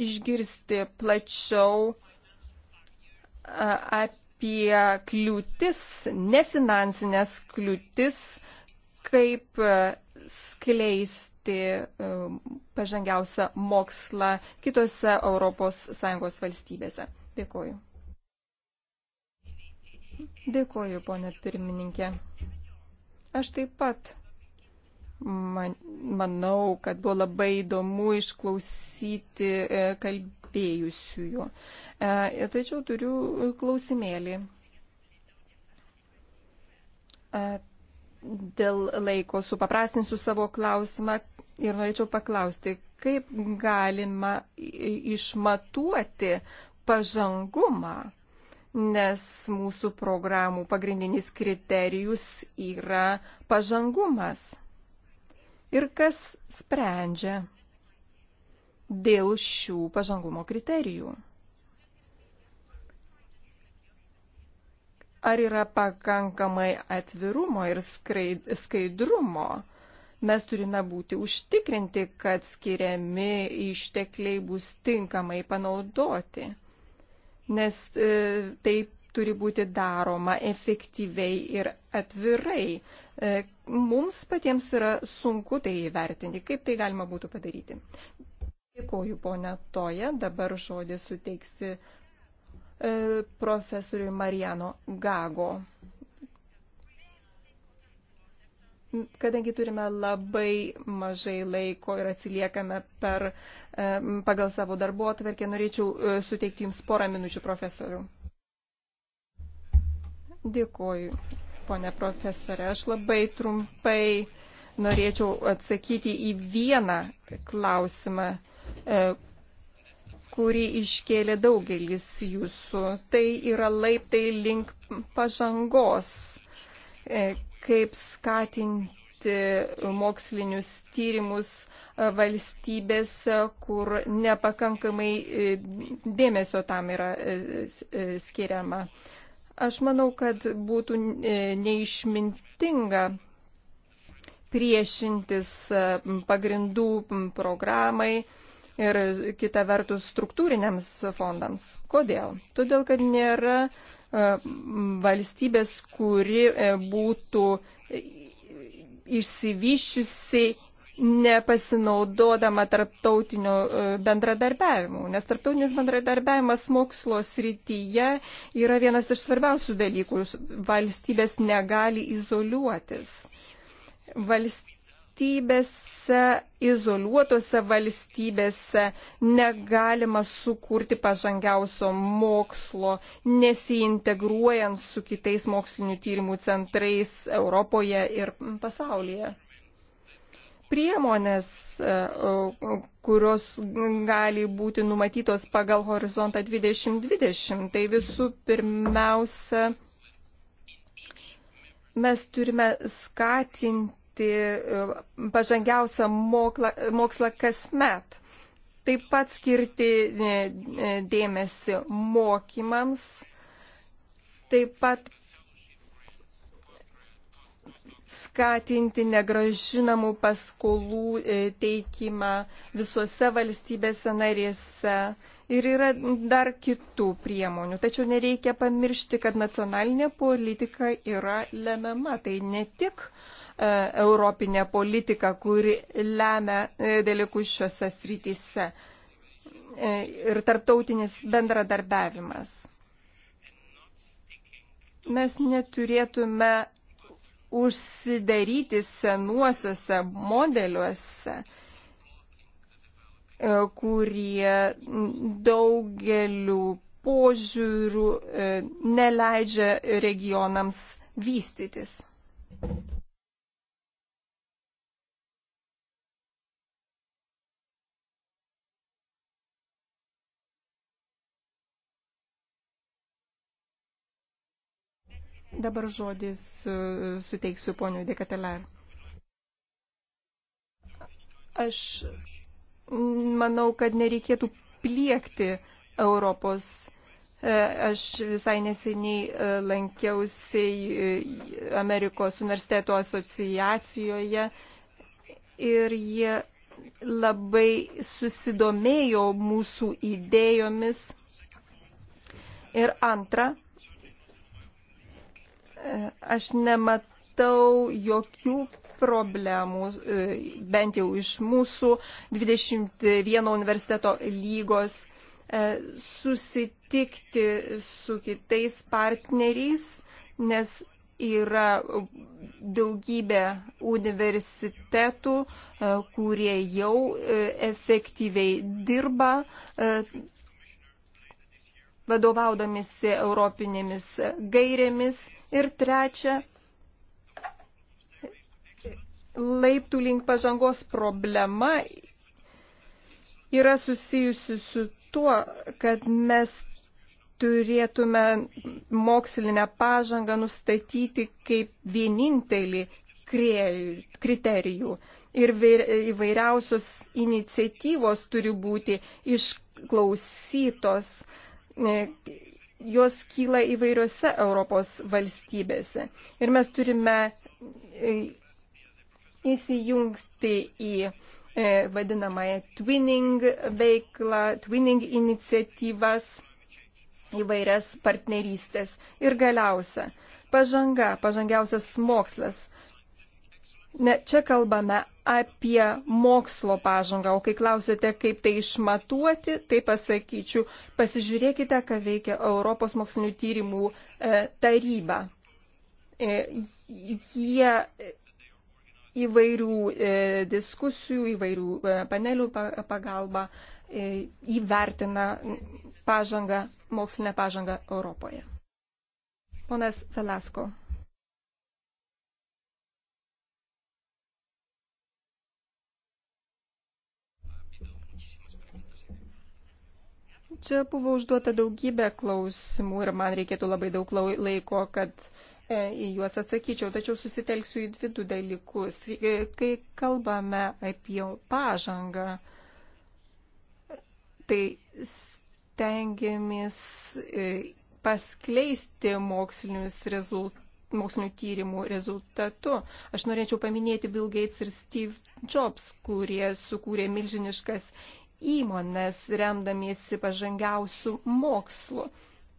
išgirsti plačiau e, apie kliūtis, nefinansinės kliūtis, kaip e, skleisti pažangiausią mokslą kitose ES valstybėse. Dėkuoju. Dėkuoju, ponė pirmininkė. Aš taip pat man, manau, kad buvo labai įdomu išklausyti e, kalbėjusiųjų. E, tačiau turiu klausimėlį e, dėl laiko supaprastinsiu savo klausimą ir norėčiau paklausti, kaip galima išmatuoti pažangumą nes mūsų programų pagrindinis kriterijus yra pažangumas. Ir kas sprendžia dėl šių pažangumo kriterijų? Ar yra pakankamai atvirumo ir skaidrumo? mes turime būti užtikrinti, kad skiriami ištekliai bus tinkamai panaudoti nes e, taip turi būti daroma efektyviai ir atvirai. E, mums patiems yra sunku tai įvertinti, kaip tai galima būtų padaryti. Dėkoju, ponia Toja, dabar žodį suteiksi e, profesoriui Mariano Gago. kadangi turime labai mažai laiko ir atsiliekame per, e, pagal savo darbo atverkę, norėčiau e, suteikti Jums porą minučių, profesorių. Dėkuoju, ponė profesorė. Aš labai trumpai norėčiau atsakyti į vieną klausimą, e, kurį iškėlė daugelis jūsų. Tai yra laiptai link pažangos kaip skatinti mokslinius tyrimus valstybėse, kur nepakankamai e, dėmesio tam yra e, e, skiriama. Aš manau, kad būtų neišmintinga priešintis pagrindų programai ir kita vertus struktūriniams fondams. Kodėl? Todėl, kad nėra E, valstybės, kuri e, būtų išsivyščiusi nepasinaudodama tarptautinio e, bendradarbiavimo, nes tarptautinis bendradarbiavimas mokslo srityje yra vienas iš svarbiausių dalykų. Valstybės negali izoliuotis. Valstybės valstybėse, izoliuotose valstybėse negalima sukurti pažangiausio mokslo, nesiintegruojant su kitais mokslinių tyrimų centrais Europoje ir pasaulyje. Priemonės, e, kurios gali būti numatytos pagal horizontą 2020, tai visų pirmiausia mes turime skatinti patį e, pažangiausią moklą, mokslą kasmet. Taip pat skirti e, e, dėmesį mokymams, taip pat skatinti negražinamų paskolų teikimą visuose valstybėse narėse. Ir yra dar kitų priemonių. Tačiau nereikia pamiršti, kad nacionalinė politika yra lemiama. Tai ne tik E, europinę politiką, kuri lemia e, dalykus šiuose srityse e, ir tarptautinis bendradarbiavimas. Mes neturėtume užsidaryti senuosiuose modeliuose, kurie daugeliu požiūrių neleidžia regionams vystytis. Dabar žodis e, suteiksiu poniui Dekateler. Aš manau, kad nereikėtų pliekti Europos. E, aš visai neseniai e, lankiausiai Amerikos universiteto asociacijoje ir jie labai susidomėjo mūsų idėjomis. Ir antra, Aš nematau jokių problemų, e, bent jau iš mūsų 21 universiteto lygos e, susitikti su kitais partneriais, nes yra daugybė universitetų, e, kurie jau efektyviai dirba vadovaudomisi europinėmis gairėmis Ir trečia, laiptų link pažangos problema yra susijusi su tuo, kad mes turėtume mokslinę pažangą nustatyti kaip vienintelį kriterijų. Ir įvairiausios iniciatyvos turi būti išklausytos e, jos kyla įvairiose Europos valstybėse. Ir mes turime e, įsijungti į e, vadinamąją twinning veiklą, twinning iniciatyvas, įvairias partnerystės. Ir galiausia, pažanga, pažangiausias mokslas Ne, čia kalbame apie mokslo pažangą, o kai klausėte, kaip tai išmatuoti, tai pasakyčiau, pasižiūrėkite, ką veikia Europos mokslinių tyrimų e, taryba. E, jie įvairių e, diskusijų, įvairių e, panelių pa, pagalba e, įvertina pažangą, mokslinę pažangą Europoje. Ponas Velasko. Čia buvo užduota daugybė klausimų ir man reikėtų labai daug laiko, kad e, į juos atsakyčiau, tačiau susitelksiu į dvi du dalykus. E, kai kalbame apie pažangą, tai stengiamės e, paskleisti mokslinius rezultatus mokslinio tyrimų rezultatu. Aš norėčiau paminėti Bill Gates ir Steve Jobs, kurie sukūrė milžiniškas įmonės remdamiesi pažangiausių mokslų.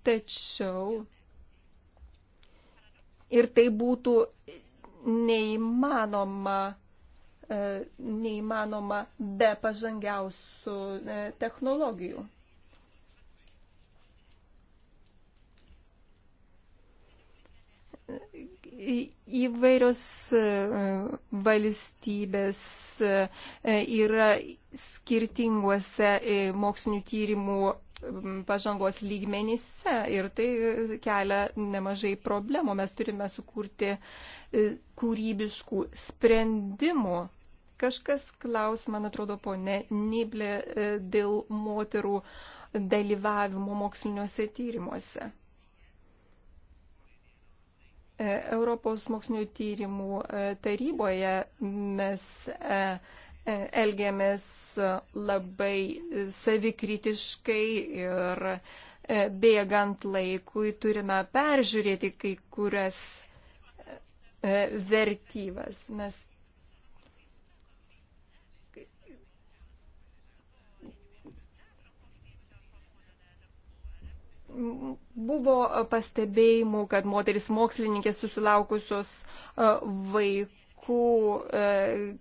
Tačiau ir tai būtų neįmanoma, e, neįmanoma be pažangiausių e, technologijų. įvairios e, valstybės e, yra skirtinguose e, mokslinių tyrimų pažangos lygmenyse ir tai kelia nemažai problemų. Mes turime sukurti kūrybiškų sprendimų. Kažkas klaus, man atrodo, ponė Niblė dėl moterų dalyvavimo moksliniuose tyrimuose. E, Europos mokslinio tyrimų e, taryboje mes e, elgiamės labai savikritiškai ir bėgant laikui turime peržiūrėti kai kurias vertybas. Mes Buvo pastebėjimų, kad moteris mokslininkės susilaukusios e, vaikų, e,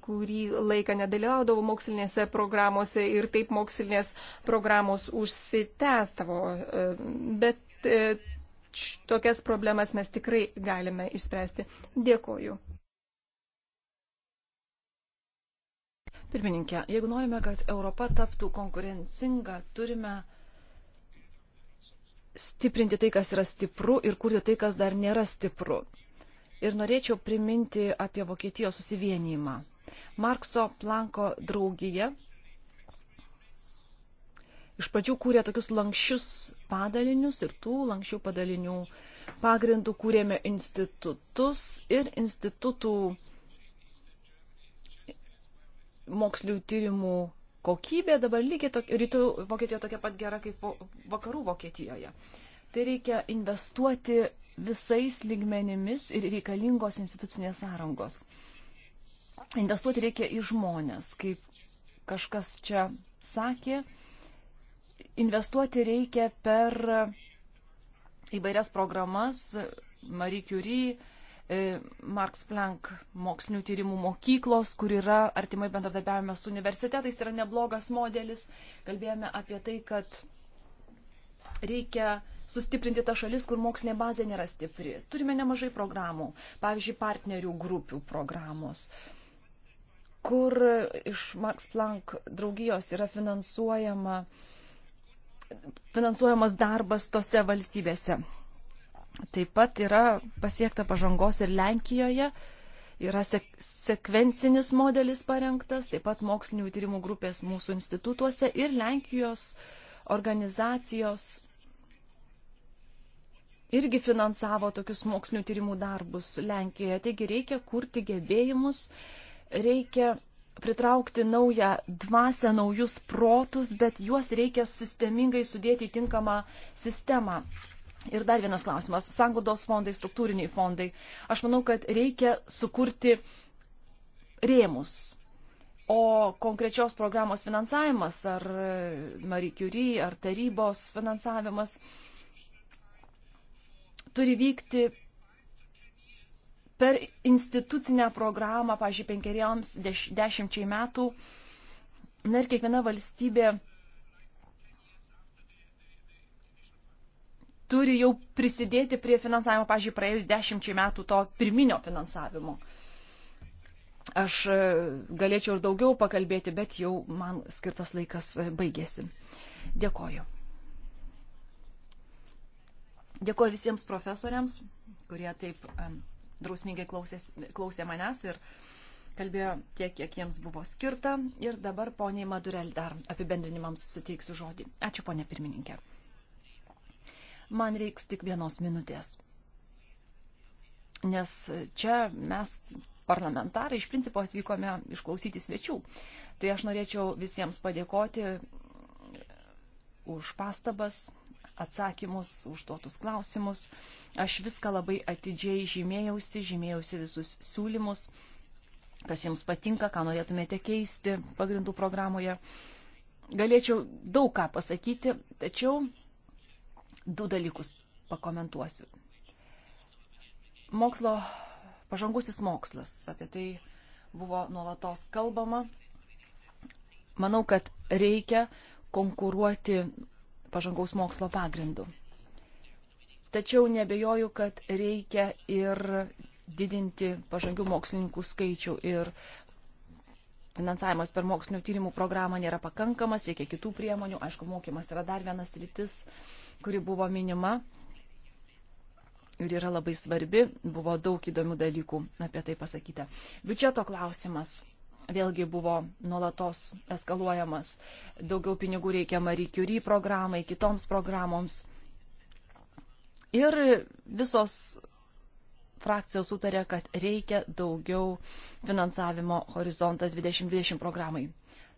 kurį laiką nedalyvaudavo mokslinėse programuose ir taip mokslinės programos užsitęstavo. E, bet tokias problemas mes tikrai galime išspręsti. Dėkoju. Pirmininkė, jeigu norime, kad Europa taptų konkurencinga, turime stiprinti tai, kas yra stipru ir kurti tai, kas dar nėra stipru. Ir norėčiau priminti apie Vokietijos susivienijimą. Markso Planko draugija iš pradžių kūrė tokius lankščius padalinius ir tų lankščių padalinių pagrindų kūrėme institutus ir institutų mokslių tyrimų kokybė dabar lygiai tok, rytų Vokietijoje tokia pat gera kaip vakarų Vokietijoje. Tai reikia investuoti visais lygmenimis ir reikalingos institucinės sąrangos. Investuoti reikia į žmonės, kaip kažkas čia sakė. Investuoti reikia per įvairias programas, Marie Curie, E, Marks Planck mokslinių tyrimų mokyklos, kur yra artimai bendradarbiavime su universitetais, tai yra neblogas modelis. Kalbėjome apie tai, kad reikia sustiprinti tą šalis, kur mokslinė bazė nėra stipri. Turime nemažai programų, pavyzdžiui, partnerių grupių programos, kur iš Max Planck draugijos yra finansuojama, finansuojamas darbas tose valstybėse Taip pat yra pasiekta pažangos ir Lenkijoje, yra sek sekvencinis modelis parengtas, taip pat mokslinių tyrimų grupės mūsų institutuose ir Lenkijos organizacijos irgi finansavo tokius mokslinių tyrimų darbus Lenkijoje. Taigi reikia kurti gebėjimus, reikia pritraukti naują dvasę, naujus protus, bet juos reikia sistemingai sudėti į tinkamą sistemą. Ir dar vienas klausimas. Sangudos fondai, struktūriniai fondai. Aš manau, kad reikia sukurti rėmus. O konkrečios programos finansavimas, ar e, Marie Curie, ar tarybos finansavimas, turi vykti per institucinę programą, pažiūrėjau, penkeriems, deš, dešimčiai metų. Na ir kiekviena valstybė turi jau prisidėti prie finansavimo, pažiūrėjau, praėjus dešimčiai metų to pirminio finansavimo. Aš e, galėčiau ir daugiau pakalbėti, bet jau man skirtas laikas e, baigėsi. Dėkoju. Dėkoju visiems profesoriams, kurie taip e, drausmingai klausės, klausė manęs ir kalbėjo tiek, kiek jiems buvo skirta. Ir dabar poniai Madurel dar apibendrinimams suteiksiu žodį. Ačiū, ponė pirmininkė man reiks tik vienos minutės. Nes čia mes, parlamentarai, iš principo atvykome išklausyti svečių. Tai aš norėčiau visiems padėkoti už pastabas, atsakymus, užduotus klausimus. Aš viską labai atidžiai žymėjausi, žymėjausi visus siūlymus, kas jums patinka, ką norėtumėte keisti pagrindų programoje. Galėčiau daug ką pasakyti, tačiau du dalykus pakomentuosiu. Mokslo, pažangusis mokslas, apie tai buvo nuolatos kalbama. Manau, kad reikia konkuruoti pažangaus mokslo pagrindu. Tačiau nebejoju, kad reikia ir didinti pažangių mokslininkų skaičių ir finansavimas per mokslinio tyrimų programą nėra pakankamas, reikia kitų priemonių. Aišku, mokymas yra dar vienas rytis, kuri buvo minima ir yra labai svarbi. Buvo daug įdomių dalykų apie tai pasakyta. Biudžeto klausimas. Vėlgi buvo nuolatos eskaluojamas. Daugiau pinigų reikia Marie Curie programai, kitoms programoms. Ir visos frakcijos sutarė, kad reikia daugiau finansavimo horizontas 2020 programai.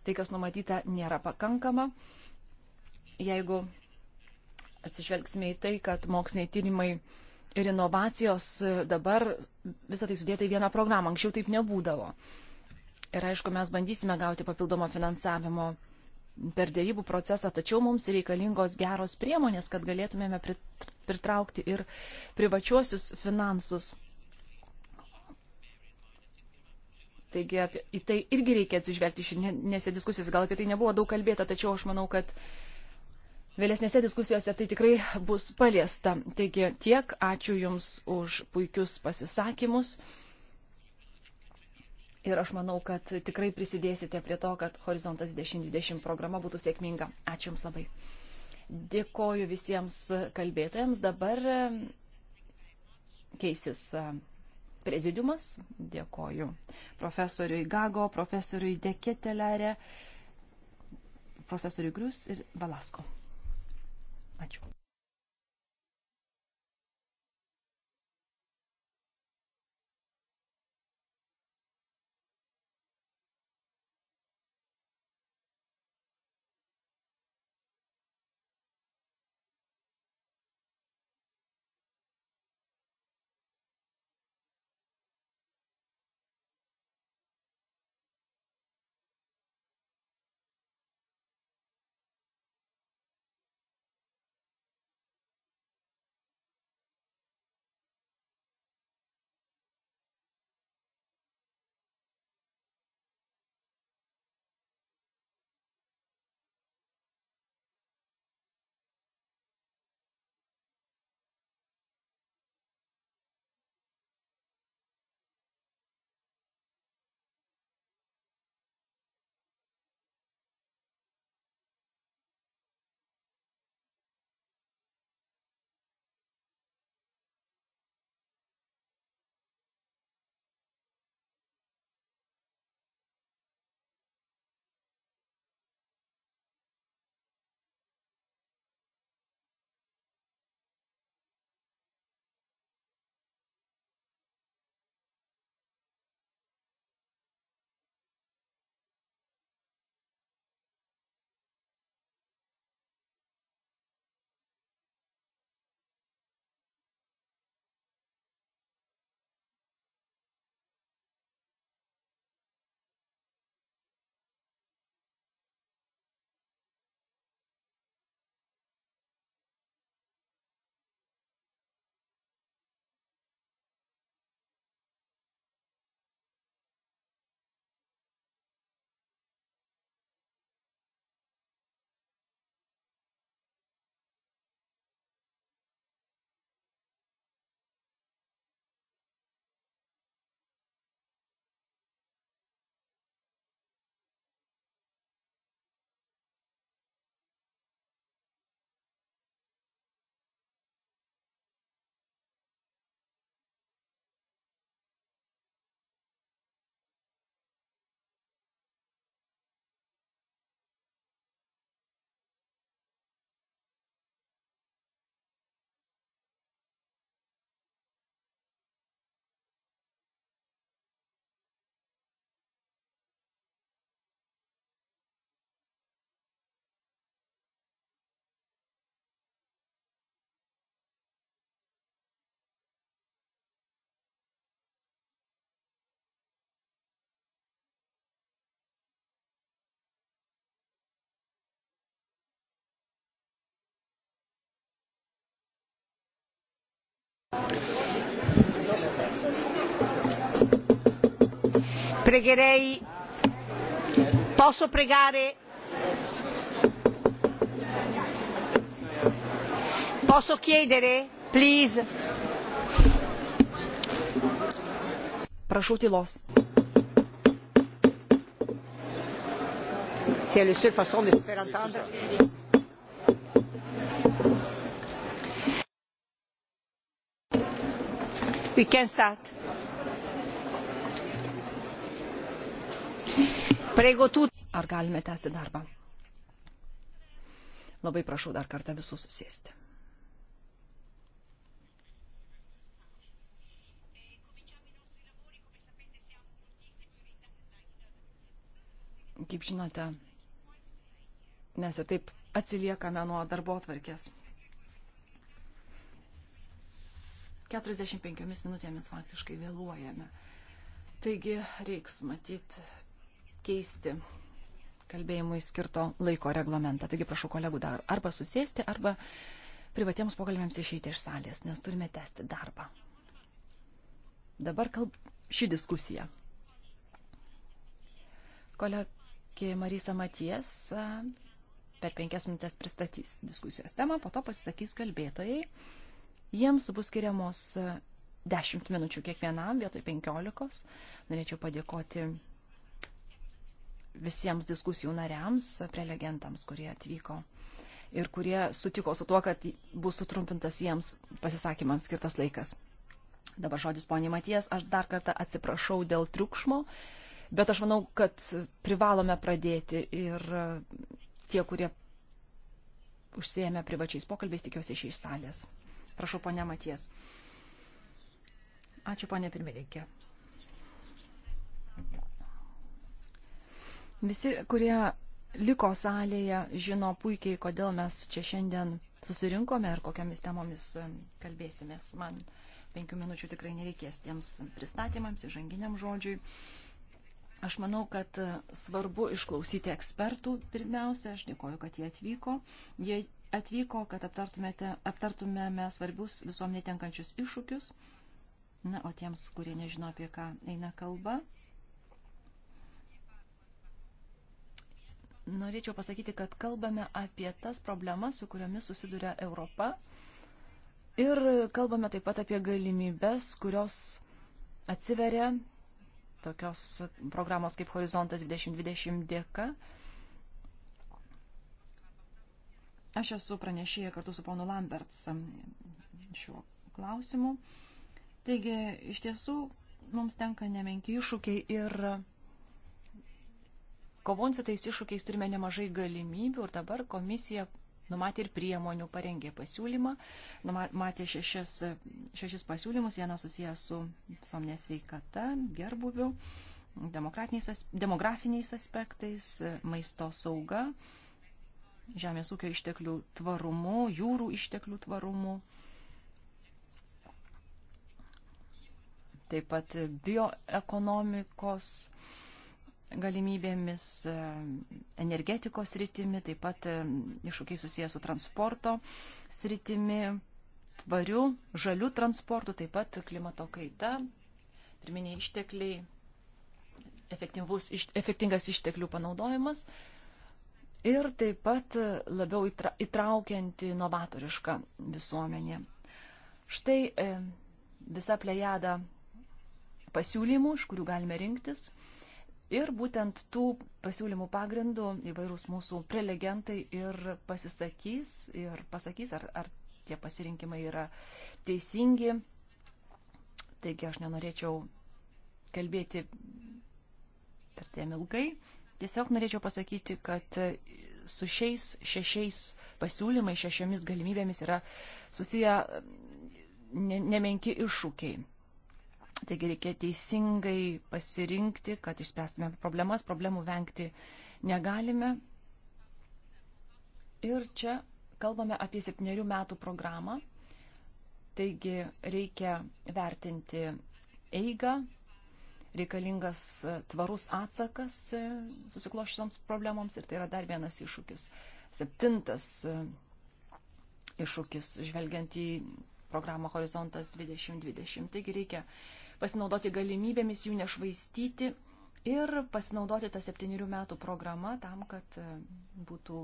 Tai, kas numatyta, nėra pakankama. Jeigu atsižvelgsime į tai, kad moksliniai tyrimai ir inovacijos dabar visą tai sudėta į vieną programą, anksčiau taip nebūdavo. Ir aišku, mes bandysime gauti papildomą finansavimo per dėrybų procesą, tačiau mums reikalingos geros priemonės, kad galėtumėme pritraukti ir privačiuosius finansus. Taigi apie, į tai irgi reikia atsižvelgti šiandienėse diskusijose. Gal apie tai nebuvo daug kalbėta, tačiau aš manau, kad vėlesnėse diskusijose tai tikrai bus paliesta. Taigi tiek, ačiū Jums už puikius pasisakymus. Ir aš manau, kad tikrai prisidėsite prie to, kad Horizontas 2020 programa būtų sėkminga. Ačiū Jums labai. Dėkoju visiems kalbėtojams. Dabar keisis prezidiumas. Dėkoju profesoriui Gago, profesoriui Deketelerė, profesoriui Grius ir Balasko. Ačiū. Pregherei. Posso pregare? Posso chiedere, please? Prašau tylos. C'est la seule façon de se faire entendre. We can start. Ar galime tęsti darbą? Labai prašau dar kartą visus susėsti. Kaip žinote, mes ir taip atsiliekame nuo darbo atvarkės. 45 minutėmis faktiškai vėluojame. Taigi reiks matyti keisti kalbėjimui skirto laiko reglamentą. Taigi prašau kolegų dar arba susėsti, arba privatiems pokalbėms išeiti iš salės, nes turime tęsti darbą. Dabar kalb ši diskusija. Kolegė Marisa Maties per penkias minutės pristatys diskusijos temą, po to pasisakys kalbėtojai. Jiems bus skiriamos 10 minučių kiekvienam vietoj 15. Norėčiau padėkoti visiems diskusijų nariams, prelegentams, kurie atvyko ir kurie sutiko su tuo, kad bus sutrumpintas jiems pasisakymams skirtas laikas. Dabar žodis poniai Matijas, aš dar kartą atsiprašau dėl triukšmo, bet aš manau, kad privalome pradėti ir e, tie, kurie užsijėmė privačiais pokalbiais, tikiuosi iš salės. Prašau, ponia Matijas. Ačiū, ponia pirmininkė. Visi, kurie liko salėje, žino puikiai, kodėl mes čia šiandien susirinkome ir kokiamis temomis kalbėsimės. Man penkių minučių tikrai nereikės tiems pristatymams, įžanginiam žodžiui. Aš manau, kad e, svarbu išklausyti ekspertų. Pirmiausia, aš dėkoju, kad jie atvyko. Jie atvyko, kad aptartumėme svarbius visuomenė tenkančius iššūkius. Na, o tiems, kurie nežino, apie ką eina kalba, norėčiau pasakyti, kad kalbame apie tas problemas, su kuriomis susiduria Europa. Ir kalbame taip pat apie galimybės, kurios atsiveria tokios programos kaip Horizontas 2020 dėka. Aš esu pranešėję kartu su ponu Lamberts šiuo klausimu. Taigi, iš tiesų, mums tenka nemenki iššūkiai ir Kovon su tais iššūkiais turime nemažai galimybių ir dabar komisija numatė ir priemonių, parengė pasiūlymą, numatė šešis, šešis pasiūlymus, vienas susijęs su visuomenės sveikata, gerbuviu, demografiniais aspektais, maisto sauga, žemės ūkio išteklių tvarumu, jūrų išteklių tvarumu. Taip pat bioekonomikos uh, galimybėmis, e, energetikos rytimi, taip pat e, iššūkiai susijęs su transporto sritimi, tvariu, žaliu transportu, taip pat klimato kaita, pirminiai ištekliai, iš, efektingas išteklių panaudojimas ir taip pat e, labiau įtra, įtraukianti novatorišką visuomenė. Štai visa plejada pasiūlymų, iš kurių galime rinktis. Ir būtent tų pasiūlymų pagrindų įvairūs mūsų prelegentai ir pasisakys, ir pasakys, ar, ar tie pasirinkimai yra teisingi. Taigi aš nenorėčiau kalbėti per tiem ilgai. Tiesiog norėčiau pasakyti, kad su šiais šešiais pasiūlymais, šešiamis galimybėmis yra susiję nemenki iššūkiai. Taigi reikia teisingai pasirinkti, kad išspręstume problemas, problemų vengti negalime. Ir čia kalbame apie septyniarių metų programą. Taigi reikia vertinti eigą, reikalingas tvarus atsakas susiklošusioms problemoms ir tai yra dar vienas iššūkis. Septintas iššūkis, žvelgiant į programą Horizontas 2020. Taigi reikia pasinaudoti galimybėmis, jų nešvaistyti ir pasinaudoti tą septynių metų programą tam, kad e, būtų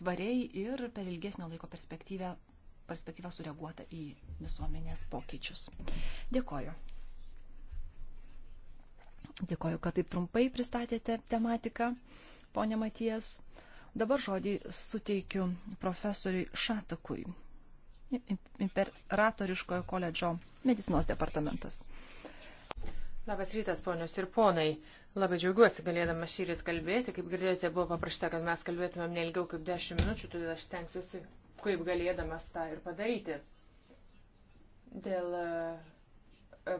tvariai ir per ilgesnio laiko perspektyvę, perspektyvę sureaguota į visuomenės pokyčius. Dėkoju. Dėkoju, kad taip trumpai pristatėte tematiką, ponė Matijas. Dabar žodį suteikiu profesoriui Šatakui imperatoriškojo koledžo medicinos departamentas. Labas rytas, ponios ir ponai. Labai džiaugiuosi galėdama šį rytą kalbėti. Kaip girdėjote, buvo paprašta, kad mes kalbėtumėm neilgiau kaip 10 minučių, todėl aš stengsiuosi, kaip galėdamas tą ir padaryti. Dėl e,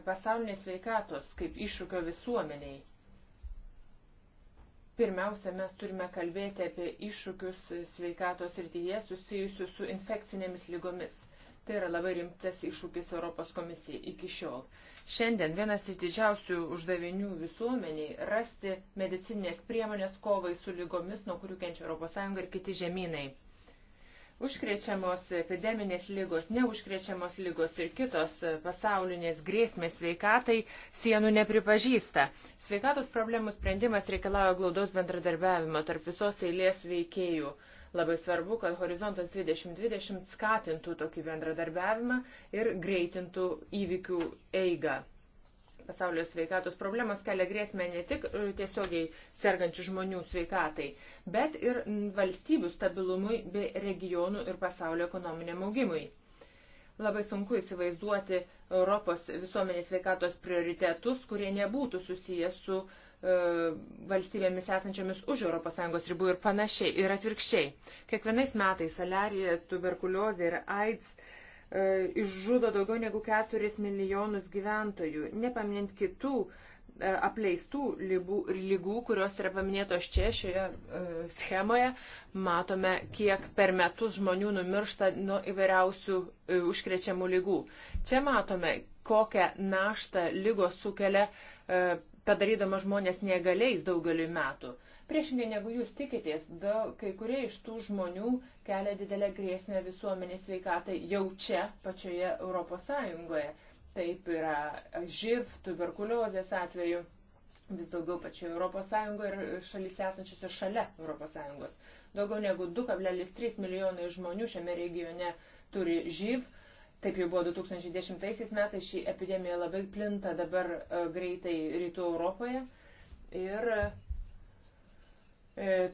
pasaulinės veikatos kaip iššūkio visuomeniai. Pirmiausia, mes turime kalbėti apie iššūkius sveikatos rytyje susijusius su infekcinėmis lygomis. Tai yra labai rimtas iššūkis Europos komisijai iki šiol. Šiandien vienas iš didžiausių uždavinių visuomeniai - rasti medicinės priemonės kovai su lygomis, nuo kurių kenčia ES ir kiti žemynai. Užkrečiamos epideminės lygos, neužkrečiamos lygos ir kitos pasaulinės grėsmės sveikatai sienų nepripažįsta. Sveikatos problemų sprendimas reikalauja glaudos bendradarbiavimo tarp visos eilės veikėjų. Labai svarbu, kad Horizontas 2020 skatintų tokį bendradarbiavimą ir greitintų įvykių eigą. Pasaulio sveikatos problemos kelia grėsmę ne tik e, tiesiogiai sergančių žmonių sveikatai, bet ir valstybių stabilumui bei regionų ir pasaulio ekonominiam augimui labai sunku įsivaizduoti Europos visuomenės sveikatos prioritetus, kurie nebūtų susijęs su uh, E, valstybėmis esančiomis už ES ribų ir panašiai, ir atvirkščiai. Kiekvienais metais salerija, tuberkuliozė ir AIDS e, išžudo daugiau negu 4 milijonus gyventojų, nepaminint kitų e, apleistų lygų, lygų, kurios yra paminėtos čia šioje schemoje, matome, kiek per metus žmonių numiršta nuo įvairiausių užkrečiamų lygų. Čia matome, kokią naštą lygos sukelia padarydama žmonės negaliais daugeliu metų. Priešingai negu jūs tikitės, da, kai kurie iš tų žmonių kelia didelę grėsmę visuomenės veikatai jau čia, pačioje Europos Sąjungoje. Taip yra živ, tuberkuliozės atveju vis daugiau pačioje Europos Sąjungoje ir šalyse esančiose šalia Europos Sąjungos. Daugiau negu 2,3 milijonai žmonių šiame regione turi živ, Taip jau buvo 2010 metais, ši epidemija labai plinta dabar e, greitai rytų Europoje. Ir e,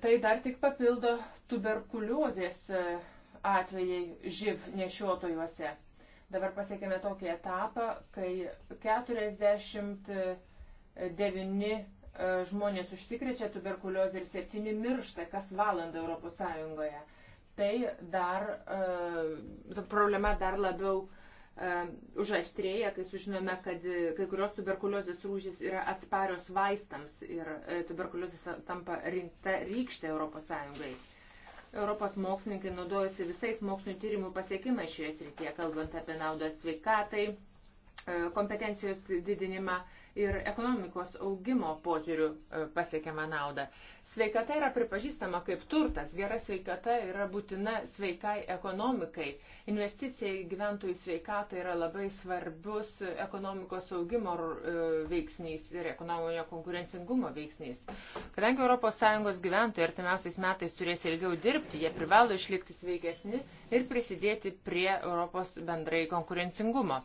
tai dar tik papildo tuberkuliozės e, atvejai živ nešiotojuose. Dabar pasiekėme tokį etapą, kai 49 žmonės užsikrečia tuberkuliozę ir 7 miršta kas valandą ES tai dar, e, ta problema dar labiau e, užaštrėja, kai sužinome, kad e, kai kurios tuberkuliozės rūžys yra atsparios vaistams ir tuberkuliozės tampa rimta rykštė ES. Europos mokslininkai naudojasi visais mokslinio tyrimų pasiekimais šioje srityje, kalbant apie naudą sveikatai, kompetencijos didinimą ir ekonomikos augimo požiūrių pasiekiamą naudą. Sveikata yra pripažįstama kaip turtas, gera sveikata yra būtina sveikai ekonomikai. Investicija į gyventojų sveikatą yra labai svarbus ekonomikos augimo e, veiksnys ir ekonominio konkurencingumo veiksnys. Kadangi ES gyventojai artimiausiais metais turės ilgiau dirbti, jie privalo išlikti sveikesni ir prisidėti prie Europos bendrai konkurencingumo.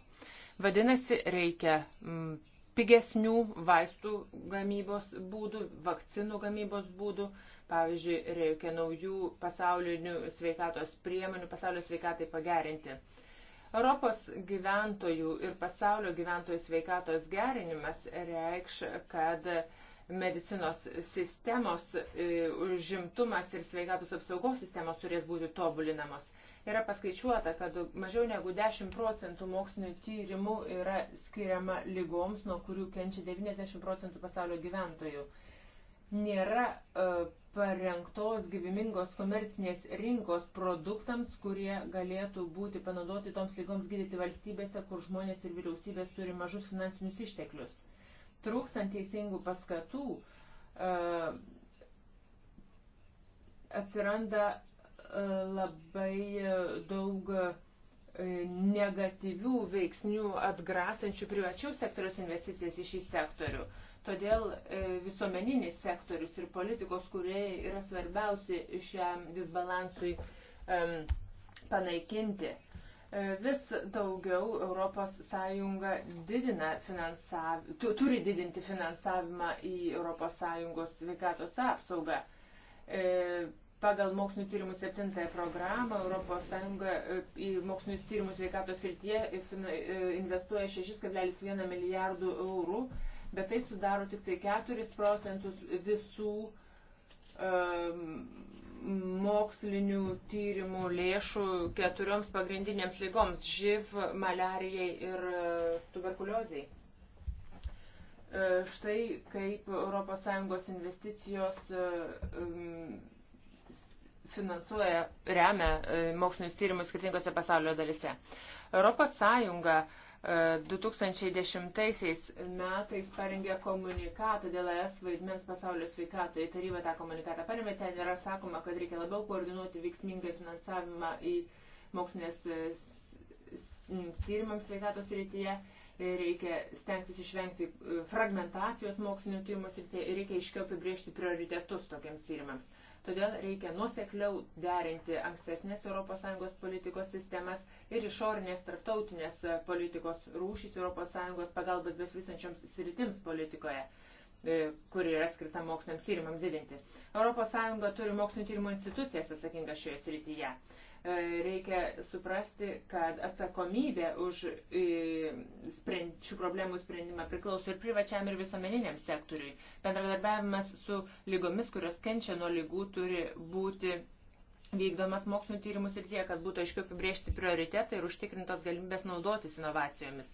Vadinasi, reikia. Mm, pigesnių vaistų gamybos būdų, vakcinų gamybos būdų. Pavyzdžiui, reikia naujų pasaulinių sveikatos priemonių, pasaulio sveikatai pagerinti. Europos gyventojų ir pasaulio gyventojų sveikatos gerinimas reikš, kad medicinos sistemos, e, užimtumas ir sveikatos apsaugos sistemos turės būti tobulinamos. Yra paskaičiuota, kad mažiau negu 10 procentų mokslinio tyrimų yra skiriama lygoms, nuo kurių kenčia 90 procentų pasaulio gyventojų. Nėra uh, parengtos gyvimingos komercinės rinkos produktams, kurie galėtų būti panaudoti toms lygoms gydyti valstybėse, kur žmonės ir vyriausybės turi mažus finansinius išteklius. Trūkstant teisingų paskatų, uh, atsiranda labai e, daug e, negatyvių veiksnių atgrasančių privačiaus sektoriaus investicijas į šį sektorių. Todėl e, visuomeninis sektorius ir politikos, kurie yra svarbiausi šiam disbalansui panaikinti. Vis daugiau ES didina finansav... turi didinti finansavimą į ES sveikatos apsaugą Pagal mokslinio tyrimų septintąją programą ES e, į mokslinius tyrimus sveikatos srityje e, e, investuoja 6,1 milijardų eurų, bet tai sudaro tik tai 4 procentus visų um, mokslinių tyrimų lėšų keturioms pagrindinėms lygoms - živ, malarijai ir tuberkuliozijai. Štai kaip ES investicijos finansuoja, remia e, mokslinius tyrimus skirtingose pasaulio dalise. Europos Sąjunga 2010 e, metais parengė komunikatą dėl ES vaidmens pasaulio sveikatoje. Taryba tą komunikatą paremė, ten yra sakoma, kad reikia labiau koordinuoti veiksmingai finansavimą į mokslinės e, tyrimams sveikatos rytyje, reikia stengtis išvengti fragmentacijos mokslinio tyrimo srityje ir reikia iškiau apibriežti prioritetus tokiems tyrimams. Todėl reikia nusekliau derinti ankstesnės ES politikos sistemas ir išorinės tarptautinės politikos rūšys ES pagalbos besvysančioms sritims politikoje e, kuri yra skirta moksliniams tyrimams didinti. ES turi mokslinio tyrimo institucijas atsakingas šioje srityje. E, reikia suprasti, kad atsakomybė už e, sprend, šių problemų sprendimą priklauso ir privačiam, ir visuomeniniam sektoriui. Bendradarbiavimas su lygomis, kurios kenčia nuo lygų, turi būti vykdomas mokslinio tyrimų srityje, kad būtų aiškiau apibriežti prioritetai ir užtikrintos galimybės naudotis inovacijomis.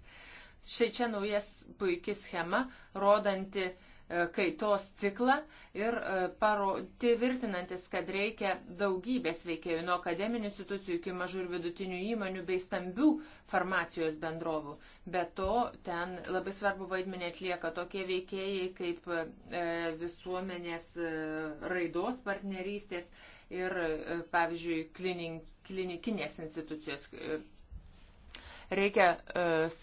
Štai čia naujas puikia schema, rodanti uh, E, kaitos ciklą ir e, tvirtinantis, kad reikia daugybės veikėjų nuo akademinių institucijų iki mažų ir vidutinių įmonių bei stambių farmacijos bendrovų. Be to, ten labai svarbu vaidmenį atlieka tokie veikėjai kaip e, visuomenės raidos partnerystės ir, pavyzdžiui, klinik, klinikinės institucijos. Reikia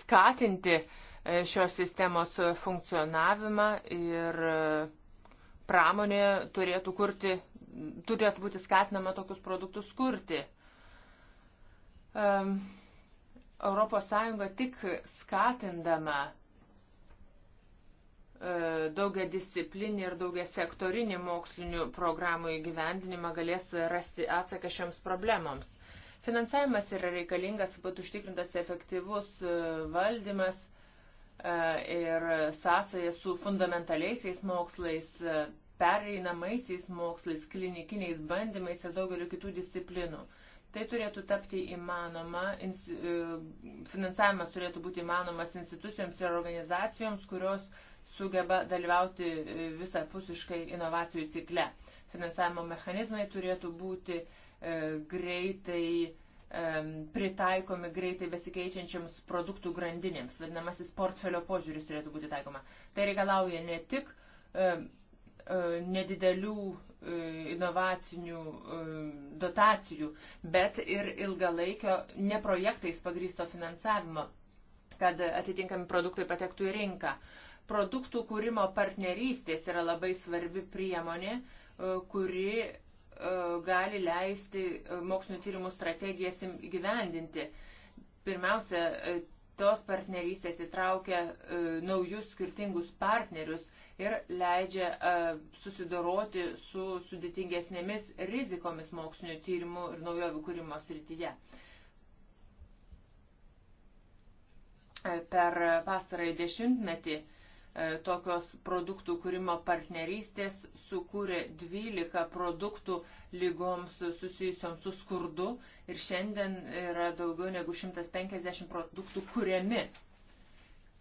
skatinti uh, šios sistemos funkcionavimą ir e, pramonė turėtų, kurti, turėtų būti skatinama tokius produktus kurti. Um, Europos Sąjunga tik skatindama e, daugia disciplinį ir daugia sektorinį mokslinių programų įgyvendinimą galės rasti atsaką šioms problemams. Finansavimas yra reikalingas, kad užtikrintas efektyvus e, valdymas E, ir sąsąją su fundamentaliaisiais mokslais, e, pereinamaisiais mokslais, klinikiniais bandymais ir daugeliu kitų disciplinų. Tai turėtų tapti įmanoma, e, finansavimas turėtų būti įmanomas institucijoms ir organizacijoms, kurios sugeba dalyvauti visapusiškai inovacijų cikle. Finansavimo mechanizmai turėtų būti greitai pritaikomi greitai besikeičiančiams produktų grandinėms. Vadinamasis portfelio požiūris turėtų būti taikoma. Tai reikalauja ne tik e, nedidelių e, inovacinių e, dotacijų, bet ir ilgalaikio ne projektais pagrysto finansavimo, kad atitinkami produktai patektų į rinką. Produktų kūrimo partnerystės yra labai svarbi priemonė, kuri E, gali leisti e, mokslinio tyrimų strategijas įgyvendinti. Pirmiausia, e, tos partnerystės įtraukia naujus skirtingus partnerius ir leidžia susidoroti su sudėtingesnėmis rizikomis mokslinio tyrimų ir naujovių kūrimo srityje. Per pastarąjį dešimtmetį tokios produktų kūrimo partnerystės sukūrė 12 produktų lygoms susijusiom su skurdu ir šiandien yra daugiau negu 150 produktų kuriami.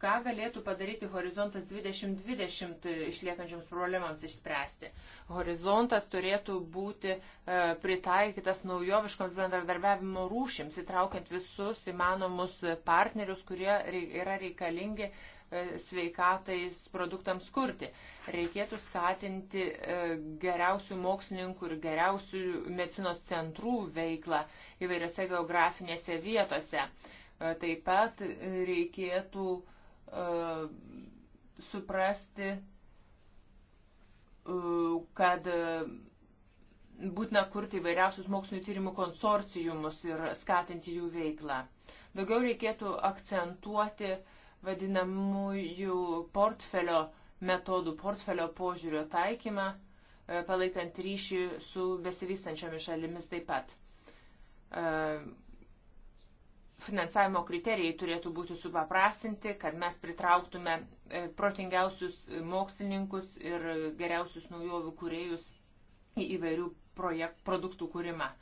Ką galėtų padaryti Horizontas 2020 išliekančioms problemams išspręsti? Horizontas turėtų būti e, pritaikytas naujoviškoms bendradarbiavimo rūšims, įtraukiant visus įmanomus partnerius, kurie yra reikalingi e, E, sveikatais produktams kurti. Reikėtų skatinti e, geriausių mokslininkų ir geriausių medicinos centrų veiklą įvairiose geografinėse vietose. E, taip pat reikėtų suprasti, kad būtina kurti įvairiausius mokslinio tyrimų konsorcijumus ir skatinti jų veiklą. Daugiau reikėtų akcentuoti uh, vadinamųjų portfelio metodų, portfelio požiūrio taikymą, e, palaikant ryšį su besivystančiomis šalimis taip pat. E, finansavimo kriterijai turėtų būti supaprastinti, kad mes pritrauktume e, protingiausius mokslininkus ir geriausius naujovių kuriejus į įvairių projekt, produktų kūrimą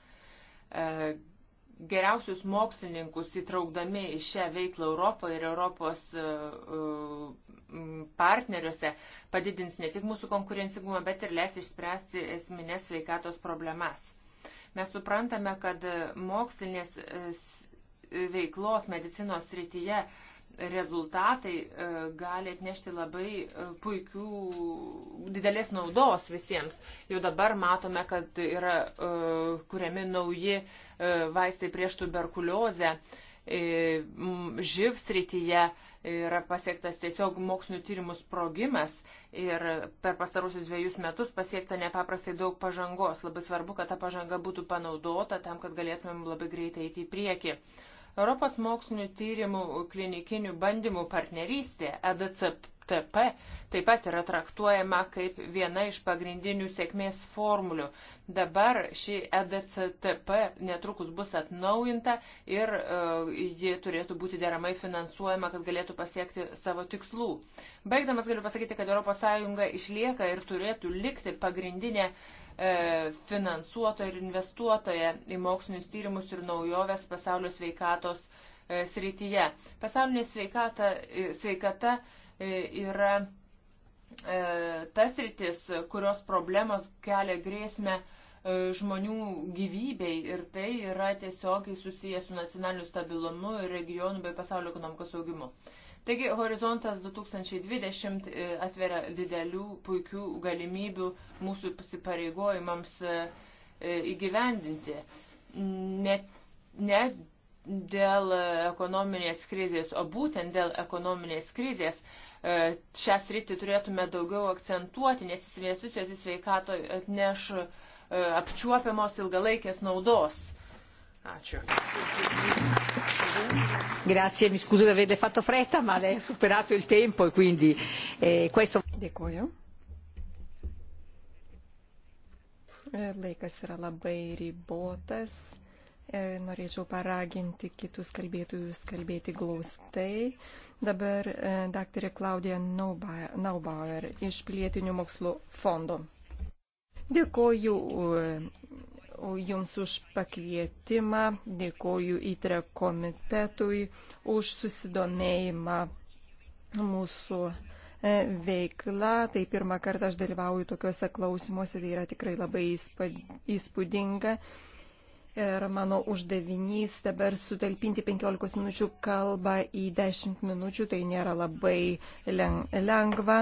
geriausius mokslininkus įtraukdami į šią veiklą Europoje ir Europos e, e, partneriuose padidins ne tik mūsų konkurencingumą, bet ir leis išspręsti esminės sveikatos problemas. Mes suprantame, kad mokslinės e, veiklos medicinos srityje rezultatai gali atnešti labai puikių, didelės naudos visiems. Jau dabar matome, kad yra kuriami nauji uh, E, vaistai prieš tuberkuliozę. E, živ srityje yra pasiektas tiesiog mokslinių tyrimų sprogimas ir per pastarusius dviejus metus pasiekta nepaprastai daug pažangos. Labai svarbu, kad ta pažanga būtų panaudota tam, kad galėtumėm labai greitai eiti į priekį. Europos mokslinių tyrimų klinikinių bandymų partnerystė EDCP TP taip pat yra traktuojama kaip viena iš pagrindinių sėkmės formulių. Dabar ši EDCTP netrukus bus atnaujinta ir uh, ji turėtų būti deramai finansuojama, kad galėtų pasiekti savo tikslų. Baigdamas galiu pasakyti, kad ES išlieka ir turėtų likti pagrindinė e, finansuotoja ir investuotoja į mokslinius tyrimus ir naujoves pasaulio sveikatos e, srityje. Pasaulinė sveikata, e, sveikata E, yra e, tas rytis, kurios problemos kelia grėsmę e, žmonių gyvybei ir tai yra tiesiogiai susijęs su nacionaliniu stabilumu ir regionų bei pasaulio ekonomikos augimu. Taigi horizontas 2020 atveria didelių puikių galimybių mūsų pasipareigojimams įgyvendinti. Ne, ne dėl ekonominės krizės, o būtent dėl ekonominės krizės E, šią sritį turėtume daugiau akcentuoti, nes investicijos į sveikato atneš e, apčiuopiamos ilgalaikės naudos. Ačiū. Grazie, mi scuso di averle fatto fretta, ma lei ha superato il tempo e quindi eh, questo. Dėkuoju. E, laikas yra labai ribotas. E, norėčiau paraginti kitus kalbėtojus kalbėti glaustai. Dabar e, daktarė Klaudija Naubauer iš Pilietinių mokslo fondo. Dėkoju e, Jums už pakvietimą, dėkoju įtre komitetui už susidomėjimą mūsų veikla. Tai pirmą kartą aš dalyvauju tokiuose klausimuose, tai yra tikrai labai įspūdinga. Įspūdinga Ir mano uždavinys dabar sutalpinti 15 minučių kalbą į 10 minučių, tai nėra labai lengva.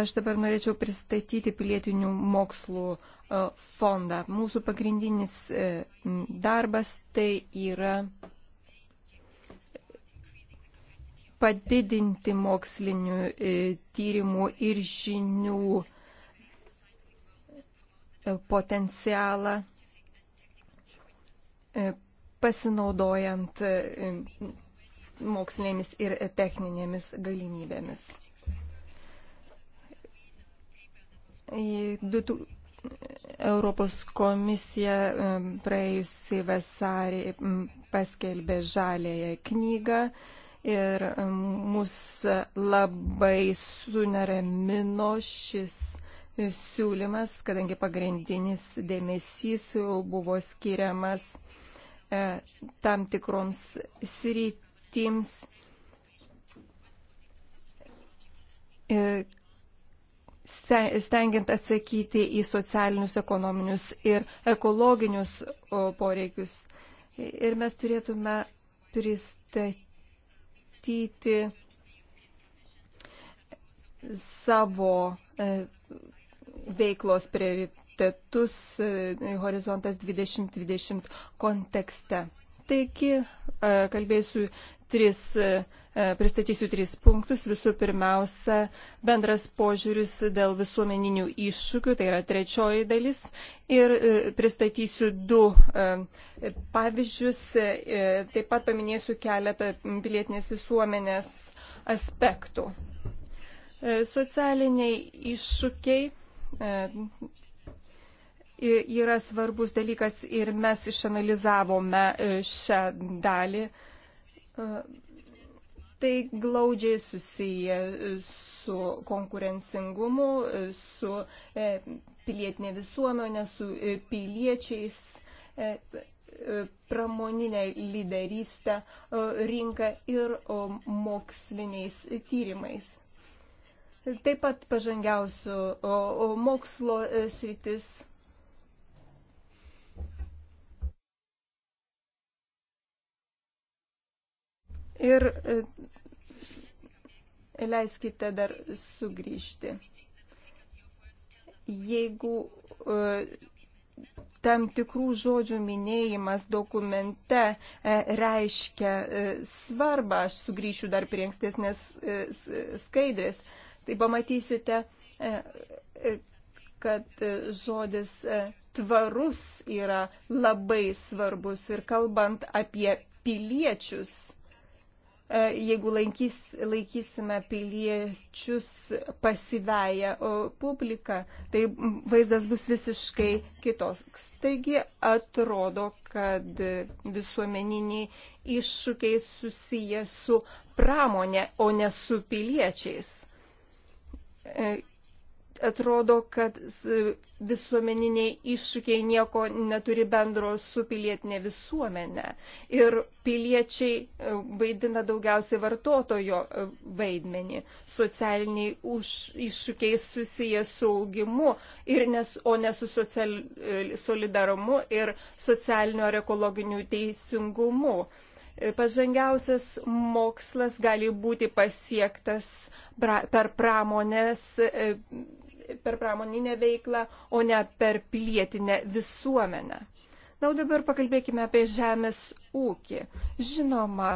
Aš dabar norėčiau pristatyti pilietinių mokslų e, fondą. Mūsų pagrindinis e, darbas tai yra padidinti mokslinių e, tyrimų ir žinių potencialą E, pasinaudojant e, mokslinėmis ir techninėmis galimybėmis. 2000 Europos komisija e, praėjusį vasarį paskelbė žalėją knygą ir mus labai suneramino šis siūlymas, kadangi pagrindinis dėmesys buvo skiriamas E, tam tikroms sritims. E, stengiant atsakyti į socialinius, ekonominius ir ekologinius poreikius. Ir mes turėtume pristatyti savo e, veiklos prioritetus prioritetus e, Horizontas 2020 kontekste. Taigi, e, kalbėsiu tris, e, pristatysiu tris punktus. Visų pirmiausia, bendras požiūris dėl visuomeninių iššūkių, tai yra trečioji dalis. Ir pristatysiu du pavyzdžius, taip pat paminėsiu keletą pilietinės visuomenės aspektų. Socialiniai iššūkiai yra svarbus dalykas ir mes išanalizavome e, šią dalį. E, tai glaudžiai susiję e, su konkurencingumu, su pilietinė visuomenė, su piliečiais pramoninę lyderystę, rinką ir moksliniais tyrimais. Taip pat pažangiausių mokslo sritis Ir e, leiskite dar sugrįžti. Jeigu e, tam tikrų žodžių minėjimas dokumente e, reiškia svarbą, aš sugrįšiu dar prie ankstesnės skaidrės, tai pamatysite, kad žodis tvarus yra labai svarbus ir kalbant apie piliečius E, jeigu laikys, laikysime piliečius pasiveję publiką, tai vaizdas bus visiškai kitoks. Taigi atrodo, kad visuomeniniai iššūkiai susiję su pramonė, o ne su piliečiais. E, atrodo, kad visuomeniniai iššūkiai nieko neturi bendro su pilietinė visuomenė. Ir piliečiai e, vaidina daugiausiai vartotojo e, vaidmenį. Socialiniai už, iššūkiai susiję su augimu, nes, o ne su social, e, solidarumu ir socialinio ar ekologiniu teisingumu. Pažangiausias mokslas gali būti pasiektas pra, per pramonės per pramoninę veiklą, o ne per pilietinę visuomenę. Na, o dabar pakalbėkime apie žemės ūkį. Žinoma,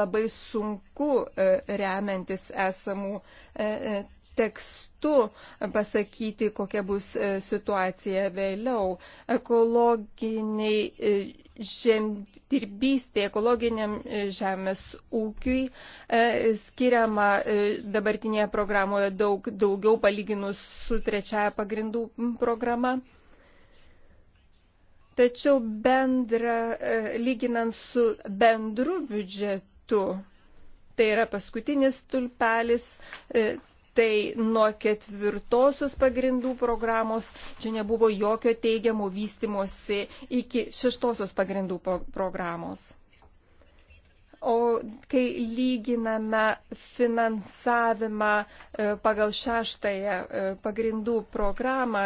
labai sunku e, remiantis esamų e, e, tekstu pasakyti, kokia bus e, situacija vėliau. Ekologiniai e, žemdirbystė, ekologiniam e, žemės ūkiui skiriama dabartinėje programoje daug daugiau palyginus su trečiaja pagrindų programa. Tačiau bendra, lyginant su bendru biudžetu, tai yra paskutinis tulpelis, tai nuo ketvirtosios pagrindų programos čia nebuvo jokio teigiamo vystimosi iki šeštosios pagrindų programos. O kai lyginame finansavimą e, pagal šeštąją e, pagrindų programą,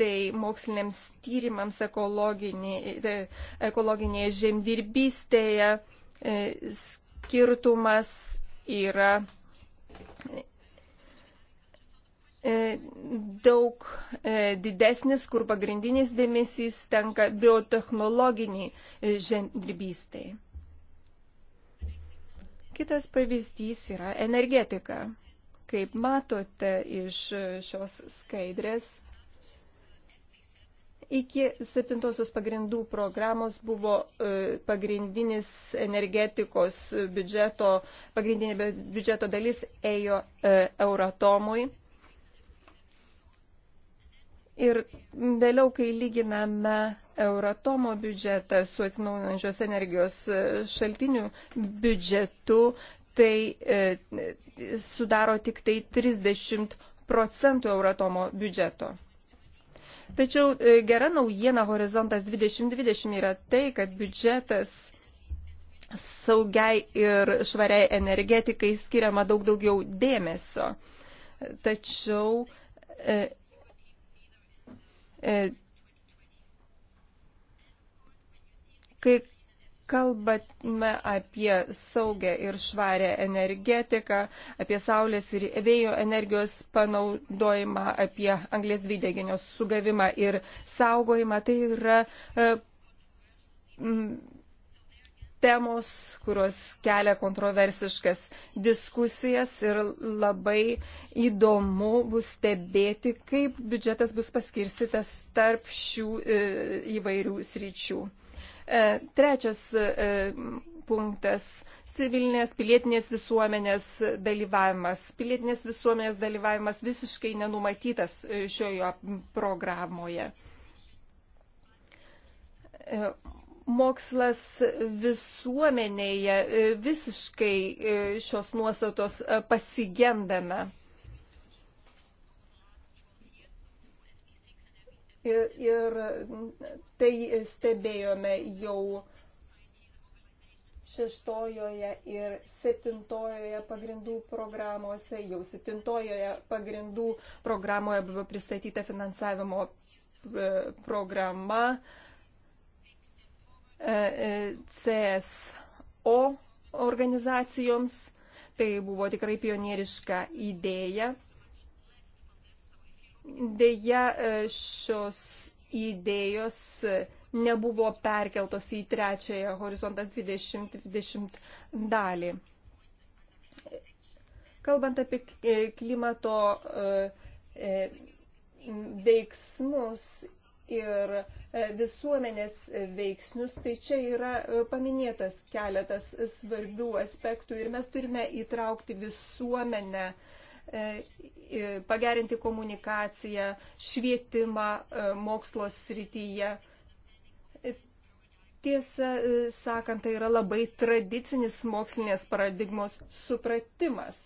tai moksliniams tyrimams ekologinė, e, ekologinėje žemdirbystėje skirtumas yra E, daug e, didesnis, kur pagrindinis dėmesys tenka biotechnologiniai e, žemdirbystai. Kitas pavyzdys yra energetika. Kaip matote iš šios skaidrės, iki septintosios pagrindų programos buvo pagrindinis energetikos biudžeto, pagrindinė biudžeto dalis ėjo Euratomui. Ir vėliau, kai lyginame Euratomo biudžetą su atsinaujinančios energijos e, šaltinių biudžetu, tai e, sudaro tik tai 30 procentų Euratomo biudžeto. Tačiau e, gera naujiena Horizontas 2020 yra tai, kad biudžetas saugiai ir švariai energetikai skiriama daug daugiau dėmesio. Tačiau e, E, kai kalbame apie saugę ir švarę energetiką, apie saulės ir vėjo energijos panaudojimą, apie anglės dvideginio sugavimą ir saugojimą, tai yra e, temos, kurios kelia kontroversiškas diskusijas ir labai įdomu bus stebėti, kaip biudžetas bus paskirstytas tarp šių e, įvairių sryčių. E, trečias e, punktas civilinės, pilietinės visuomenės dalyvavimas. Pilietinės visuomenės dalyvavimas visiškai nenumatytas šioje programoje mokslas visuomenėje e, visiškai e, šios nuostatos e, pasigendame. Ir, ir tai stebėjome jau šeštojoje ir septintojoje pagrindų programuose, jau septintojoje pagrindų programoje buvo pristatyta finansavimo programa. E, E, e, CSO organizacijoms. Tai buvo tikrai pionieriška idėja. Deja, e, šios idėjos nebuvo perkeltos į trečiąją horizontas 2020 dalį. Kalbant apie klimato veiksmus ir e, visuomenės veiksnius, tai čia yra e, paminėtas keletas svarbių aspektų ir mes turime įtraukti visuomenę, e, pagerinti komunikaciją, švietimą mokslo srityje. Tiesą sakant, tai yra labai tradicinis mokslinės paradigmos supratimas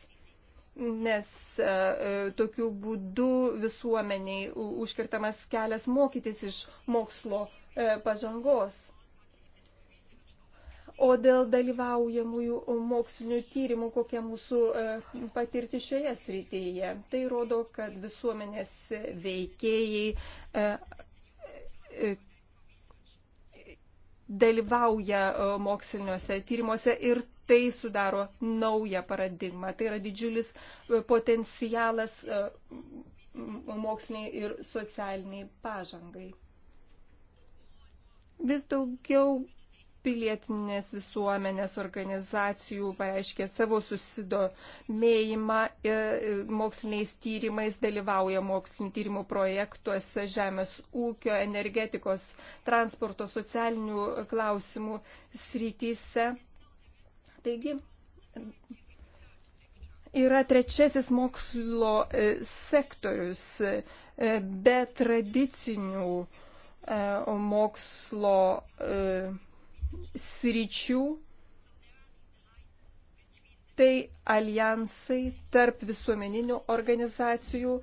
nes e, e, tokiu būdu visuomeniai užkirtamas kelias mokytis iš mokslo e, pažangos. O dėl dalyvaujamųjų mokslinių tyrimų, kokia mūsų patirti šioje srityje, tai rodo, kad visuomenės veikėjai dalyvauja moksliniuose tyrimuose ir tai sudaro naują paradigmą. Tai yra didžiulis e, potencialas e, moksliniai ir socialiniai pažangai. Vis daugiau pilietinės visuomenės organizacijų pareiškė savo susidomėjimą e, moksliniais tyrimais, dalyvauja mokslinio tyrimų projektuose žemės ūkio, energetikos, transporto, socialinių klausimų srityse. Taigi, yra trečiasis mokslo e, sektorius e, be tradicinių e, mokslo sričių. Tai alijansai tarp visuomeninių organizacijų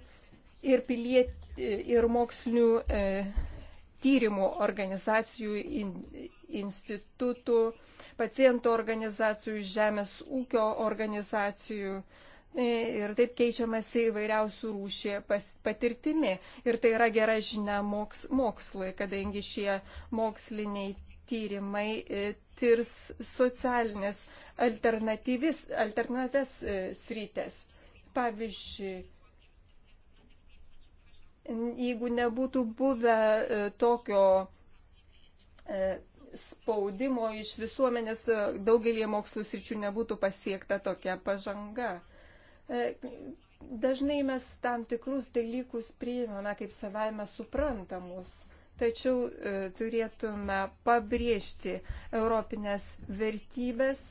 ir, piliet, ir mokslinių e, tyrimų organizacijų in, institutų, pacientų organizacijų, žemės ūkio organizacijų. E, ir taip keičiamasi įvairiausių rūšė patirtimi. Ir tai yra gera žinia moks, mokslui, kadangi šie moksliniai tyrimai e, tirs socialinės alternatyvis, alternatyves sritis. Pavyzdžiui, jeigu nebūtų buvę e, tokio spaudimo iš visuomenės daugelį mokslų sričių nebūtų pasiekta tokia pažanga. E, dažnai mes tam tikrus dalykus priimame kaip savaime suprantamus, tačiau e, turėtume pabrėžti europinės vertybės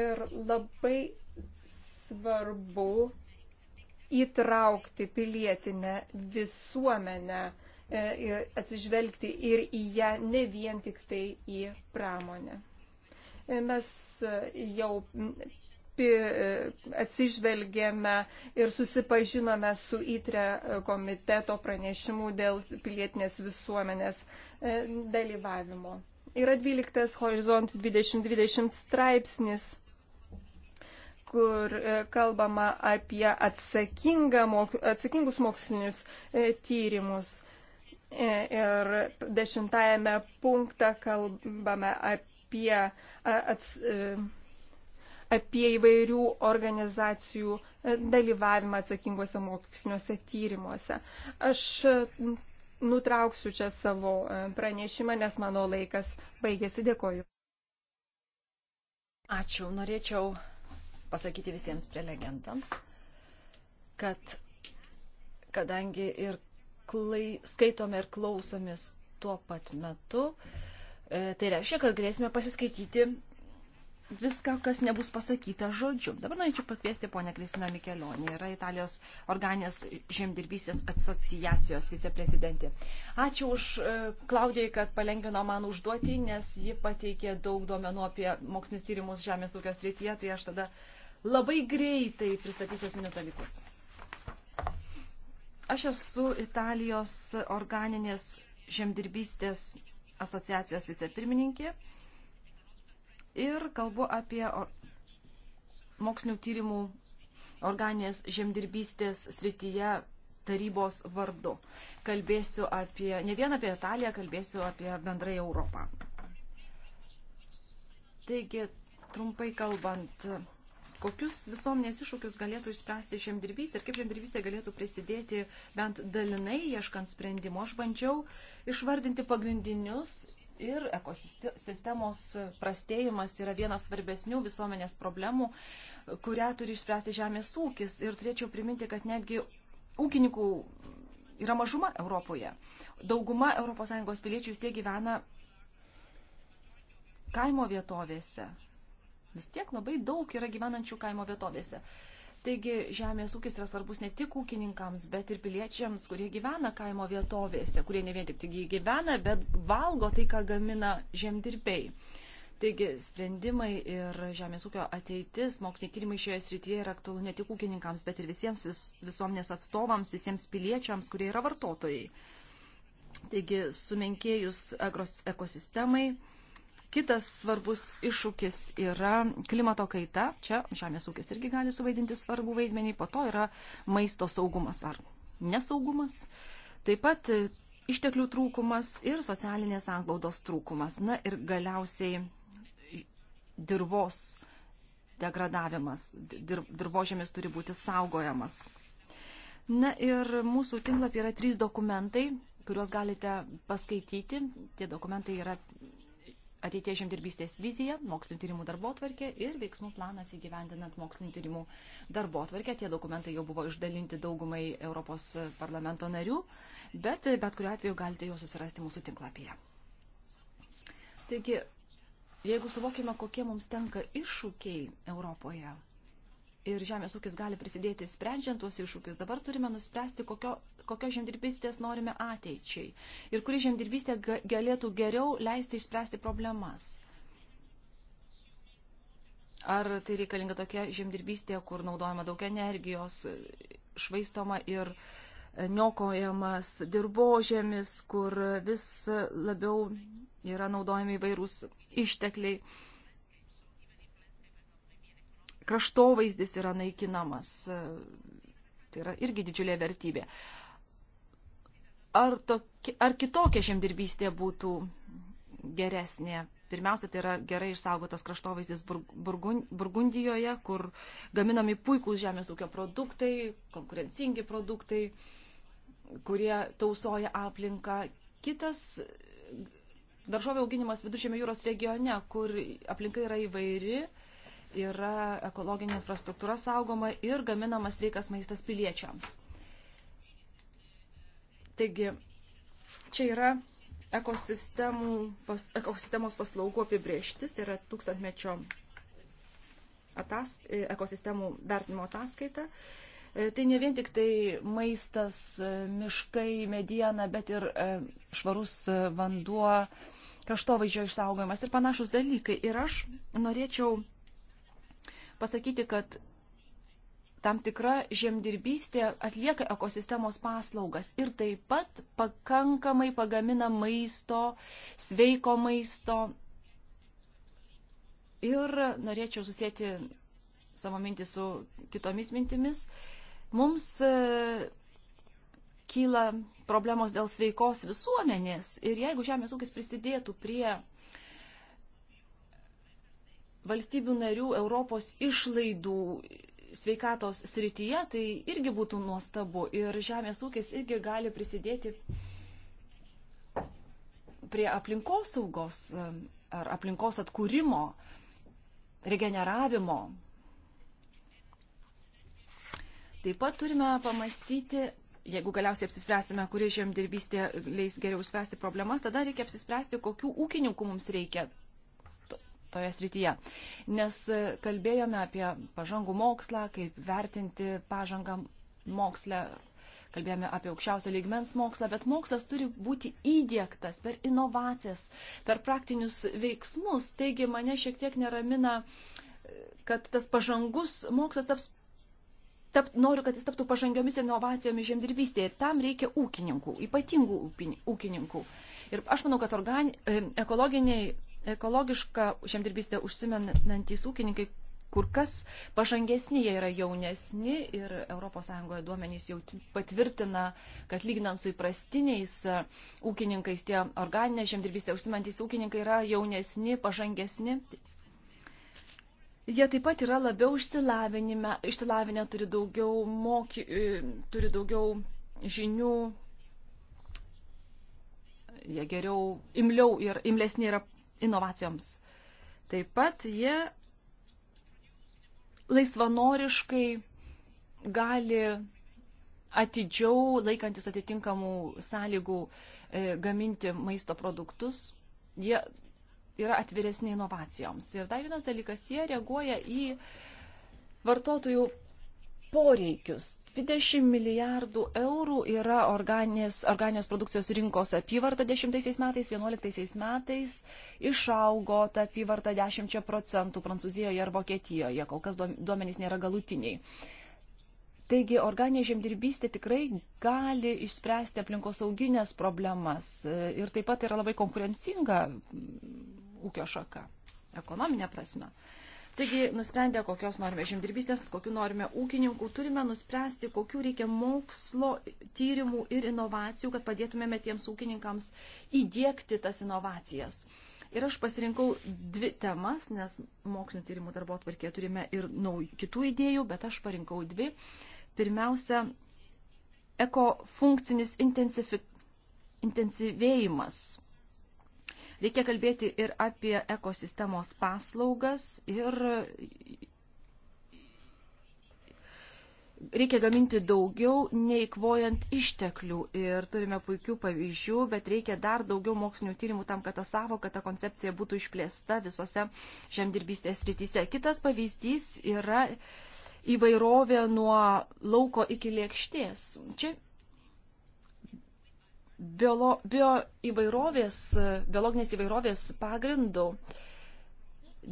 ir labai svarbu įtraukti pilietinę visuomenę E, atsižvelgti ir į ją, ne vien tik tai į pramonę. E, mes jau e, atsižvelgėme ir susipažinome su įtre komiteto pranešimu dėl pilietinės visuomenės dalyvavimo. Yra 12 horizont 2020 straipsnis kur kalbama apie atsakingus mokslinius tyrimus ir dešimtajame punkte kalbame apie, ats, e, apie įvairių organizacijų dalyvavimą atsakinguose moksliniuose tyrimuose. Aš nutrauksiu čia savo e, pranešimą, nes mano laikas baigėsi. Dėkoju. Ačiū. Norėčiau pasakyti visiems prelegentams, kad kadangi ir klai, skaitome ir klausomės tuo pat metu. E, tai reiškia, kad galėsime pasiskaityti viską, kas nebus pasakyta žodžiu. Dabar norėčiau pakviesti ponę Kristiną Mikelionį, yra Italijos organijos žemdirbystės asociacijos viceprezidentė. Ačiū už e, Klaudijai, kad palengvino man užduoti, nes ji pateikė daug duomenų apie mokslinius tyrimus žemės ūkio srityje, tai aš tada labai greitai pristatysiu esminius dalykus. Aš esu Italijos organinės žemdirbystės asociacijos vicepirmininkė ir kalbu apie mokslinių tyrimų organinės žemdirbystės srityje tarybos vardu. Kalbėsiu apie, ne vien apie Italiją, kalbėsiu apie bendrai Europą. Taigi, trumpai kalbant, kokius visuomenės iššūkius galėtų išspręsti žemdirbystė ir kaip žemdirbystė galėtų prisidėti bent dalinai ieškant sprendimo. Aš bandžiau išvardinti pagrindinius ir ekosistemos prastėjimas yra vienas svarbesnių visuomenės problemų, kurią turi išspręsti žemės ūkis. Ir turėčiau priminti, kad netgi ūkininkų yra mažuma Europoje. Dauguma ES piliečių vis tiek gyvena kaimo vietovėse vis tiek labai daug yra gyvenančių kaimo vietovėse. Taigi žemės ūkis yra svarbus ne tik ūkininkams, bet ir piliečiams, kurie gyvena kaimo vietovėse, kurie ne vien tik gyvena, bet valgo tai, ką gamina žemdirbiai. Taigi sprendimai ir žemės ūkio ateitis, moksliniai tyrimai šioje srityje yra aktualu ne tik ūkininkams, bet ir visiems vis, visuomenės atstovams, visiems piliečiams, kurie yra vartotojai. Taigi sumenkėjus ekosistemai Kitas svarbus iššūkis yra klimato kaita. Čia žemės ūkis irgi gali suvaidinti svarbų vaidmenį. Po to yra maisto saugumas ar nesaugumas. Taip pat išteklių trūkumas ir socialinės anglaudos trūkumas. Na ir galiausiai dirvos degradavimas. Dir, dirbožėmis turi būti saugojamas. Na ir mūsų tinklapį yra trys dokumentai, kuriuos galite paskaityti. Tie dokumentai yra ateities žemdirbystės vizija, mokslinio tyrimų darbo tvarkė ir veiksmų planas įgyvendinant mokslinio tyrimų darbo tvarkę. Tie dokumentai jau buvo išdalinti daugumai Europos parlamento narių, bet bet kuriuo atveju galite juos susirasti mūsų tinklapyje. Taigi, jeigu suvokime, kokie mums tenka iššūkiai Europoje, ir žemės ūkis gali prisidėti sprendžiant tuos iššūkius. Dabar turime nuspręsti, kokio, kokio žemdirbystės norime ateičiai ir kuri žemdirbystė galėtų geriau leisti išspręsti problemas. Ar tai reikalinga tokia žemdirbystė, kur naudojama daug energijos, švaistoma ir niokojamas dirbožėmis, kur vis labiau yra naudojami įvairūs ištekliai kraštovaizdis yra naikinamas. Tai yra irgi didžiulė vertybė. Ar, tokia, ar kitokia žemdirbystė būtų geresnė? Pirmiausia, tai yra gerai išsaugotas kraštovaizdis Burgundijoje, kur gaminami puikūs žemės ūkio produktai, konkurencingi produktai, kurie tausoja aplinką. Kitas daržovė auginimas Viduržėmio jūros regione, kur aplinka yra įvairi, yra ekologinė infrastruktūra saugoma ir gaminamas sveikas maistas piliečiams. Taigi, čia yra pas, ekosistemos paslaugų apibrieštis, tai yra tūkstantmečio atas, e, ekosistemų vertinimo ataskaita. E, tai ne vien tik tai maistas, e, miškai, mediena, bet ir švarus vanduo, kraštovaizdžio išsaugojimas ir panašus dalykai. Ir aš norėčiau pasakyti, kad tam tikra žemdirbystė atlieka ekosistemos paslaugas ir taip pat pakankamai pagamina maisto, sveiko maisto. Ir norėčiau susėti savo mintį su kitomis mintimis. Mums e, kyla problemos dėl sveikos visuomenės ir jeigu žemės ūkis prisidėtų prie valstybių narių Europos išlaidų sveikatos srityje, tai irgi būtų nuostabu. Ir žemės ūkis irgi gali prisidėti prie aplinkos saugos um, ar aplinkos atkūrimo, regeneravimo. Taip pat turime pamastyti jeigu galiausiai apsispręsime, kuri žemdirbystė leis geriau spręsti problemas, tada reikia apsispręsti, kokių ūkininkų mums reikia, toje srityje. Nes e, kalbėjome apie pažangų mokslą, kaip vertinti pažangą mokslę, kalbėjome apie aukščiausio lygmens mokslą, bet mokslas turi būti įdėktas per inovacijas, per praktinius veiksmus. Taigi mane šiek tiek neramina, e, kad tas pažangus mokslas taps. Tap, noriu, kad jis taptų pažangiomis inovacijomis žemdirbystėje ir tam reikia ūkininkų, ypatingų ūkininkų. Ir aš manau, kad organi, e, ekologiniai ekologišką žemdirbystę užsimenantys ūkininkai kur kas pažangesni, jie yra jaunesni ir ES duomenys jau patvirtina, kad lyginant su įprastiniais e, ūkininkais, tie organinė žemdirbystė užsimantys ūkininkai yra jaunesni, pažangesni. Jie taip pat yra labiau išsilavinę, turi daugiau, moky, e, turi daugiau žinių, jie geriau imliau ir imlesni yra inovacijoms. Taip pat jie laisvanoriškai gali atidžiau, laikantis atitinkamų sąlygų, e, gaminti maisto produktus. Jie yra atviresni inovacijoms. Ir dar vienas dalykas, jie reaguoja į vartotojų poreikius. 20 milijardų eurų yra organinės, organinės produkcijos rinkos apyvarta 10 metais, 11 metais išaugo ta apyvarta 10 procentų Prancūzijoje ir Vokietijoje, kol kas duomenys nėra galutiniai. Taigi organinė žemdirbystė tikrai gali išspręsti aplinkosauginės problemas e, ir taip pat yra labai konkurencinga ūkio šaka, ekonominė prasme. Taigi, nusprendę, kokios norime žemdirbystės, kokių norime ūkininkų, turime nuspręsti, kokių reikia mokslo tyrimų ir inovacijų, kad padėtumėme tiems ūkininkams įdėkti tas inovacijas. Ir aš pasirinkau dvi temas, nes mokslinio tyrimų darbo atvarkė turime ir nau, kitų idėjų, bet aš parinkau dvi. Pirmiausia, ekofunkcinis intensifi... intensyvėjimas Reikia kalbėti ir apie ekosistemos paslaugas ir reikia gaminti daugiau, neįkvojant išteklių. Ir turime puikių pavyzdžių, bet reikia dar daugiau mokslinių tyrimų tam, kad ta savo, kad ta koncepcija būtų išplėsta visose žemdirbystės rytise. Kitas pavyzdys yra įvairovė nuo lauko iki lėkštės. Čia bio, bio įvairovės, biologinės įvairovės pagrindų,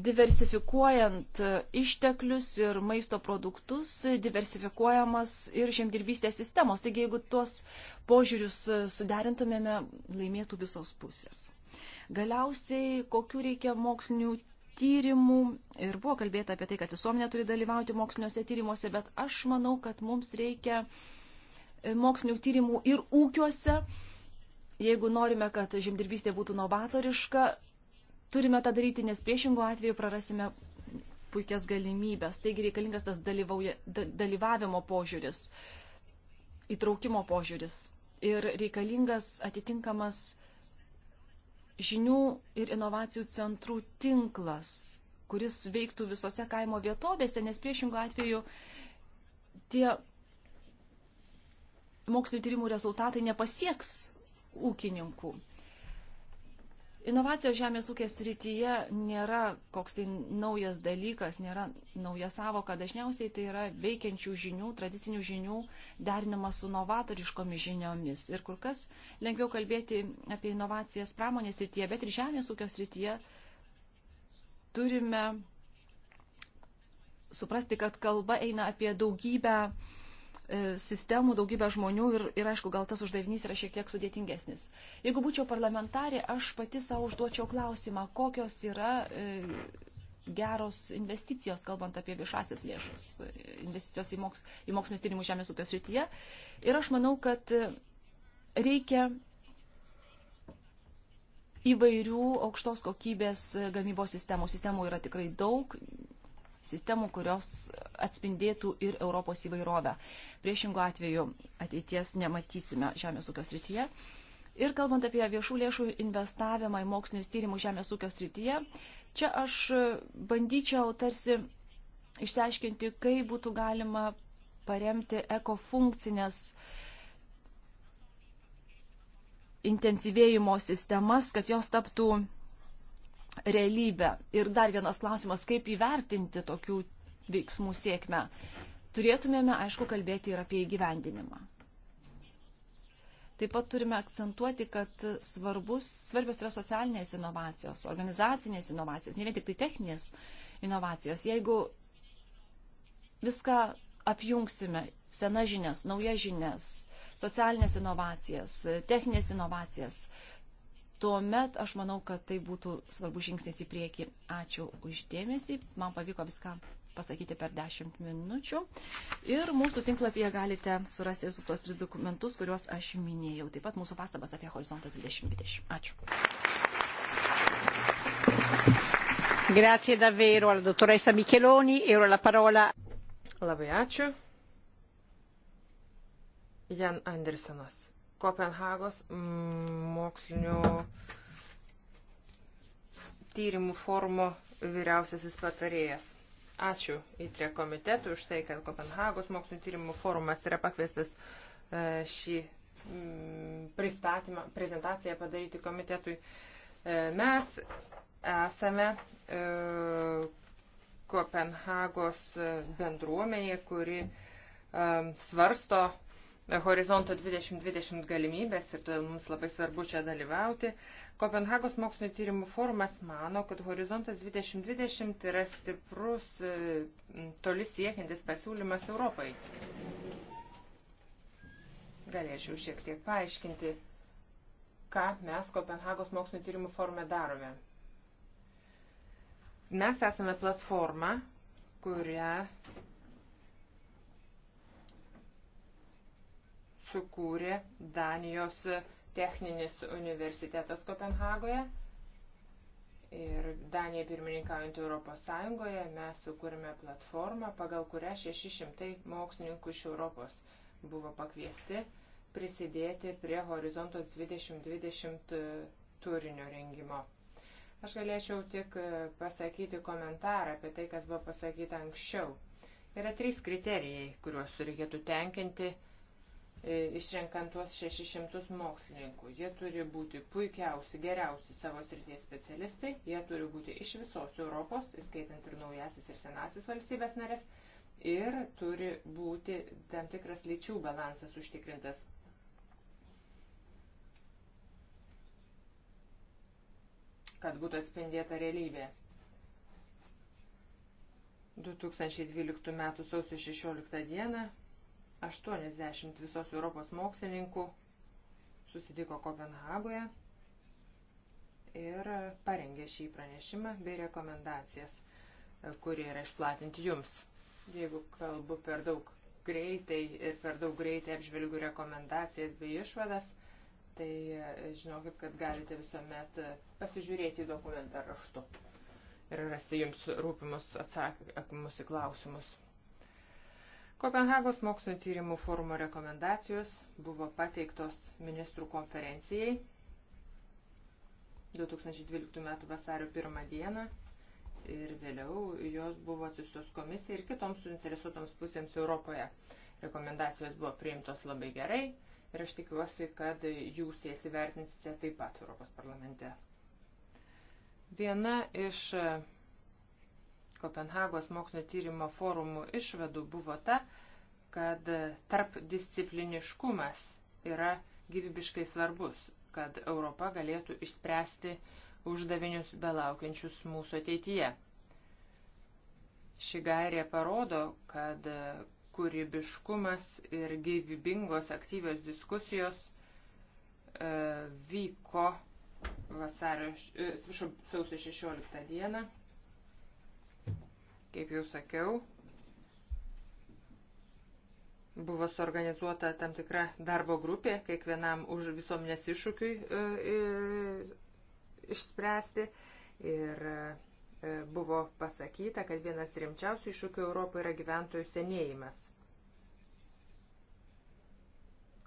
diversifikuojant išteklius ir maisto produktus, diversifikuojamas ir žemdirbystės sistemos. Taigi, jeigu tuos požiūrius suderintumėme, laimėtų visos pusės. Galiausiai, kokiu reikia mokslinių tyrimų ir buvo kalbėta apie tai, kad visuomenė turi dalyvauti moksliniuose tyrimuose, bet aš manau, kad mums reikia mokslinių tyrimų ir ūkiuose, Jeigu norime, kad žemdirbystė būtų novatoriška, turime tą daryti, nes priešingų atveju prarasime puikias galimybės. Taigi reikalingas tas dalyvauja, da, dalyvavimo požiūris, įtraukimo požiūris ir reikalingas atitinkamas žinių ir inovacijų centrų tinklas, kuris veiktų visose kaimo vietovėse, nes priešingų atveju tie mokslinio tyrimų rezultatai nepasieks ūkininkų. Inovacijos žemės ūkės rytyje nėra koks tai naujas dalykas, nėra nauja savoka, dažniausiai tai yra veikiančių žinių, tradicinių žinių derinamas su novatoriškomis žiniomis. Ir kur kas lengviau kalbėti apie inovacijas pramonės rytyje, bet ir žemės ūkios rytyje turime suprasti, kad kalba eina apie daugybę E, sistemų, daugybę žmonių ir, ir aišku, gal tas uždavinys yra šiek tiek sudėtingesnis. Jeigu būčiau parlamentarė, aš pati savo užduočiau klausimą, kokios yra e, geros investicijos, kalbant apie viešasias lėšas, e, investicijos į, moks, į mokslinius tyrimus žemės ūkio srityje. Ir aš manau, kad e, reikia įvairių aukštos kokybės gamybos sistemų. Sistemų yra tikrai daug, sistemų, kurios atspindėtų ir Europos įvairovę. Priešingų atveju ateities nematysime žemės ūkio srityje. Ir kalbant apie viešų lėšų investavimą į mokslinius tyrimus žemės ūkio srityje, čia aš bandyčiau tarsi išsiaiškinti, kaip būtų galima paremti ekofunkcinės intensyvėjimo sistemas, kad jos taptų realybę. Ir dar vienas klausimas, kaip įvertinti tokių veiksmų sėkmę. Turėtumėme, aišku, kalbėti ir apie įgyvendinimą. Taip pat turime akcentuoti, kad svarbus, svarbios yra socialinės inovacijos, organizacinės inovacijos, ne vien tik tai techninės inovacijos. Jeigu viską apjungsime, senas žinias, naujas žinias, socialinės inovacijas, techninės inovacijas, tuomet aš manau, kad tai būtų svarbus žingsnis į priekį. Ačiū uždėmesį. Man pavyko viską pasakyti per 10 minučių. Ir mūsų tinklapyje galite surasti visus tos tris dokumentus, kuriuos aš minėjau. Taip pat mūsų pastabas apie Horizontas 2020. Ačiū. Grazie davvero alla dottoressa Micheloni e ora la parola. Labai ačiū. Jan Andersonas. Kopenhagos mm, mokslinių tyrimų forumo vyriausiasis patarėjas. Ačiū įtrė komitetui už tai, kad Kopenhagos mokslinio tyrimų forumas yra pakviestas e, šį mm, pristatymą, prezentaciją padaryti komitetui. E, mes esame e, Kopenhagos bendruomenė, kuri svarsto horizonto 2020 galimybės ir todėl mums labai svarbu čia dalyvauti. Kopenhagos mokslinio tyrimų forumas mano, kad horizontas 2020 yra stiprus, e, toli siekiantis pasiūlymas Europai. Galėčiau šiek tiek paaiškinti, ką mes Kopenhagos mokslinio tyrimų forume darome. Mes esame platforma, kurią sukūrė Danijos techninis universitetas Kopenhagoje. Ir Danija pirmininkaujant Europos Sąjungoje mes sukūrėme platformą, pagal kurią 600 mokslininkų iš Europos buvo pakviesti prisidėti prie Horizontos 2020 e, turinio rengimo. Aš galėčiau tik e, pasakyti komentarą apie tai, kas buvo pasakyta anksčiau. Yra trys kriterijai, kuriuos reikėtų tenkinti E, išrenkant tuos 600 mokslininkų. Jie turi būti puikiausi, geriausi savo srities specialistai, jie turi būti iš visos Europos, įskaitant ir naujasis ir senasis valstybės narės, ir turi būti tam tikras lyčių balansas užtikrintas. kad būtų atspindėta realybė. 2012 m. sausio 16 d. 80 visos Europos mokslininkų susitiko Kopenhagoje ir parengė šį pranešimą bei rekomendacijas, kurie yra išplatinti jums. Jeigu kalbu per daug greitai ir per daug greitai apžvelgiu rekomendacijas bei išvadas, tai e, žinokit, kad galite visuomet e, pasižiūrėti į dokumentą raštu ir rasti jums rūpimus atsakymus į klausimus. Kopenhagos mokslo tyrimų forumo rekomendacijos buvo pateiktos ministrų konferencijai 2012 m. vasario 1 d. ir vėliau jos buvo atsistos komisijai ir kitoms suinteresuotoms pusėms Europoje. Rekomendacijos buvo priimtos labai gerai ir aš tikiuosi, kad jūs jas įvertinsite taip pat Europos parlamente. Viena iš Kopenhagos mokslinio tyrimo forumų išvadų buvo ta, kad tarp discipliniškumas yra gyvybiškai svarbus, kad Europa galėtų išspręsti uždavinius belaukiančius mūsų ateityje. Ši gairė parodo, kad kūrybiškumas ir gyvybingos aktyvios diskusijos e, vyko vasario, e, sausio 16 dieną Kaip jau sakiau, buvo suorganizuota tam tikra darbo grupė, kiekvienam už visuomenės iššūkiui e, e, išspręsti. Ir e, buvo pasakyta, kad vienas rimčiausių iššūkių Europoje yra gyventojų senėjimas,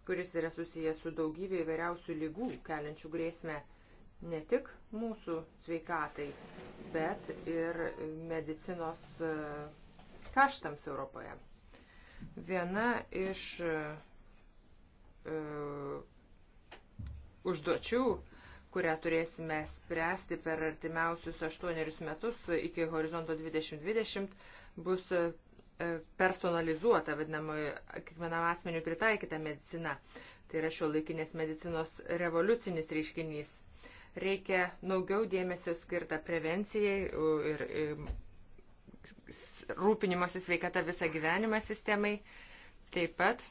kuris yra susijęs su daugybė įvairiausių lygų keliančių grėsmę ne tik mūsų sveikatai, bet ir medicinos e, kaštams Europoje. Viena iš uh, užduočių, kurią turėsime spręsti per artimiausius aštuonerius metus iki horizonto 2020, bus personalizuota, vadinamoji, kiekvienam asmeniu pritaikyta medicina. Tai yra šio laikinės medicinos revoliucinis reiškinys Reikia daugiau dėmesio skirta prevencijai ir rūpinimosi sveikata visą gyvenimą sistemai. Taip pat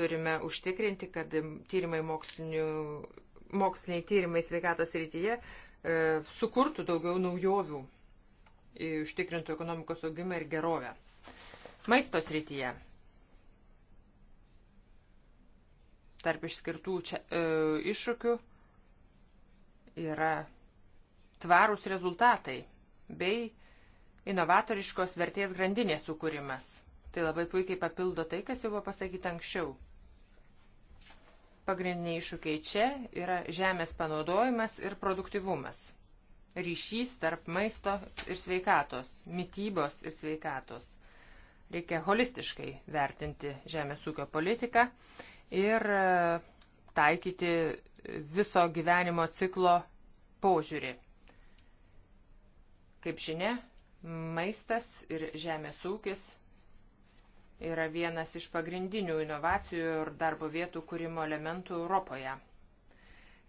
turime užtikrinti, kad tyrimai moksliniai tyrimai sveikatos rytyje e, sukurtų daugiau naujovių, e, užtikrintų ekonomikos augimą ir gerovę. Maisto srityje. Tarp išskirtų čia, e, iššūkių yra tvarūs rezultatai bei inovatoriškos vertės grandinės sukūrimas. Tai labai puikiai papildo tai, kas jau buvo pasakyta anksčiau. Pagrindiniai iššūkiai čia yra žemės panaudojimas ir produktivumas. Ryšys tarp maisto ir sveikatos, mytybos ir sveikatos. Reikia holistiškai vertinti žemės ūkio politiką ir taikyti viso gyvenimo ciklo požiūrį. Kaip žinia, maistas ir žemės ūkis yra vienas iš pagrindinių inovacijų ir darbo vietų kūrimo elementų Europoje.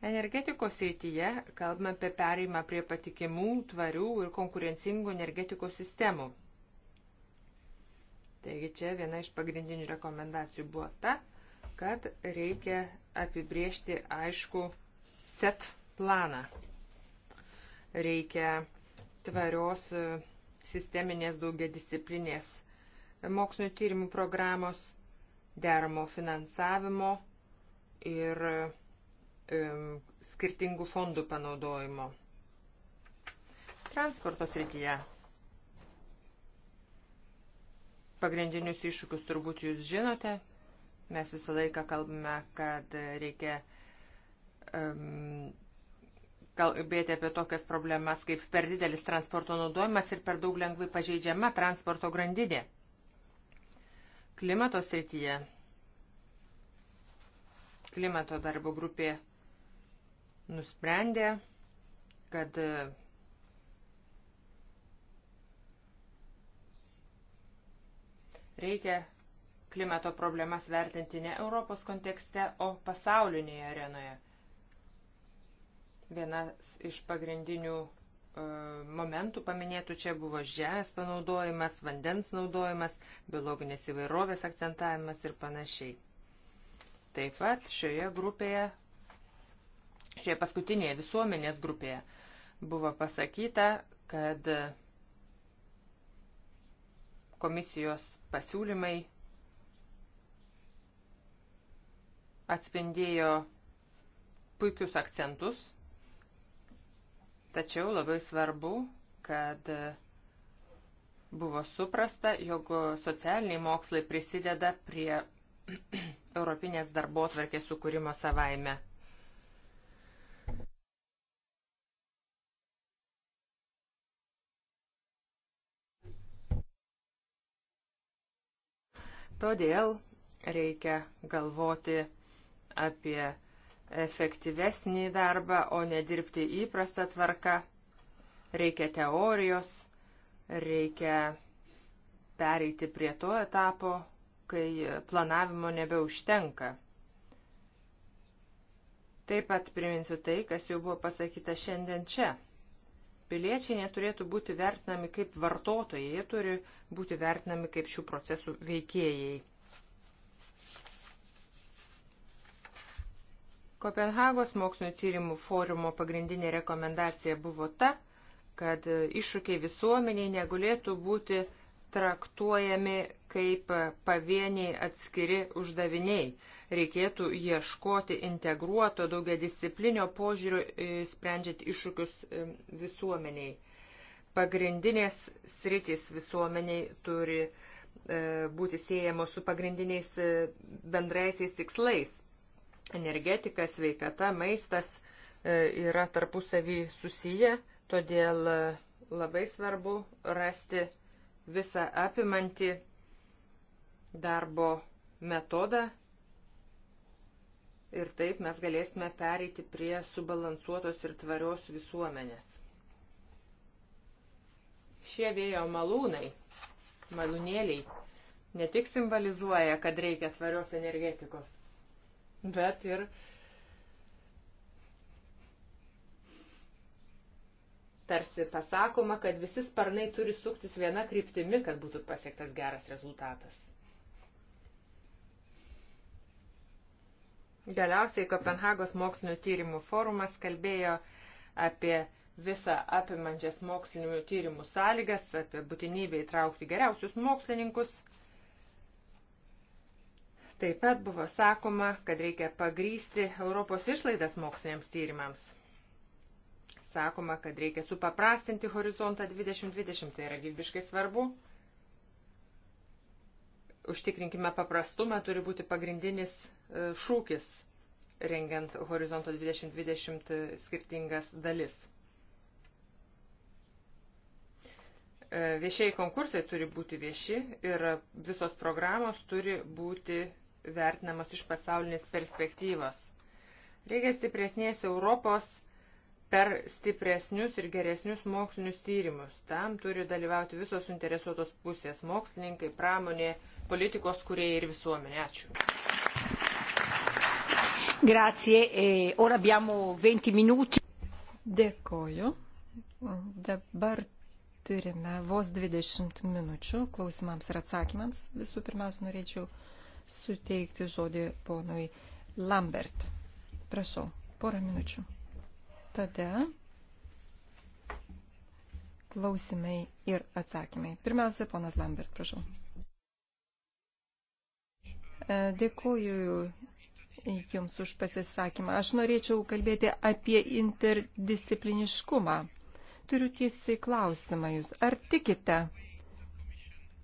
Energetikos srityje kalbame apie pereimą prie patikimų, tvarių ir konkurencingų energetikos sistemų. Taigi čia viena iš pagrindinių rekomendacijų buvo ta, kad reikia apibriežti aišku set planą. Reikia tvarios e, sisteminės daugia disciplinės mokslinio tyrimų programos, deramo finansavimo ir um, skirtingų fondų panaudojimo. Transporto srityje. Pagrindinius iššūkius turbūt jūs žinote, Mes visą laiką kalbame, kad reikia um, kalbėti apie tokias problemas kaip per didelis transporto naudojimas ir per daug lengvai pažeidžiama transporto grandinė. Klimato srityje, klimato darbo grupė nusprendė, kad reikia klimato problemas vertinti ne Europos kontekste, o pasaulinėje arenoje. Vienas iš pagrindinių e, momentų paminėtų čia buvo žemės panaudojimas, vandens naudojimas, biologinės įvairovės akcentavimas ir panašiai. Taip pat šioje grupėje, šioje paskutinėje visuomenės grupėje buvo pasakyta, kad komisijos pasiūlymai atspindėjo puikius akcentus, tačiau labai svarbu, kad buvo suprasta, jog socialiniai mokslai prisideda prie Europinės darbo atvarkės sukūrimo savaime. Todėl reikia galvoti apie efektyvesnį darbą, o ne dirbti įprastą tvarką. Reikia teorijos, reikia pereiti prie to etapo, kai planavimo nebeužtenka. Taip pat priminsiu tai, kas jau buvo pasakyta šiandien čia. Piliečiai neturėtų būti vertinami kaip vartotojai, jie turi būti vertinami kaip šių procesų veikėjai. Kopenhagos mokslinio tyrimų forumo pagrindinė rekomendacija buvo ta, kad iššūkiai visuomeniai negalėtų būti traktuojami kaip pavieniai atskiri uždaviniai. Reikėtų ieškoti integruoto daugia disciplinio požiūrio e, sprendžiant iššūkius e, visuomeniai. Pagrindinės sritis visuomeniai turi e, būti siejamos su pagrindiniais bendraisiais tikslais energetika, sveikata, maistas e, yra tarpusavį susiję, todėl e, labai svarbu rasti visą apimantį darbo metodą ir taip mes galėsime pereiti prie subalansuotos ir tvarios visuomenės. Šie vėjo malūnai, malūnėliai, ne tik simbolizuoja, kad reikia tvarios energetikos, bet ir tarsi pasakoma, kad visi sparnai turi suktis viena kryptimi, kad būtų pasiektas geras rezultatas. Galiausiai Kopenhagos mokslinio tyrimų forumas kalbėjo apie visą apimančias mokslinių tyrimų sąlygas, apie būtinybę įtraukti geriausius mokslininkus Taip pat buvo sakoma, kad reikia pagrysti Europos išlaidas moksliniams tyrimams. Sakoma, kad reikia supaprastinti horizontą 2020, tai yra gyvybiškai svarbu. Užtikrinkime paprastumą turi būti pagrindinis e, šūkis, rengiant horizonto 2020 e, skirtingas dalis. E, viešieji konkursai turi būti vieši ir visos programos turi būti vertinamos iš pasaulinės perspektyvos. Reikia stipresnės Europos per stipresnius ir geresnius mokslinius tyrimus. Tam turi dalyvauti visos suinteresuotos pusės - mokslininkai, pramonė, politikos kuriejai ir visuomenė. Ačiū. Grazie. E, ora abbiamo 20 minuti. Dėkoju. Dabar turime vos 20 minučių klausimams ir atsakymams. Visų pirmiausia, norėčiau suteikti žodį ponui Lambert. Prašau, porą minučių. Tada klausimai ir atsakymai. Pirmiausia, ponas Lambert, prašau. E, dėkuoju Jums už pasisakymą. Aš norėčiau kalbėti apie interdiscipliniškumą. Turiu tiesiai klausimą Jūs. Ar tikite,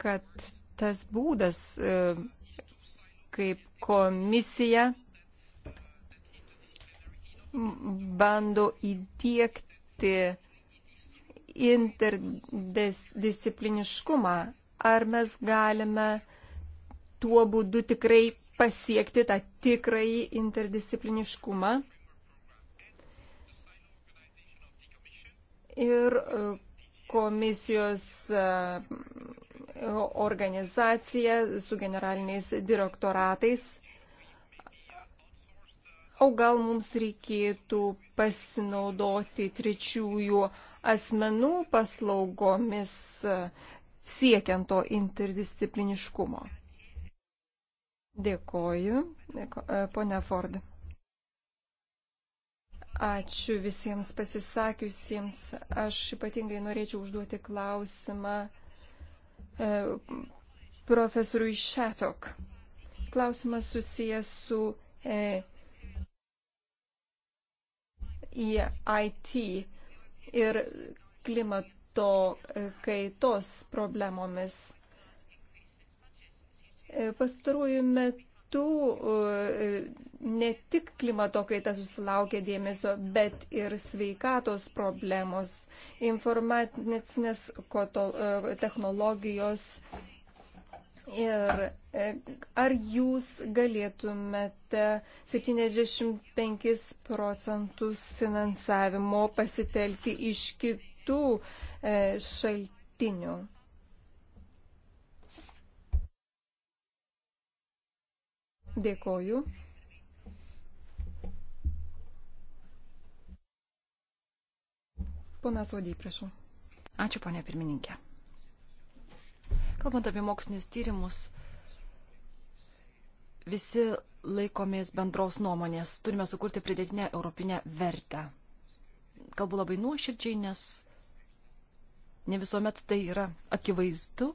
kad tas būdas e, kaip komisija bando įdėkti interdiscipliniškumą. Ar mes galime tuo būdu tikrai pasiekti tą tikrąjį interdiscipliniškumą? Ir e, komisijos e, organizacija su generaliniais direktoratais. O gal mums reikėtų pasinaudoti trečiųjų asmenų paslaugomis e, siekiant to interdiscipliniškumo? Dėkoju, e, e, ponia Ford. Ačiū visiems pasisakiusiems. Aš ypatingai norėčiau užduoti klausimą E, profesoriui Šetok. Klausimas susijęs su EIT e ir klimato e, kaitos problemomis. Pastaruoju metu metu e, ne tik klimato kaita susilaukia dėmesio, bet ir sveikatos problemos, informacinės e, technologijos. Ir e, ar jūs galėtumėte 75 procentus finansavimo pasitelti iš kitų šaltinių? Dėkoju. Ponas Odį, prašau. Ačiū, ponė pirmininkė. Kalbant apie mokslinius tyrimus, visi laikomės bendros nuomonės, turime sukurti pridėtinę europinę vertę. Kalbu labai nuoširdžiai, nes ne visuomet tai yra akivaizdu.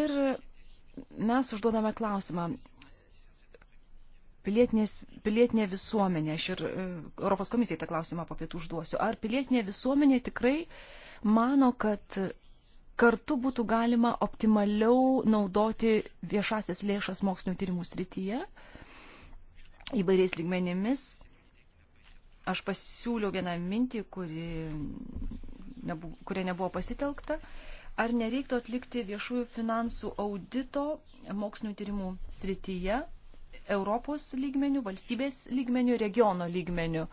Ir mes užduodame klausimą, pilietinės, pilietinė visuomenė, aš ir e, Europos komisijai tą klausimą po pietų užduosiu, ar pilietinė visuomenė tikrai mano, kad kartu būtų galima optimaliau naudoti viešasias lėšas mokslinio tyrimų srityje įvairiais lygmenimis. Aš pasiūliau vieną mintį, kuri nebuvo, kuria nebuvo pasitelkta. Ar nereiktų atlikti viešųjų finansų audito mokslinio tyrimų srityje, Europos lygmenių, valstybės lygmenių, regiono lygmenių.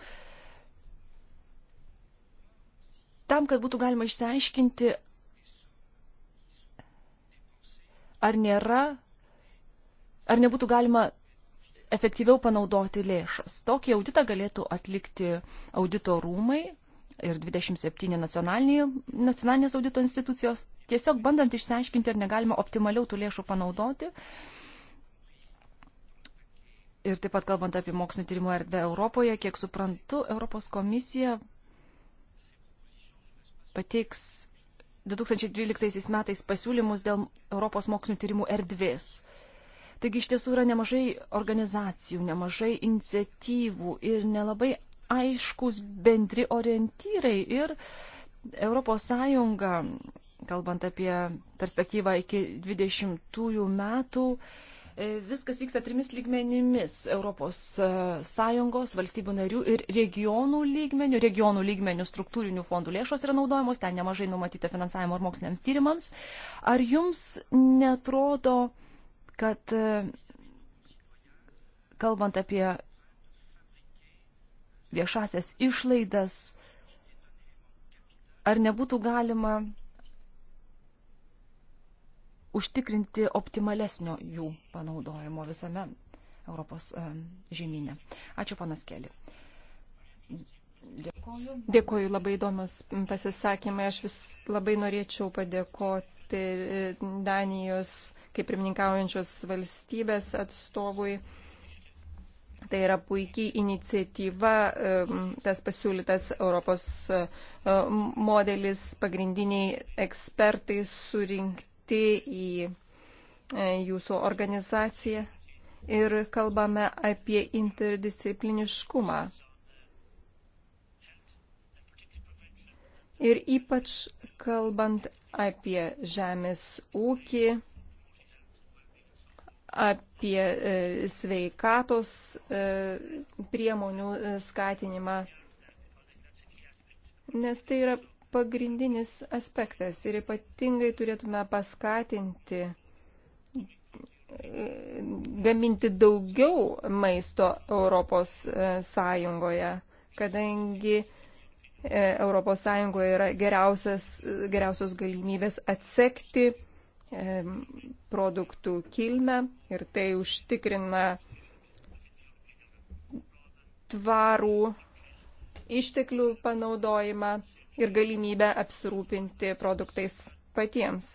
Tam, kad būtų galima išsiaiškinti, ar nėra, ar nebūtų galima efektyviau panaudoti lėšas. Tokį auditą galėtų atlikti audito rūmai ir 27 nacionalinės audito institucijos, tiesiog bandant išsiaiškinti, ar negalima optimaliau tų lėšų panaudoti. Uh, Ir taip pat kalbant apie mokslinio tyrimo erdvę Europoje, kiek suprantu, Europos komisija pateiks 2012 metais pasiūlymus dėl Europos mokslinio tyrimų erdvės. Taigi iš tiesų yra nemažai organizacijų, nemažai iniciatyvų ir nelabai aiškus bendri orientyrai. Ir ES, kalbant apie perspektyvą iki 20 metų, E, viskas vyksta trimis lygmenimis - Europos e, Sąjungos, valstybių narių ir regionų lygmenių. Regionų lygmenių struktūrinių fondų lėšos yra naudojamos, ten nemažai numatyta finansavimo ir moksliniams tyrimams. Ar jums netrodo, kad e, kalbant apie viešasias išlaidas, ar nebūtų galima užtikrinti optimalesnio jų panaudojimo visame Europos e, žemynė. Ačiū, panas Keli. Dėkoju. Dėkoju, labai įdomus pasisakymai. Aš vis labai norėčiau padėkoti e, Danijos kaip pirmininkaujančios valstybės atstovui. Tai yra puikiai iniciatyva, e, tas pasiūlytas Europos modelis, pagrindiniai ekspertai surinkti atvykti į e, jūsų organizaciją ir kalbame apie interdiscipliniškumą. Ir ypač kalbant apie žemės ūkį, apie e, sveikatos e, priemonių skatinimą, nes tai yra pagrindinis aspektas ir ypatingai turėtume paskatinti gaminti daugiau maisto Europos e, Sąjungoje, kadangi e, Europos Sąjungoje yra geriausias, e, geriausios galimybės atsekti produktų kilmę ir tai užtikrina tvarų išteklių panaudojimą ir galimybę apsirūpinti produktais patiems.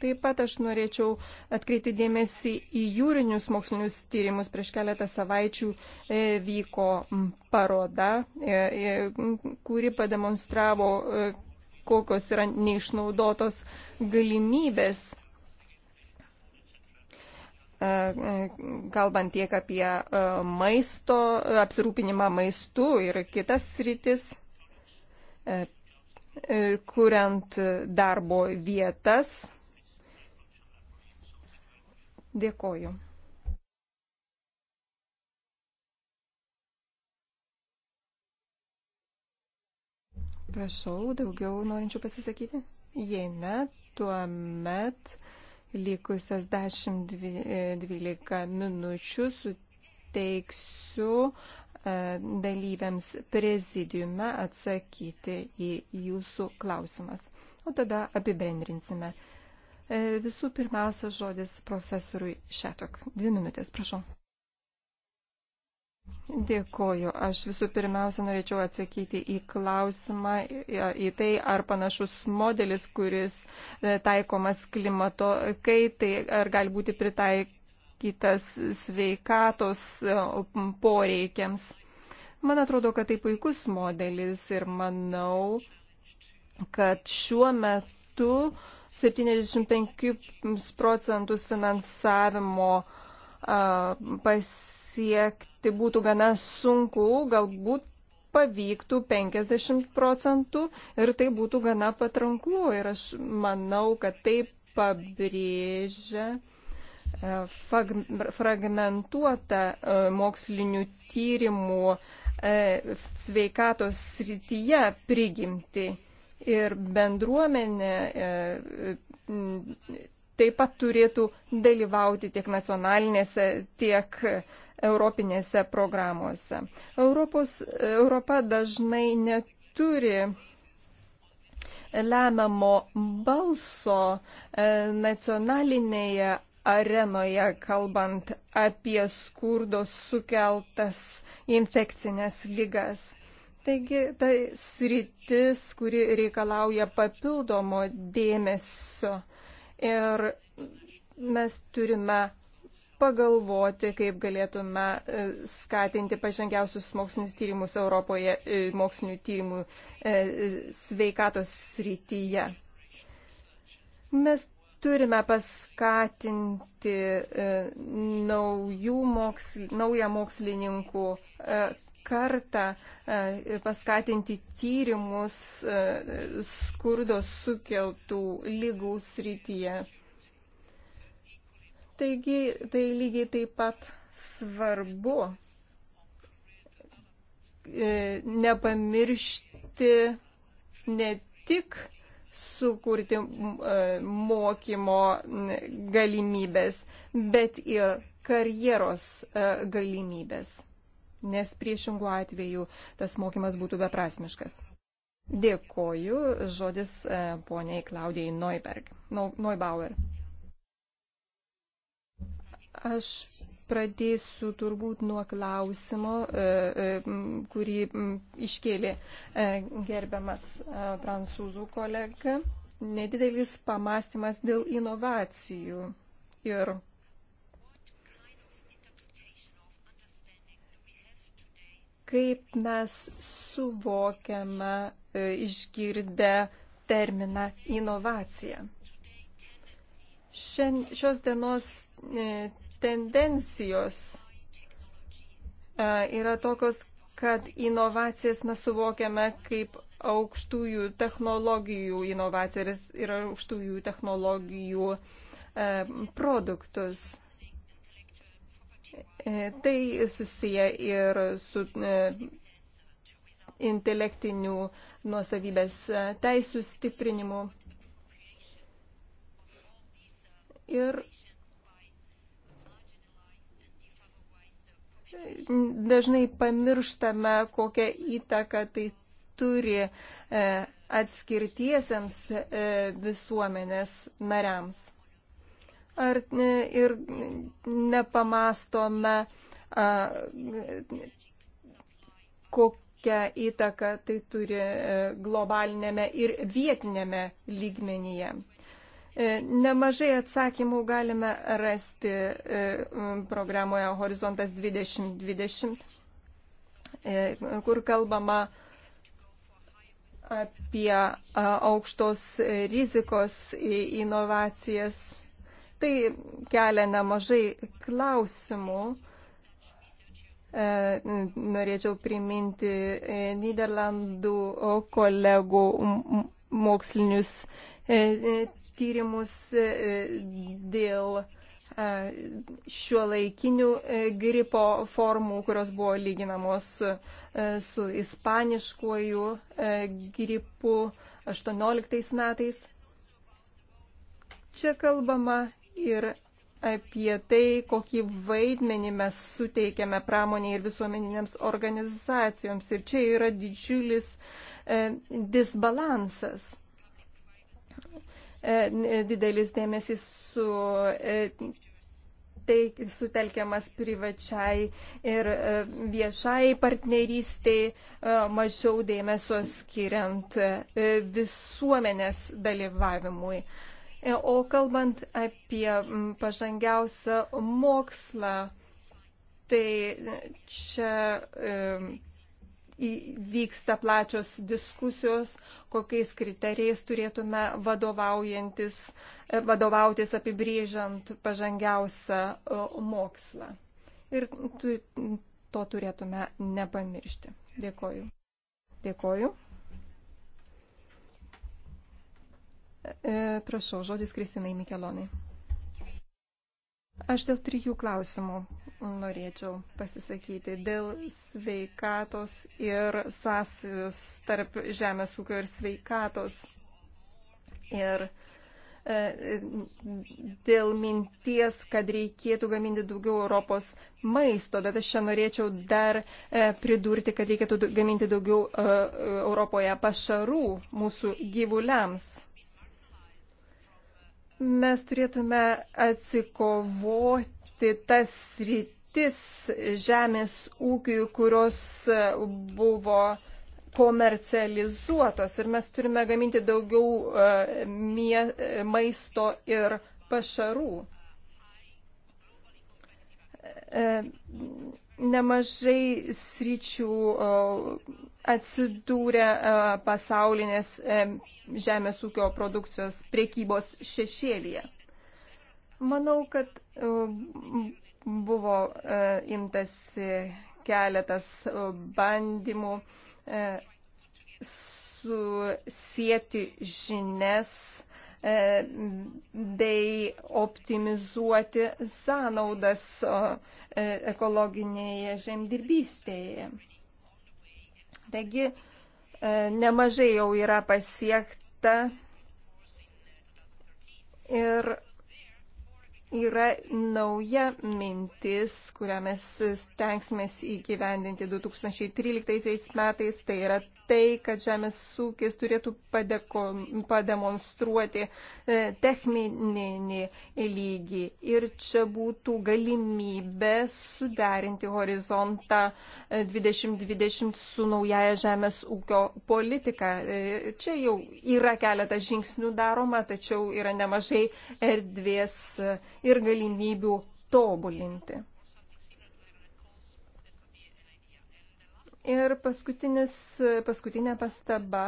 Taip pat aš norėčiau atkreipti dėmesį į jūrinius mokslinius tyrimus. Prieš keletą savaičių e, vyko paroda, e, e, kuri pademonstravo, kokios yra neišnaudotos galimybės kalbant tiek apie maisto, apsirūpinimą maistu ir kitas rytis. E, kuriant darbo vietas. Dėkoju. Prašau, daugiau norinčių pasisakyti? Jei ne, tuomet likusias 10-12 e, minučių suteiksiu E, dalyviams prezidiume atsakyti į jūsų klausimas. O tada apibendrinsime. E, visų pirmiausia žodis profesoriui Šetok. Dvi minutės, prašau. Dėkoju. Aš visų pirmiausia norėčiau atsakyti į klausimą, į tai, ar panašus modelis, kuris e, taikomas klimato kaitai, ar gali būti pritaik pritaikytas sveikatos e, poreikiams. Man atrodo, kad tai puikus modelis ir manau, kad šiuo metu 75 procentus finansavimo pasiekti būtų gana sunku, galbūt pavyktų 50 procentų ir tai būtų gana patranklu. Ir aš manau, kad tai pabrėžia fragmentuota e, mokslinių tyrimų e, sveikatos srityje prigimti. Ir bendruomenė e, taip pat turėtų dalyvauti tiek nacionalinėse, tiek europinėse programuose. Europos, Europa dažnai neturi lemiamo balso nacionalinėje arenoje, kalbant apie skurdo sukeltas infekcinės lygas. Taigi tai sritis, kuri reikalauja papildomo dėmesio ir mes turime pagalvoti, kaip galėtume e, skatinti pažangiausius mokslinius tyrimus Europoje e, mokslinių tyrimų e, sveikatos srityje. Mes Turime paskatinti e, moksl, naują mokslininkų e, kartą, e, paskatinti tyrimus skurdo sukeltų lygų srityje. Taigi tai lygiai taip pat svarbu nepamiršti ne tik sukurti e, mokymo galimybės, bet ir karjeros e, galimybės, nes priešingų atveju tas mokymas būtų beprasmiškas. Dėkoju, žodis e, poniai Klaudijai Neuberg, Neubauer. Aš pradėsiu turbūt nuo klausimo, e, e, kurį iškėlė e, gerbiamas prancūzų kolega. Nedidelis pamastymas dėl inovacijų ir kaip mes suvokiame išgirdę terminą inovacija. Šios dienos tendencijos e, yra tokios, kad inovacijas mes suvokiame kaip aukštųjų technologijų inovacijas ir aukštųjų technologijų e, produktus. E, tai susiję ir su intelektinių nuosavybės teisų stiprinimu. Ir dažnai pamirštame, kokią įtaką tai turi e, atskirtiesiems e, visuomenės nariams. Ar e, ir nepamastome, kokią įtaką tai turi globalinėme ir vietinėme lygmenyje. E, nemažai atsakymų galime rasti e, programoje Horizontas 2020, e, kur kalbama apie aukštos rizikos inovacijas. Tai kelia nemažai klausimų. Norėčiau priminti Niderlandų kolegų mokslinius tyrimus e, dėl e, šiuo laikiniu e, gripo formų, kurios buvo lyginamos su ispaniškuoju gripu 18 metais. Čia kalbama ir apie tai, kokį vaidmenį mes suteikiame pramoniai ir visuomeniniams organizacijoms. Ir čia yra didžiulis e, disbalansas. E, e, didelis dėmesys su, e, teik, sutelkiamas privačiai ir viešai partnerystiai, mažiau dėmesio skiriant visuomenės dalyvavimui. O kalbant apie pažangiausią mokslą, tai čia vyksta plačios diskusijos, kokiais kriterijais turėtume e, vadovautis apibrėžiant pažangiausią e, mokslą. Ir to turėtume nepamiršti. Dėkoju. Dėkoju. E, prašau, žodis Kristinai Mikelonai. Aš dėl trijų klausimų norėčiau pasisakyti dėl sveikatos ir sąsajos tarp žemės ūkio ir sveikatos. Ir e, dėl minties, kad reikėtų gaminti daugiau Europos maisto, bet aš čia norėčiau dar e, pridurti, kad reikėtų gaminti daugiau e, Europoje pašarų mūsų gyvuliams. Mes turėtume atsikovoti paliesti tas rytis žemės ūkiui, kurios buvo komercializuotos ir mes turime gaminti daugiau e, mie, e, maisto ir pašarų. E, nemažai sričių atsidūrė pasaulinės žemės ūkio produkcijos priekybos šešėlyje. Manau, kad e, buvo e, imtasi keletas e, bandymų susijęti žinias bei optimizuoti sąnaudas ekologinėje žemdirbystėje. Taigi nemažai jau yra pasiekta ir yra nauja mintis, kurią mes stengsime įgyvendinti 2013 metais, tai yra tai, kad žemės ūkis turėtų padeko, pademonstruoti e, techninį lygį. Ir čia būtų galimybė suderinti horizontą 2020 e, su naujaja žemės ūkio politika. E, čia jau yra keletas žingsnių daroma, tačiau yra nemažai erdvės ir galimybių tobulinti. Ir paskutinė pastaba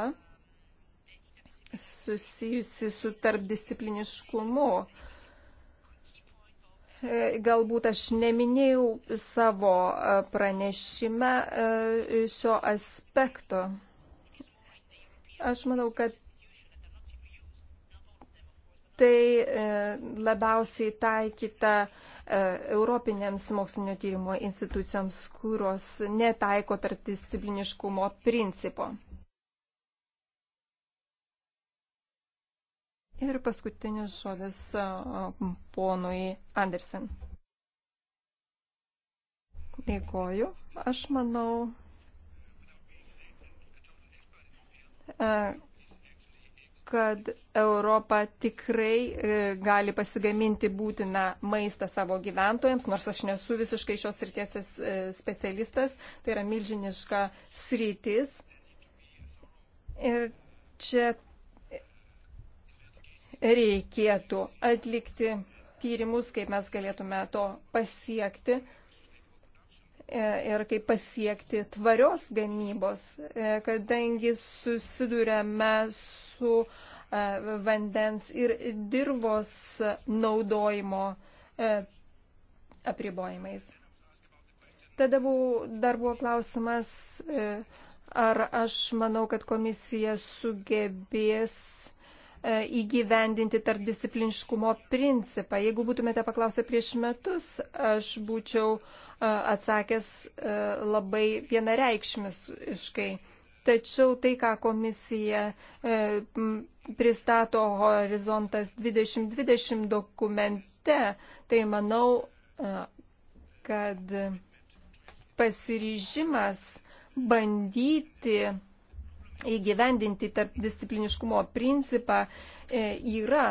susijusi su tarpdiscipliniškumu. E, galbūt aš neminėjau savo e, pranešime e, šio aspekto. Aš manau, kad tai labiausiai taikyta E, Europinėms mokslinio tyrimo institucijoms, kurios netaiko tarpdiscipliniškumo principo. Ir paskutinis žodis e, ponui Andersen. Dėkoju. Aš manau, e, kad Europa tikrai e, gali pasigaminti būtiną maistą savo gyventojams, nors aš nesu visiškai šios srities e, specialistas, tai yra milžiniška sritis. Ir čia reikėtų atlikti tyrimus, kaip mes galėtume to pasiekti. E, ir kaip pasiekti tvarios gamybos, e, kadangi susidurėme su e, vandens ir dirbos naudojimo apribojimais. Tada buvo, dar buvo klausimas, ar aš manau, kad komisija sugebės įgyvendinti tarpdiscipliniškumo principą. Jeigu būtumėte paklausę prieš metus, aš būčiau atsakęs labai vienareikšmiškai. Tačiau tai, ką komisija pristato Horizontas 2020 dokumente, tai manau, kad pasiryžimas bandyti įgyvendinti tarp discipliniškumo principą e, yra.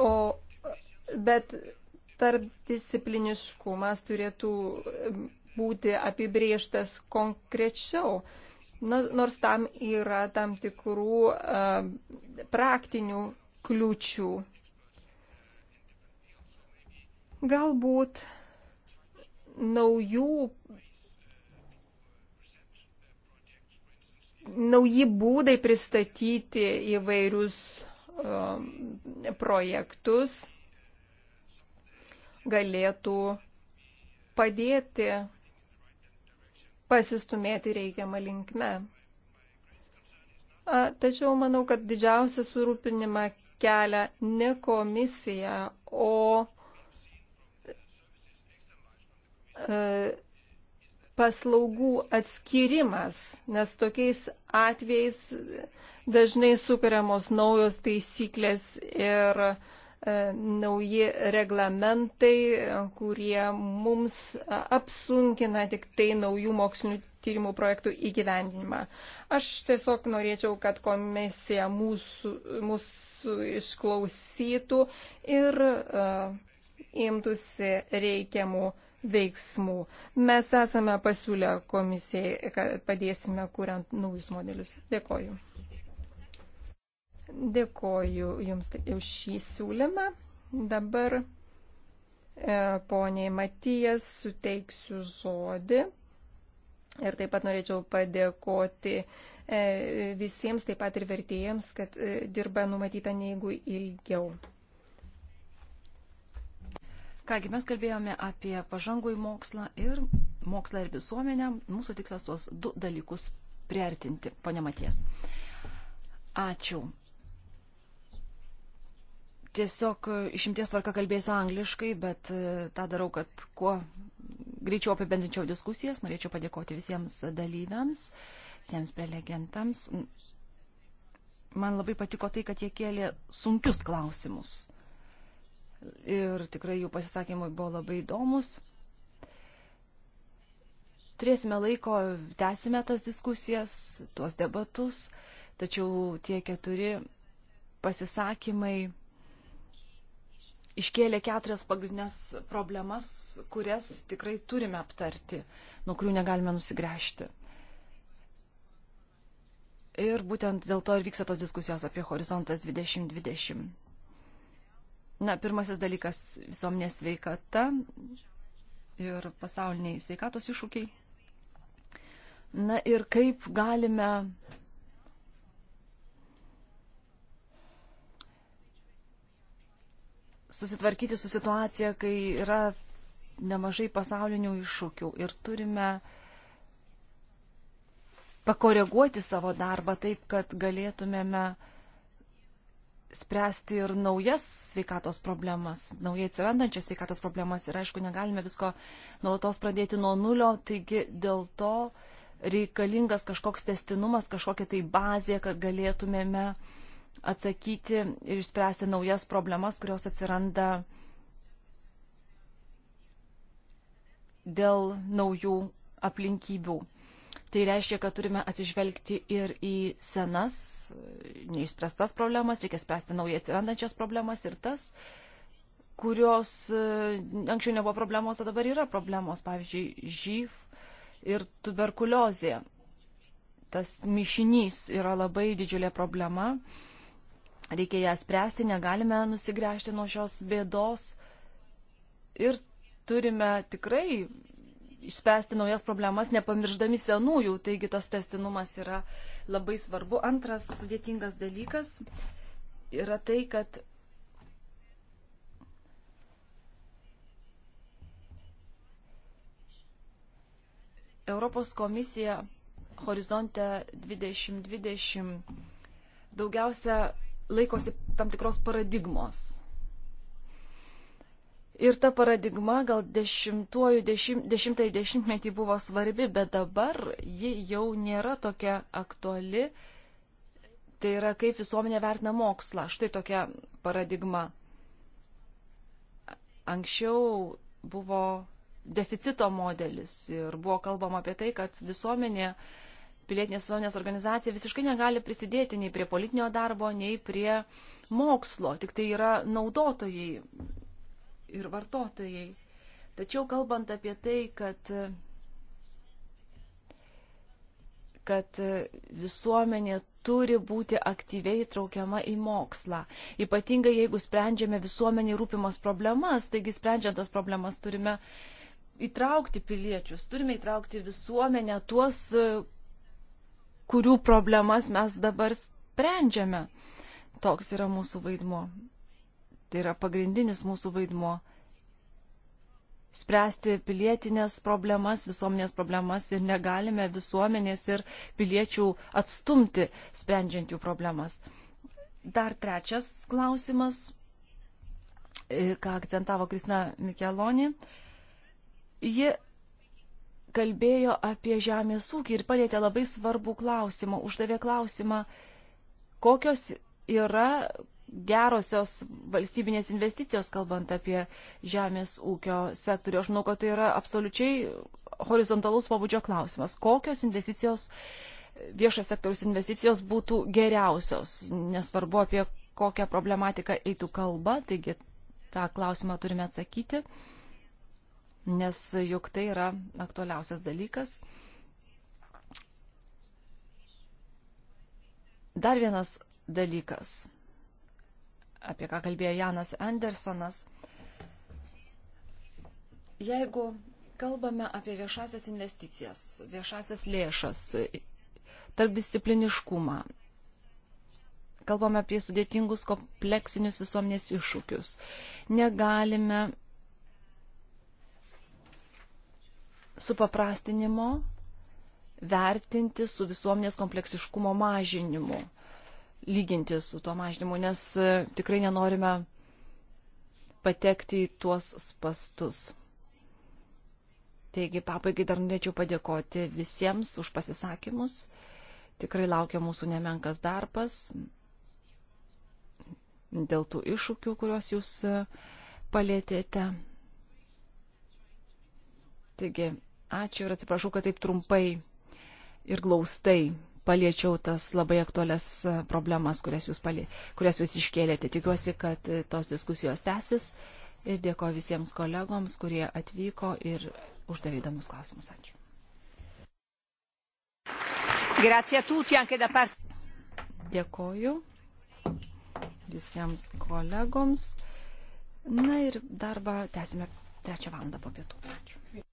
O, bet tarpdiscipliniškumas turėtų būti apibrieštas konkrečiau. Nors tam yra tam tikrų uh, praktinių kliūčių. Galbūt naujų nauji būdai pristatyti įvairius um, projektus galėtų padėti pasistumėti reikiamą linkme. Tačiau manau, kad didžiausia surūpinima kelia ne komisija, o e, paslaugų atskirimas, nes tokiais atvejais dažnai sukuriamos naujos taisyklės ir uh, E, nauji reglamentai, kurie mums apsunkina tik tai naujų mokslinių tyrimų projektų įgyvendinimą. Aš tiesiog norėčiau, kad komisija mūsų, mūsų išklausytų ir uh, imtųsi reikiamų veiksmų. Mes esame pasiūlę komisijai, kad padėsime kuriant naujus modelius. Dėkoju. Dėkoju Jums už šį siūlymą. Dabar e, poniai Matijas suteiksiu žodį. Ir taip pat norėčiau padėkoti e, visiems, taip pat ir vertėjams, kad e, dirba numatyta neigu ilgiau. Kągi, mes kalbėjome apie pažangų į mokslą ir mokslą ir visuomenę. Mūsų tikslas tuos du dalykus priartinti, ponia Maties. Ačiū. Tiesiog e, išimties tvarka kalbėsiu angliškai, bet e, tą darau, kad kuo greičiau apibendrinčiau diskusijas. Norėčiau padėkoti visiems dalyviams, visiems prelegentams. Man labai patiko tai, kad jie kėlė sunkius klausimus. Ir tikrai jų pasisakymai buvo labai įdomus. Turėsime laiko, tęsime tas diskusijas, tuos debatus, tačiau tie keturi pasisakymai iškėlė keturias pagrindinės problemas, kurias tikrai turime aptarti, nuo kurių negalime nusigręžti. Ir būtent dėl to ir vyksta tos diskusijos apie horizontas 2020. Na, pirmasis dalykas - visuomenė sveikata ir pasauliniai sveikatos iššūkiai. Na ir kaip galime susitvarkyti su situacija, kai yra nemažai pasaulinių iššūkių ir turime pakoreguoti savo darbą taip, kad galėtumėme spręsti ir naujas sveikatos problemas, naujai atsirandančias sveikatos problemas ir aišku, negalime visko nuolatos pradėti nuo nulio, taigi dėl to reikalingas kažkoks testinumas, kažkokia tai bazė, kad galėtumėme uh, atsakyti ir išspręsti naujas problemas, kurios atsiranda dėl naujų aplinkybių. Tai reiškia, kad turime atsižvelgti ir į senas, neišspręstas problemas, reikia spręsti naujai atsirandančias problemas ir tas, kurios e, anksčiau nebuvo problemos, o dabar yra problemos, pavyzdžiui, žyv ir tuberkuliozė. Tas mišinys yra labai didžiulė problema Reikia ją spręsti, negalime nusigręžti nuo šios bėdos ir turime tikrai išspręsti naujas problemas, nepamirždami senųjų, taigi tas testinumas yra labai svarbu. Antras sudėtingas dalykas yra tai, kad Europos komisija Horizonte 2020 daugiausia laikosi tam tikros paradigmos. Ir ta paradigma gal dešimtuoju, dešimt, dešimtąjį dešimtmetį buvo svarbi, bet dabar ji jau nėra tokia aktuali. Tai yra, kaip visuomenė vertina mokslą. Štai tokia paradigma. Anksčiau buvo deficito modelis ir buvo kalbama apie tai, kad visuomenė uh, pilietinės visuomenės organizacija visiškai negali prisidėti nei prie politinio darbo, nei prie mokslo, tik tai yra naudotojai ir vartotojai. Tačiau kalbant apie tai, kad, kad visuomenė turi būti aktyviai traukiama į mokslą, ypatingai jeigu sprendžiame visuomenį rūpimas problemas, taigi sprendžiant tas problemas turime įtraukti piliečius, turime įtraukti visuomenę tuos, kurių problemas mes dabar sprendžiame. Toks yra mūsų vaidmo. Tai yra pagrindinis mūsų vaidmo spręsti pilietinės problemas, visuomenės problemas ir negalime visuomenės ir piliečių atstumti, sprendžiant jų problemas. Dar trečias klausimas, e, ką akcentavo Kristina Mikeloni. Ji kalbėjo apie žemės ūkį ir palėtė labai svarbų klausimą, uždavė klausimą, kokios yra gerosios valstybinės investicijos, kalbant apie žemės ūkio sektorių. Aš manau, kad tai yra absoliučiai horizontalus pabudžio klausimas. Kokios investicijos, viešo sektoriaus investicijos būtų geriausios, nesvarbu apie kokią problematiką eitų kalba, taigi tą klausimą turime atsakyti nes juk tai yra aktualiausias dalykas. Dar vienas dalykas, apie ką kalbėjo Janas Andersonas. Jeigu kalbame apie viešasias investicijas, viešasias lėšas, tarpdiscipliniškumą, kalbame apie sudėtingus kompleksinius visuomenės iššūkius, negalime supaprastinimo vertinti su visuomenės kompleksiškumo mažinimu, lyginti su tuo mažinimu, nes e, tikrai nenorime patekti į tuos spastus. Taigi pabaigai dar norėčiau padėkoti visiems už pasisakymus. Tikrai laukia mūsų nemenkas darbas dėl tų iššūkių, kuriuos jūs e, palėtėte. Taigi, ačiū ir atsiprašau, kad taip trumpai ir glaustai paliečiau tas labai aktualias e, problemas, kurias jūs, palie, kurias jūs iškėlėte. Tikiuosi, kad e, tos diskusijos tęsis ir dėkoju visiems kolegoms, kurie atvyko ir uždavė įdomus klausimus. Ačiū. Dėkoju visiems kolegoms. Na ir darbą tęsime trečią valandą po pietų. Ačiū.